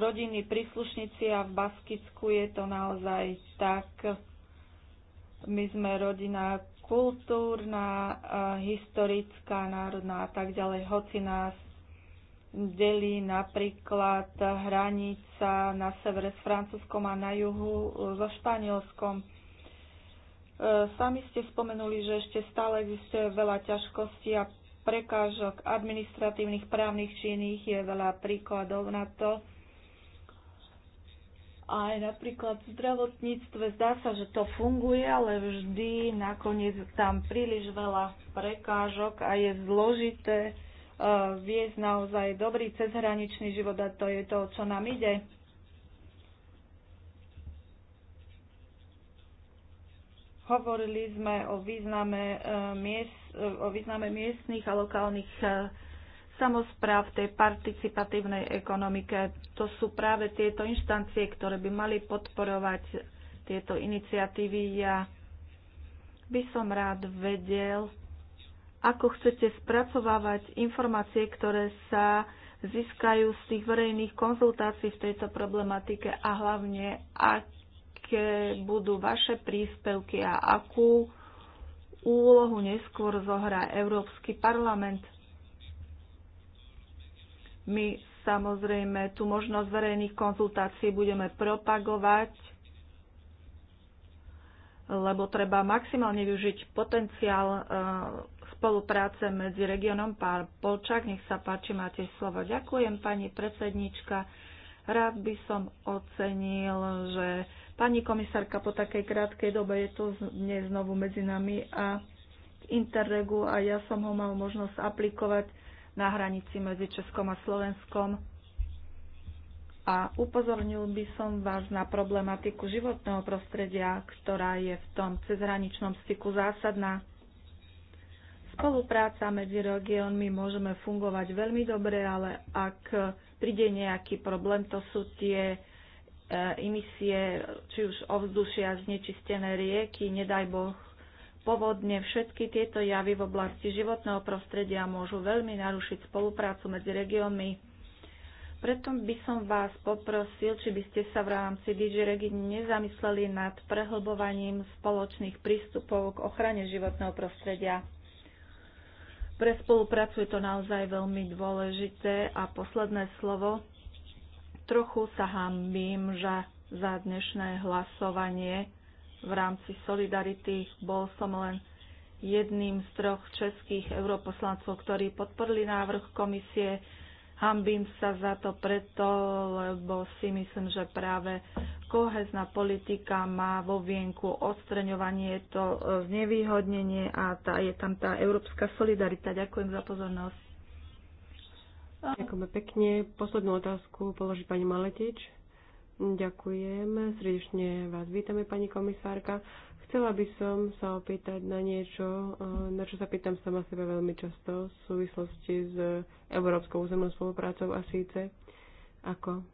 rodinní príslušníci a v Baskicku je to naozaj tak. My sme rodina kultúrna, historická, národná a tak ďalej, hoci nás delí napríklad hranica na severe s Francúzskom a na juhu so Španielskom. E, sami ste spomenuli, že ešte stále existuje veľa ťažkostí a prekážok administratívnych, právnych činných je veľa príkladov na to, aj napríklad v zdravotníctve zdá sa, že to funguje, ale vždy nakoniec tam príliš veľa prekážok a je zložité e, viesť naozaj dobrý cezhraničný život a to je to, čo nám ide. Hovorili sme o význame, e, miest, e, o význame miestných a lokálnych v tej participatívnej ekonomike. To sú práve tieto inštancie, ktoré by mali podporovať tieto iniciatívy. Ja by som rád vedel, ako chcete spracovávať informácie, ktoré sa získajú z tých verejných konzultácií v tejto problematike a hlavne, aké budú vaše príspevky a akú úlohu neskôr zohrá Európsky parlament. My samozrejme tú možnosť verejných konzultácií budeme propagovať, lebo treba maximálne využiť potenciál e, spolupráce medzi regionom. Pán Polčák, nech sa páči, máte slovo. Ďakujem, pani predsednička. Rád by som ocenil, že pani komisárka po takej krátkej dobe je tu dnes znovu medzi nami a Interregu a ja som ho mal možnosť aplikovať na hranici medzi Českom a Slovenskom. A upozornil by som vás na problematiku životného prostredia, ktorá je v tom cezhraničnom styku zásadná. Spolupráca medzi regiónmi môžeme fungovať veľmi dobre, ale ak príde nejaký problém, to sú tie e, emisie, či už ovzdušia, znečistené rieky, nedaj Boh povodne, všetky tieto javy v oblasti životného prostredia môžu veľmi narušiť spoluprácu medzi regiónmi. Preto by som vás poprosil, či by ste sa v rámci DJ Regi nezamysleli nad prehlbovaním spoločných prístupov k ochrane životného prostredia. Pre spoluprácu je to naozaj veľmi dôležité a posledné slovo. Trochu sa hambím, že za dnešné hlasovanie v rámci Solidarity. Bol som len jedným z troch českých europoslancov, ktorí podporili návrh komisie. Hambím sa za to preto, lebo si myslím, že práve kohezná politika má vo vienku odstreňovanie, to e, znevýhodnenie a tá, je tam tá európska solidarita. Ďakujem za pozornosť. Ďakujeme pekne. Poslednú otázku položí pani Maletič. Ďakujem. Srdečne vás vítame, pani komisárka. Chcela by som sa opýtať na niečo, eh, na čo sa pýtam sama seba veľmi často v súvislosti s Európskou územnou spoluprácou a síce ako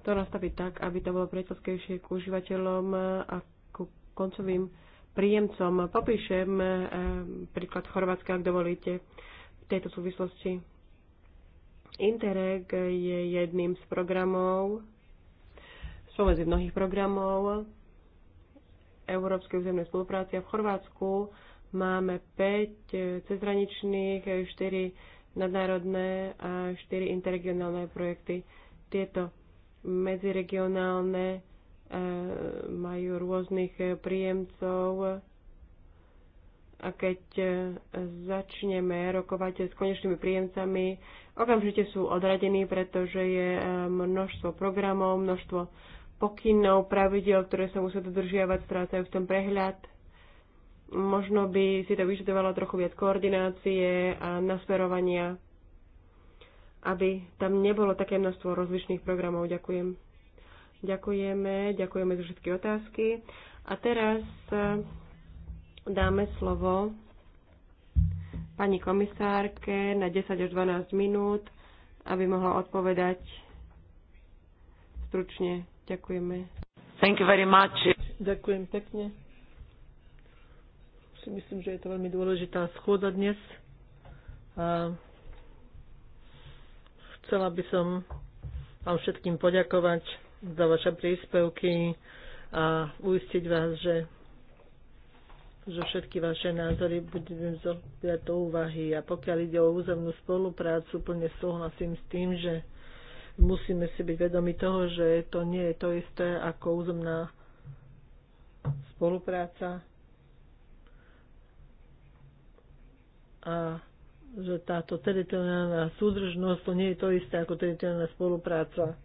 to nastaviť tak, aby to bolo priateľskejšie k užívateľom a k koncovým príjemcom. Popíšem eh, príklad Chorvátska, ak dovolíte, v tejto súvislosti Interreg je jedným z programov, sú z mnohých programov Európskej územnej spolupráce. V Chorvátsku máme 5 cezhraničných, 4 nadnárodné a 4 interregionálne projekty. Tieto medziregionálne eh, majú rôznych príjemcov a keď eh, začneme rokovať s konečnými príjemcami, okamžite sú odradení, pretože je eh, množstvo programov, množstvo pokynov, pravidel, ktoré sa musia dodržiavať, strácajú v tom prehľad. Možno by si to vyžadovalo trochu viac koordinácie a nasmerovania, aby tam nebolo také množstvo rozlišných programov. Ďakujem. Ďakujeme, ďakujeme za všetky otázky. A teraz eh, dáme slovo pani komisárke na 10 až 12 minút, aby mohla odpovedať stručne. Ďakujeme. Thank you very much. Ďakujem pekne. Si myslím, že je to veľmi dôležitá schôda dnes. A chcela by som vám všetkým poďakovať za vaše príspevky a uistiť vás, že že všetky vaše názory budeme zobrať do úvahy. A pokiaľ ide o územnú spoluprácu, plne súhlasím s tým, že musíme si byť vedomi toho, že to nie je to isté ako územná spolupráca. A že táto teritoriálna súdržnosť to nie je to isté ako teritoriálna spolupráca.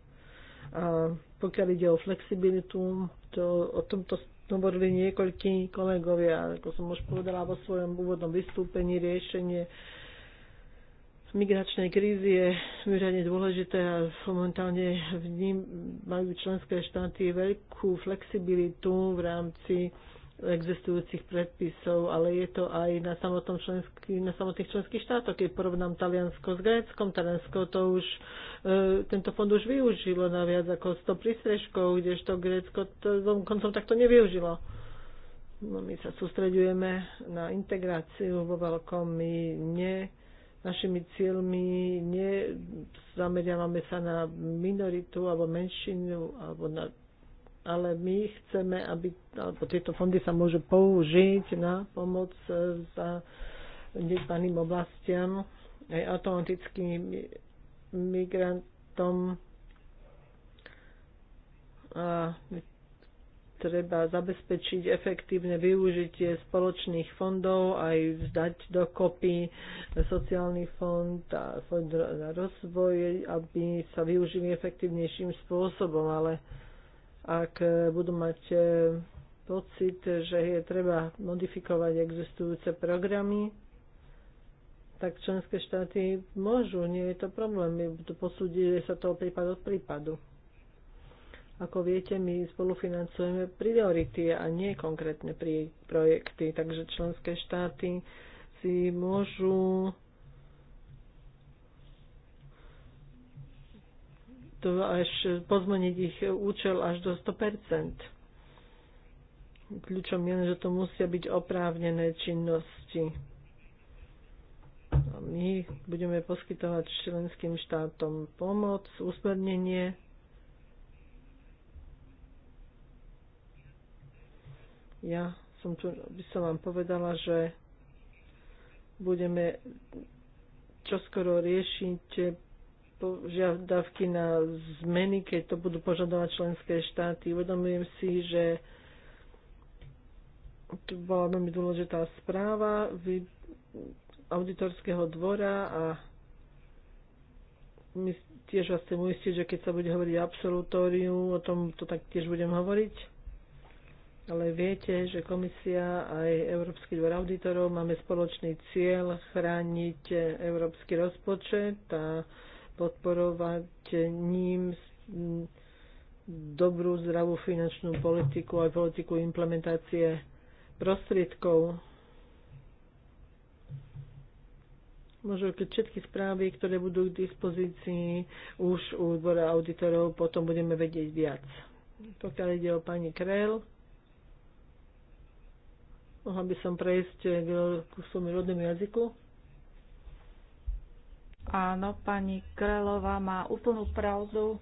A pokiaľ ide o flexibilitu, to, o tomto boli niekoľkí kolegovia, ako som už povedala vo svojom úvodnom vystúpení, riešenie migračnej krízy je mimoriadne dôležité a momentálne v ním majú členské štáty veľkú flexibilitu v rámci existujúcich predpisov, ale je to aj na, samotnom členský, na samotných členských štátoch. Keď porovnám Taliansko s Gréckom, Taliansko to už, e, tento fond už využilo na viac ako 100 prístrežkov, kdežto Grécko to koncom takto nevyužilo. No, my sa sústredujeme na integráciu vo veľkom, my ne, našimi cieľmi nezameriavame sa na minoritu alebo menšinu alebo na ale my chceme, aby alebo tieto fondy sa môžu použiť na pomoc e, za nedbaným oblastiam aj automatickým migrantom a treba zabezpečiť efektívne využitie spoločných fondov, aj vzdať dokopy sociálny fond a fond na rozvoj, aby sa využili efektívnejším spôsobom, ale ak e, budú mať e, pocit, že je treba modifikovať existujúce programy, tak členské štáty môžu, nie je to problém, Posúdiť sa to prípad od prípadu. Ako viete, my spolufinancujeme priority a nie konkrétne projekty, takže členské štáty si môžu to až pozmeniť ich účel až do 100%. Kľúčom je, že to musia byť oprávnené činnosti. A my budeme poskytovať členským štátom pomoc, usmernenie, ja som tu, by som vám povedala, že budeme čoskoro riešiť požiadavky na zmeny, keď to budú požadovať členské štáty. Uvedomujem si, že tu bola veľmi dôležitá správa auditorského dvora a my tiež vás chcem uistiť, že keď sa bude hovoriť absolutóriu, o tom to tak tiež budem hovoriť. Ale viete, že komisia aj Európsky dvor auditorov máme spoločný cieľ chrániť európsky rozpočet a podporovať ním dobrú, zdravú finančnú politiku aj politiku implementácie prostriedkov. Možno keď všetky správy, ktoré budú k dispozícii už u dvora auditorov, potom budeme vedieť viac. Pokiaľ ide o pani Krell, mohla by som prejsť k, k svojmu rodnému jazyku. Áno, pani Krelová má úplnú pravdu.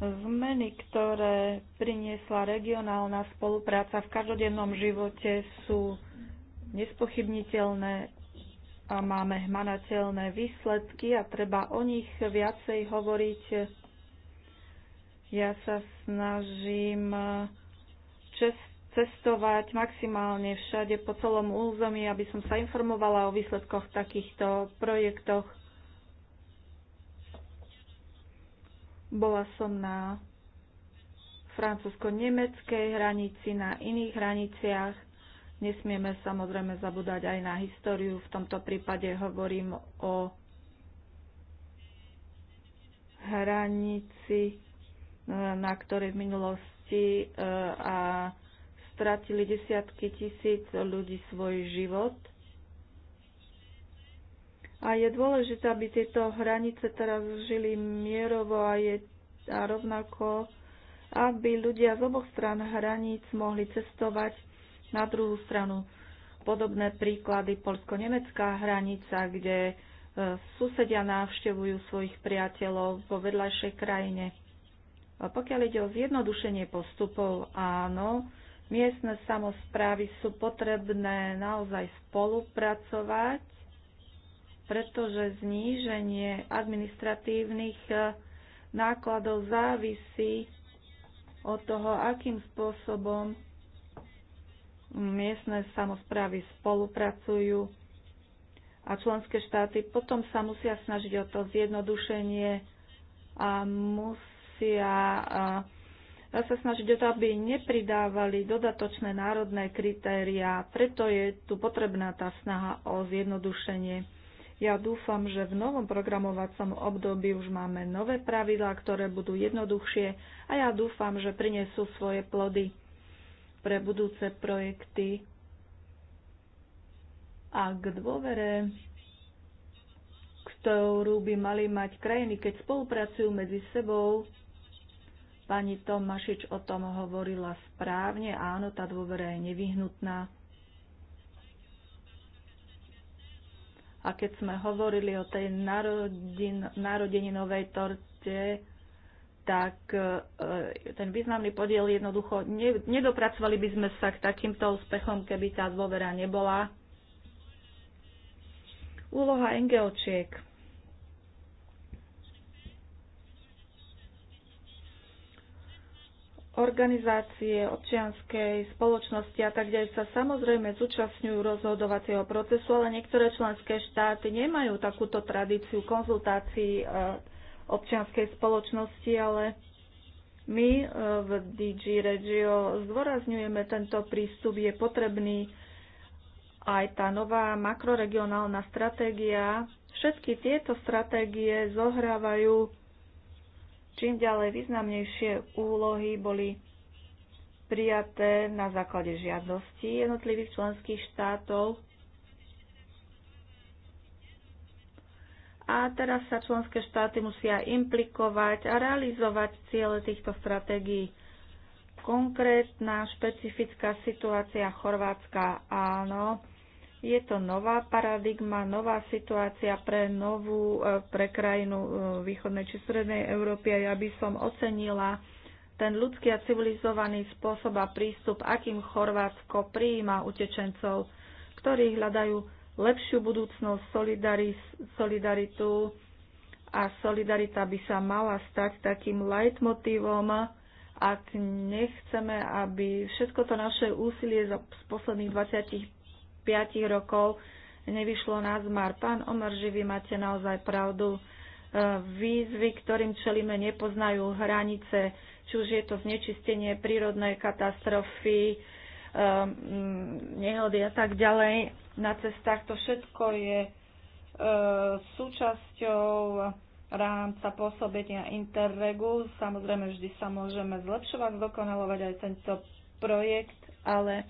Zmeny, ktoré priniesla regionálna spolupráca v každodennom živote, sú nespochybniteľné a máme hmanateľné výsledky a treba o nich viacej hovoriť. Ja sa snažím čest cestovať maximálne všade po celom území, aby som sa informovala o výsledkoch takýchto projektoch. Bola som na francúzsko-nemeckej hranici, na iných hraniciach. Nesmieme samozrejme zabúdať aj na históriu. V tomto prípade hovorím o hranici, na ktorej v minulosti eh, a stratili desiatky tisíc ľudí svoj život. A je dôležité, aby tieto hranice teraz žili mierovo a, je, a rovnako, aby ľudia z oboch stran hraníc mohli cestovať na druhú stranu. Podobné príklady polsko-nemecká hranica, kde e, susedia návštevujú svojich priateľov vo vedľajšej krajine. A pokiaľ ide o zjednodušenie postupov, áno, Miestne samozprávy sú potrebné naozaj spolupracovať, pretože zníženie administratívnych eh, nákladov závisí od toho, akým spôsobom miestne samozprávy spolupracujú a členské štáty potom sa musia snažiť o to zjednodušenie a musia eh, sa snažiť o to, aby nepridávali dodatočné národné kritériá. Preto je tu potrebná tá snaha o zjednodušenie. Ja dúfam, že v novom programovacom období už máme nové pravidlá, ktoré budú jednoduchšie a ja dúfam, že prinesú svoje plody pre budúce projekty a k dôvere, ktorú by mali mať krajiny, keď spolupracujú medzi sebou Pani Tomašič o tom hovorila správne. Áno, tá dôvera je nevyhnutná. A keď sme hovorili o tej narodin, novej torte, tak e, ten významný podiel jednoducho nedopracovali by sme sa k takýmto úspechom, keby tá dôvera nebola. Úloha NGOčiek. organizácie občianskej spoločnosti a tak ďalej sa samozrejme zúčastňujú rozhodovacieho procesu, ale niektoré členské štáty nemajú takúto tradíciu konzultácií e, občianskej spoločnosti, ale my e, v DG Regio zdôrazňujeme tento prístup, je potrebný aj tá nová makroregionálna stratégia. Všetky tieto stratégie zohrávajú Čím ďalej významnejšie úlohy boli prijaté na základe žiadosti jednotlivých členských štátov. A teraz sa členské štáty musia implikovať a realizovať ciele týchto stratégií. Konkrétna špecifická situácia Chorvátska, áno je to nová paradigma, nová situácia pre novú, e, pre krajinu e, východnej či strednej Európy a ja by som ocenila ten ľudský a civilizovaný spôsob a prístup, akým Chorvátsko prijíma utečencov, ktorí hľadajú lepšiu budúcnosť, solidaritu a solidarita by sa mala stať takým leitmotívom, ak nechceme, aby všetko to naše úsilie za posledných 20 piatich rokov nevyšlo na zmar. Pán Omerži, vy máte naozaj pravdu. E, výzvy, ktorým čelíme, nepoznajú hranice, či už je to znečistenie, prírodné katastrofy, e, nehody a tak ďalej na cestách. To všetko je e, súčasťou rámca pôsobenia Interregu. Samozrejme, vždy sa môžeme zlepšovať, dokonalovať aj tento projekt, ale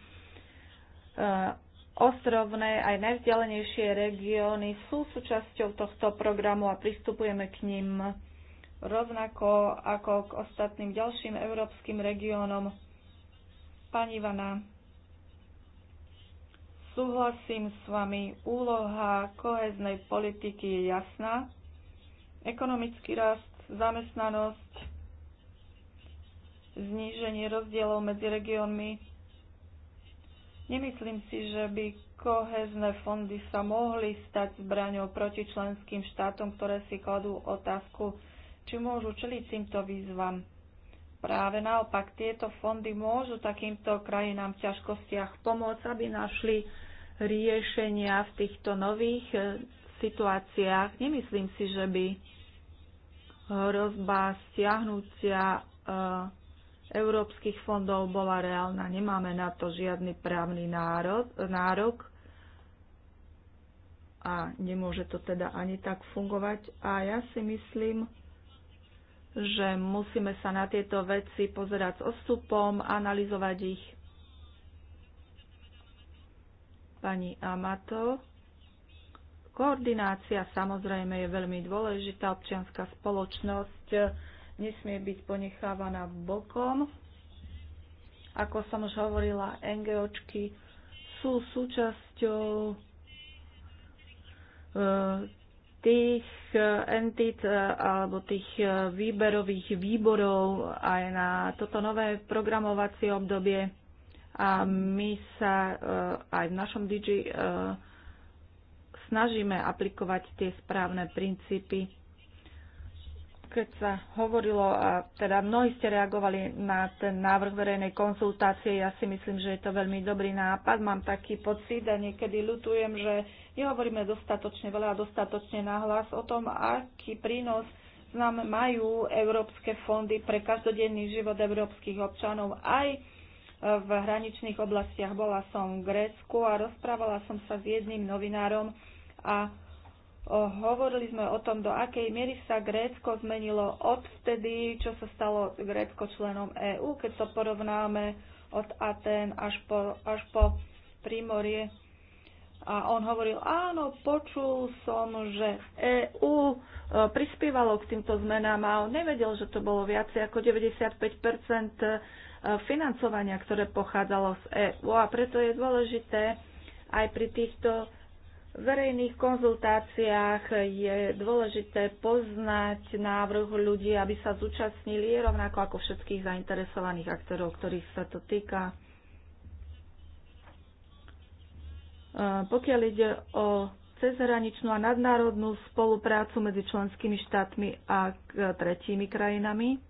ostrovné aj najvzdialenejšie regióny sú súčasťou tohto programu a pristupujeme k ním rovnako ako k ostatným ďalším európskym regiónom. Pani Ivana, súhlasím s vami, úloha koheznej politiky je jasná. Ekonomický rast, zamestnanosť, zníženie rozdielov medzi regiónmi Nemyslím si, že by kohezné fondy sa mohli stať zbraňou proti členským štátom, ktoré si kladú otázku, či môžu čeliť týmto výzvam. Práve naopak, tieto fondy môžu takýmto krajinám v ťažkostiach pomôcť, aby našli riešenia v týchto nových eh, situáciách. Nemyslím si, že by hrozba stiahnutia eh, európskych fondov bola reálna. Nemáme na to žiadny právny národ, nárok a nemôže to teda ani tak fungovať. A ja si myslím, že musíme sa na tieto veci pozerať s odstupom, analyzovať ich. Pani Amato. Koordinácia samozrejme je veľmi dôležitá. Občianská spoločnosť nesmie byť ponechávaná bokom. Ako som už hovorila, NGOčky sú súčasťou e, tých entit e, alebo tých e, výberových výborov aj na toto nové programovacie obdobie a my sa aj v našom Digi snažíme aplikovať tie správne princípy keď sa hovorilo, a teda mnohí ste reagovali na ten návrh verejnej konzultácie, ja si myslím, že je to veľmi dobrý nápad. Mám taký pocit a niekedy ľutujem, že nehovoríme dostatočne veľa a dostatočne nahlas o tom, aký prínos nám majú európske fondy pre každodenný život európskych občanov aj e, v hraničných oblastiach. Bola som v Grécku a rozprávala som sa s jedným novinárom a Hovorili sme o tom, do akej miery sa Grécko zmenilo odvtedy, čo sa stalo Grécko členom EÚ, keď to porovnáme od Aten až po, až po Primorie. A on hovoril, áno, počul som, že EÚ e, prispievalo k týmto zmenám a on nevedel, že to bolo viacej ako 95 e, financovania, ktoré pochádzalo z EÚ. A preto je dôležité aj pri týchto verejných konzultáciách je dôležité poznať návrh ľudí, aby sa zúčastnili rovnako ako všetkých zainteresovaných aktorov, ktorých sa to týka. E, pokiaľ ide o cezhraničnú a nadnárodnú spoluprácu medzi členskými štátmi a e, tretími krajinami,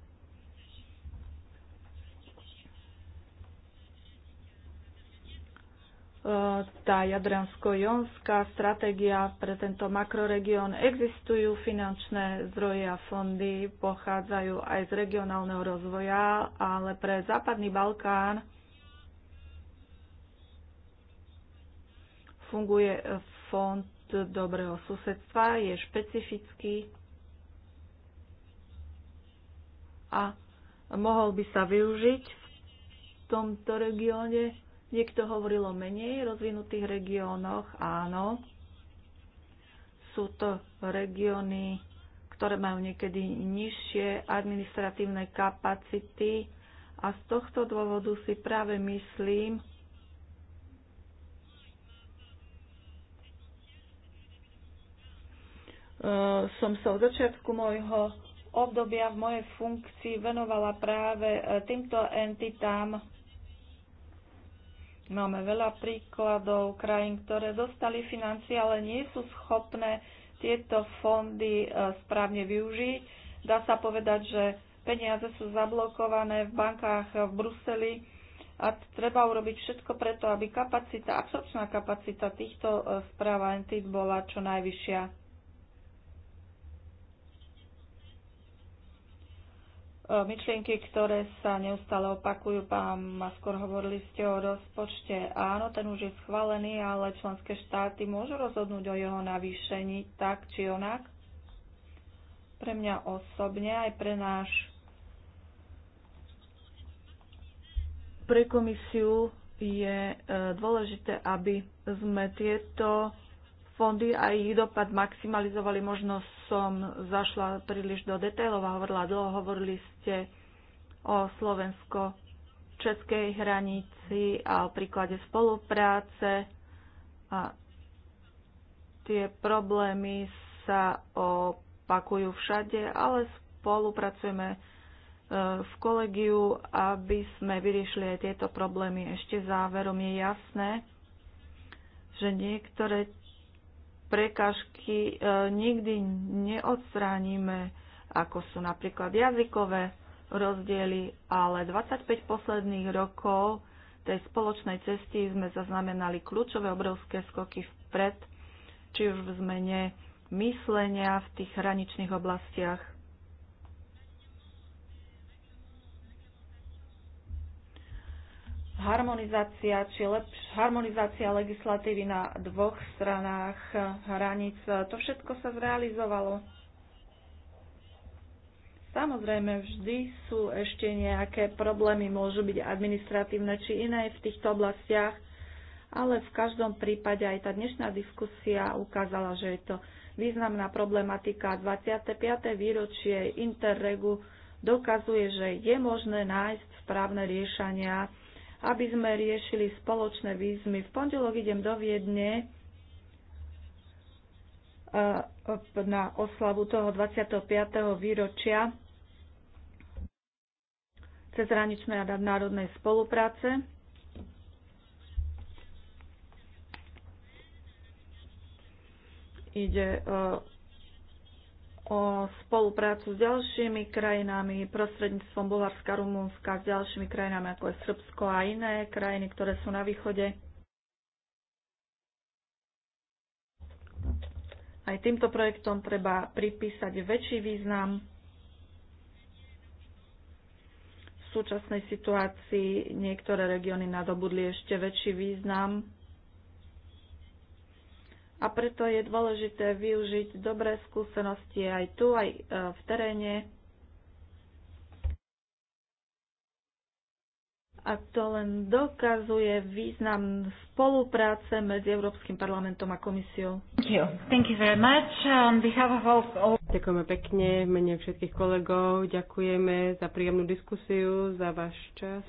tá jadransko-jonská stratégia pre tento makroregión. Existujú finančné zdroje a fondy, pochádzajú aj z regionálneho rozvoja, ale pre Západný Balkán funguje fond dobrého susedstva, je špecifický a mohol by sa využiť v tomto regióne Niekto hovoril o menej rozvinutých regiónoch. Áno, sú to regióny, ktoré majú niekedy nižšie administratívne kapacity a z tohto dôvodu si práve myslím, eh, som sa od začiatku môjho obdobia v mojej funkcii venovala práve eh, týmto entitám Máme veľa príkladov krajín, ktoré dostali financie, ale nie sú schopné tieto fondy e, správne využiť. Dá sa povedať, že peniaze sú zablokované v bankách e, v Bruseli a treba urobiť všetko preto, aby kapacita, absorpčná kapacita týchto e, správ a entít bola čo najvyššia. myšlienky, ktoré sa neustále opakujú. Pán Maskor, hovorili ste o rozpočte. Áno, ten už je schválený, ale členské štáty môžu rozhodnúť o jeho navýšení tak či onak. Pre mňa osobne, aj pre náš pre komisiu je e, dôležité, aby sme tieto fondy a ich dopad maximalizovali možnosť som zašla príliš do detailov a hovorila dlho. Hovorili ste o slovensko-českej hranici a o príklade spolupráce a tie problémy sa opakujú všade, ale spolupracujeme e, v kolegiu, aby sme vyriešili aj tieto problémy. Ešte záverom je jasné, že niektoré prekažky e, nikdy neodstránime, ako sú napríklad jazykové rozdiely, ale 25 posledných rokov tej spoločnej cesty sme zaznamenali kľúčové obrovské skoky vpred, či už v zmene myslenia v tých hraničných oblastiach, harmonizácia, či lepš, harmonizácia legislatívy na dvoch stranách hraníc. To všetko sa zrealizovalo. Samozrejme, vždy sú ešte nejaké problémy, môžu byť administratívne či iné v týchto oblastiach, ale v každom prípade aj tá dnešná diskusia ukázala, že je to významná problematika. 25. výročie Interregu dokazuje, že je možné nájsť správne riešania aby sme riešili spoločné výzmy. V pondelok idem do Viedne eh, na oslavu toho 25. výročia cezhraničnej a národnej spolupráce. Ide eh, o spoluprácu s ďalšími krajinami prostredníctvom Bulharska, Rumunska, s ďalšími krajinami ako je Srbsko a iné krajiny, ktoré sú na východe. Aj týmto projektom treba pripísať väčší význam. V súčasnej situácii niektoré regióny nadobudli ešte väčší význam a preto je dôležité využiť dobré skúsenosti aj tu, aj e, v teréne. A to len dokazuje význam spolupráce medzi Európskym parlamentom a komisiou. Ďakujeme pekne, mene všetkých kolegov. Ďakujeme za príjemnú diskusiu, za váš čas.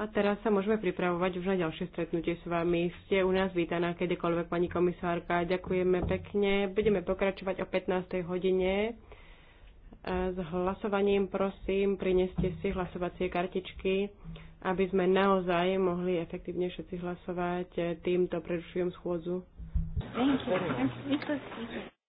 A teraz sa môžeme pripravovať už na ďalšie stretnutie s vami. Ste u nás vítaná kedykoľvek, pani komisárka. Ďakujeme pekne. Budeme pokračovať o 15. hodine. S hlasovaním prosím, prineste si hlasovacie kartičky, aby sme naozaj mohli efektívne všetci hlasovať. Týmto prerušujem schôdzu. Thank you.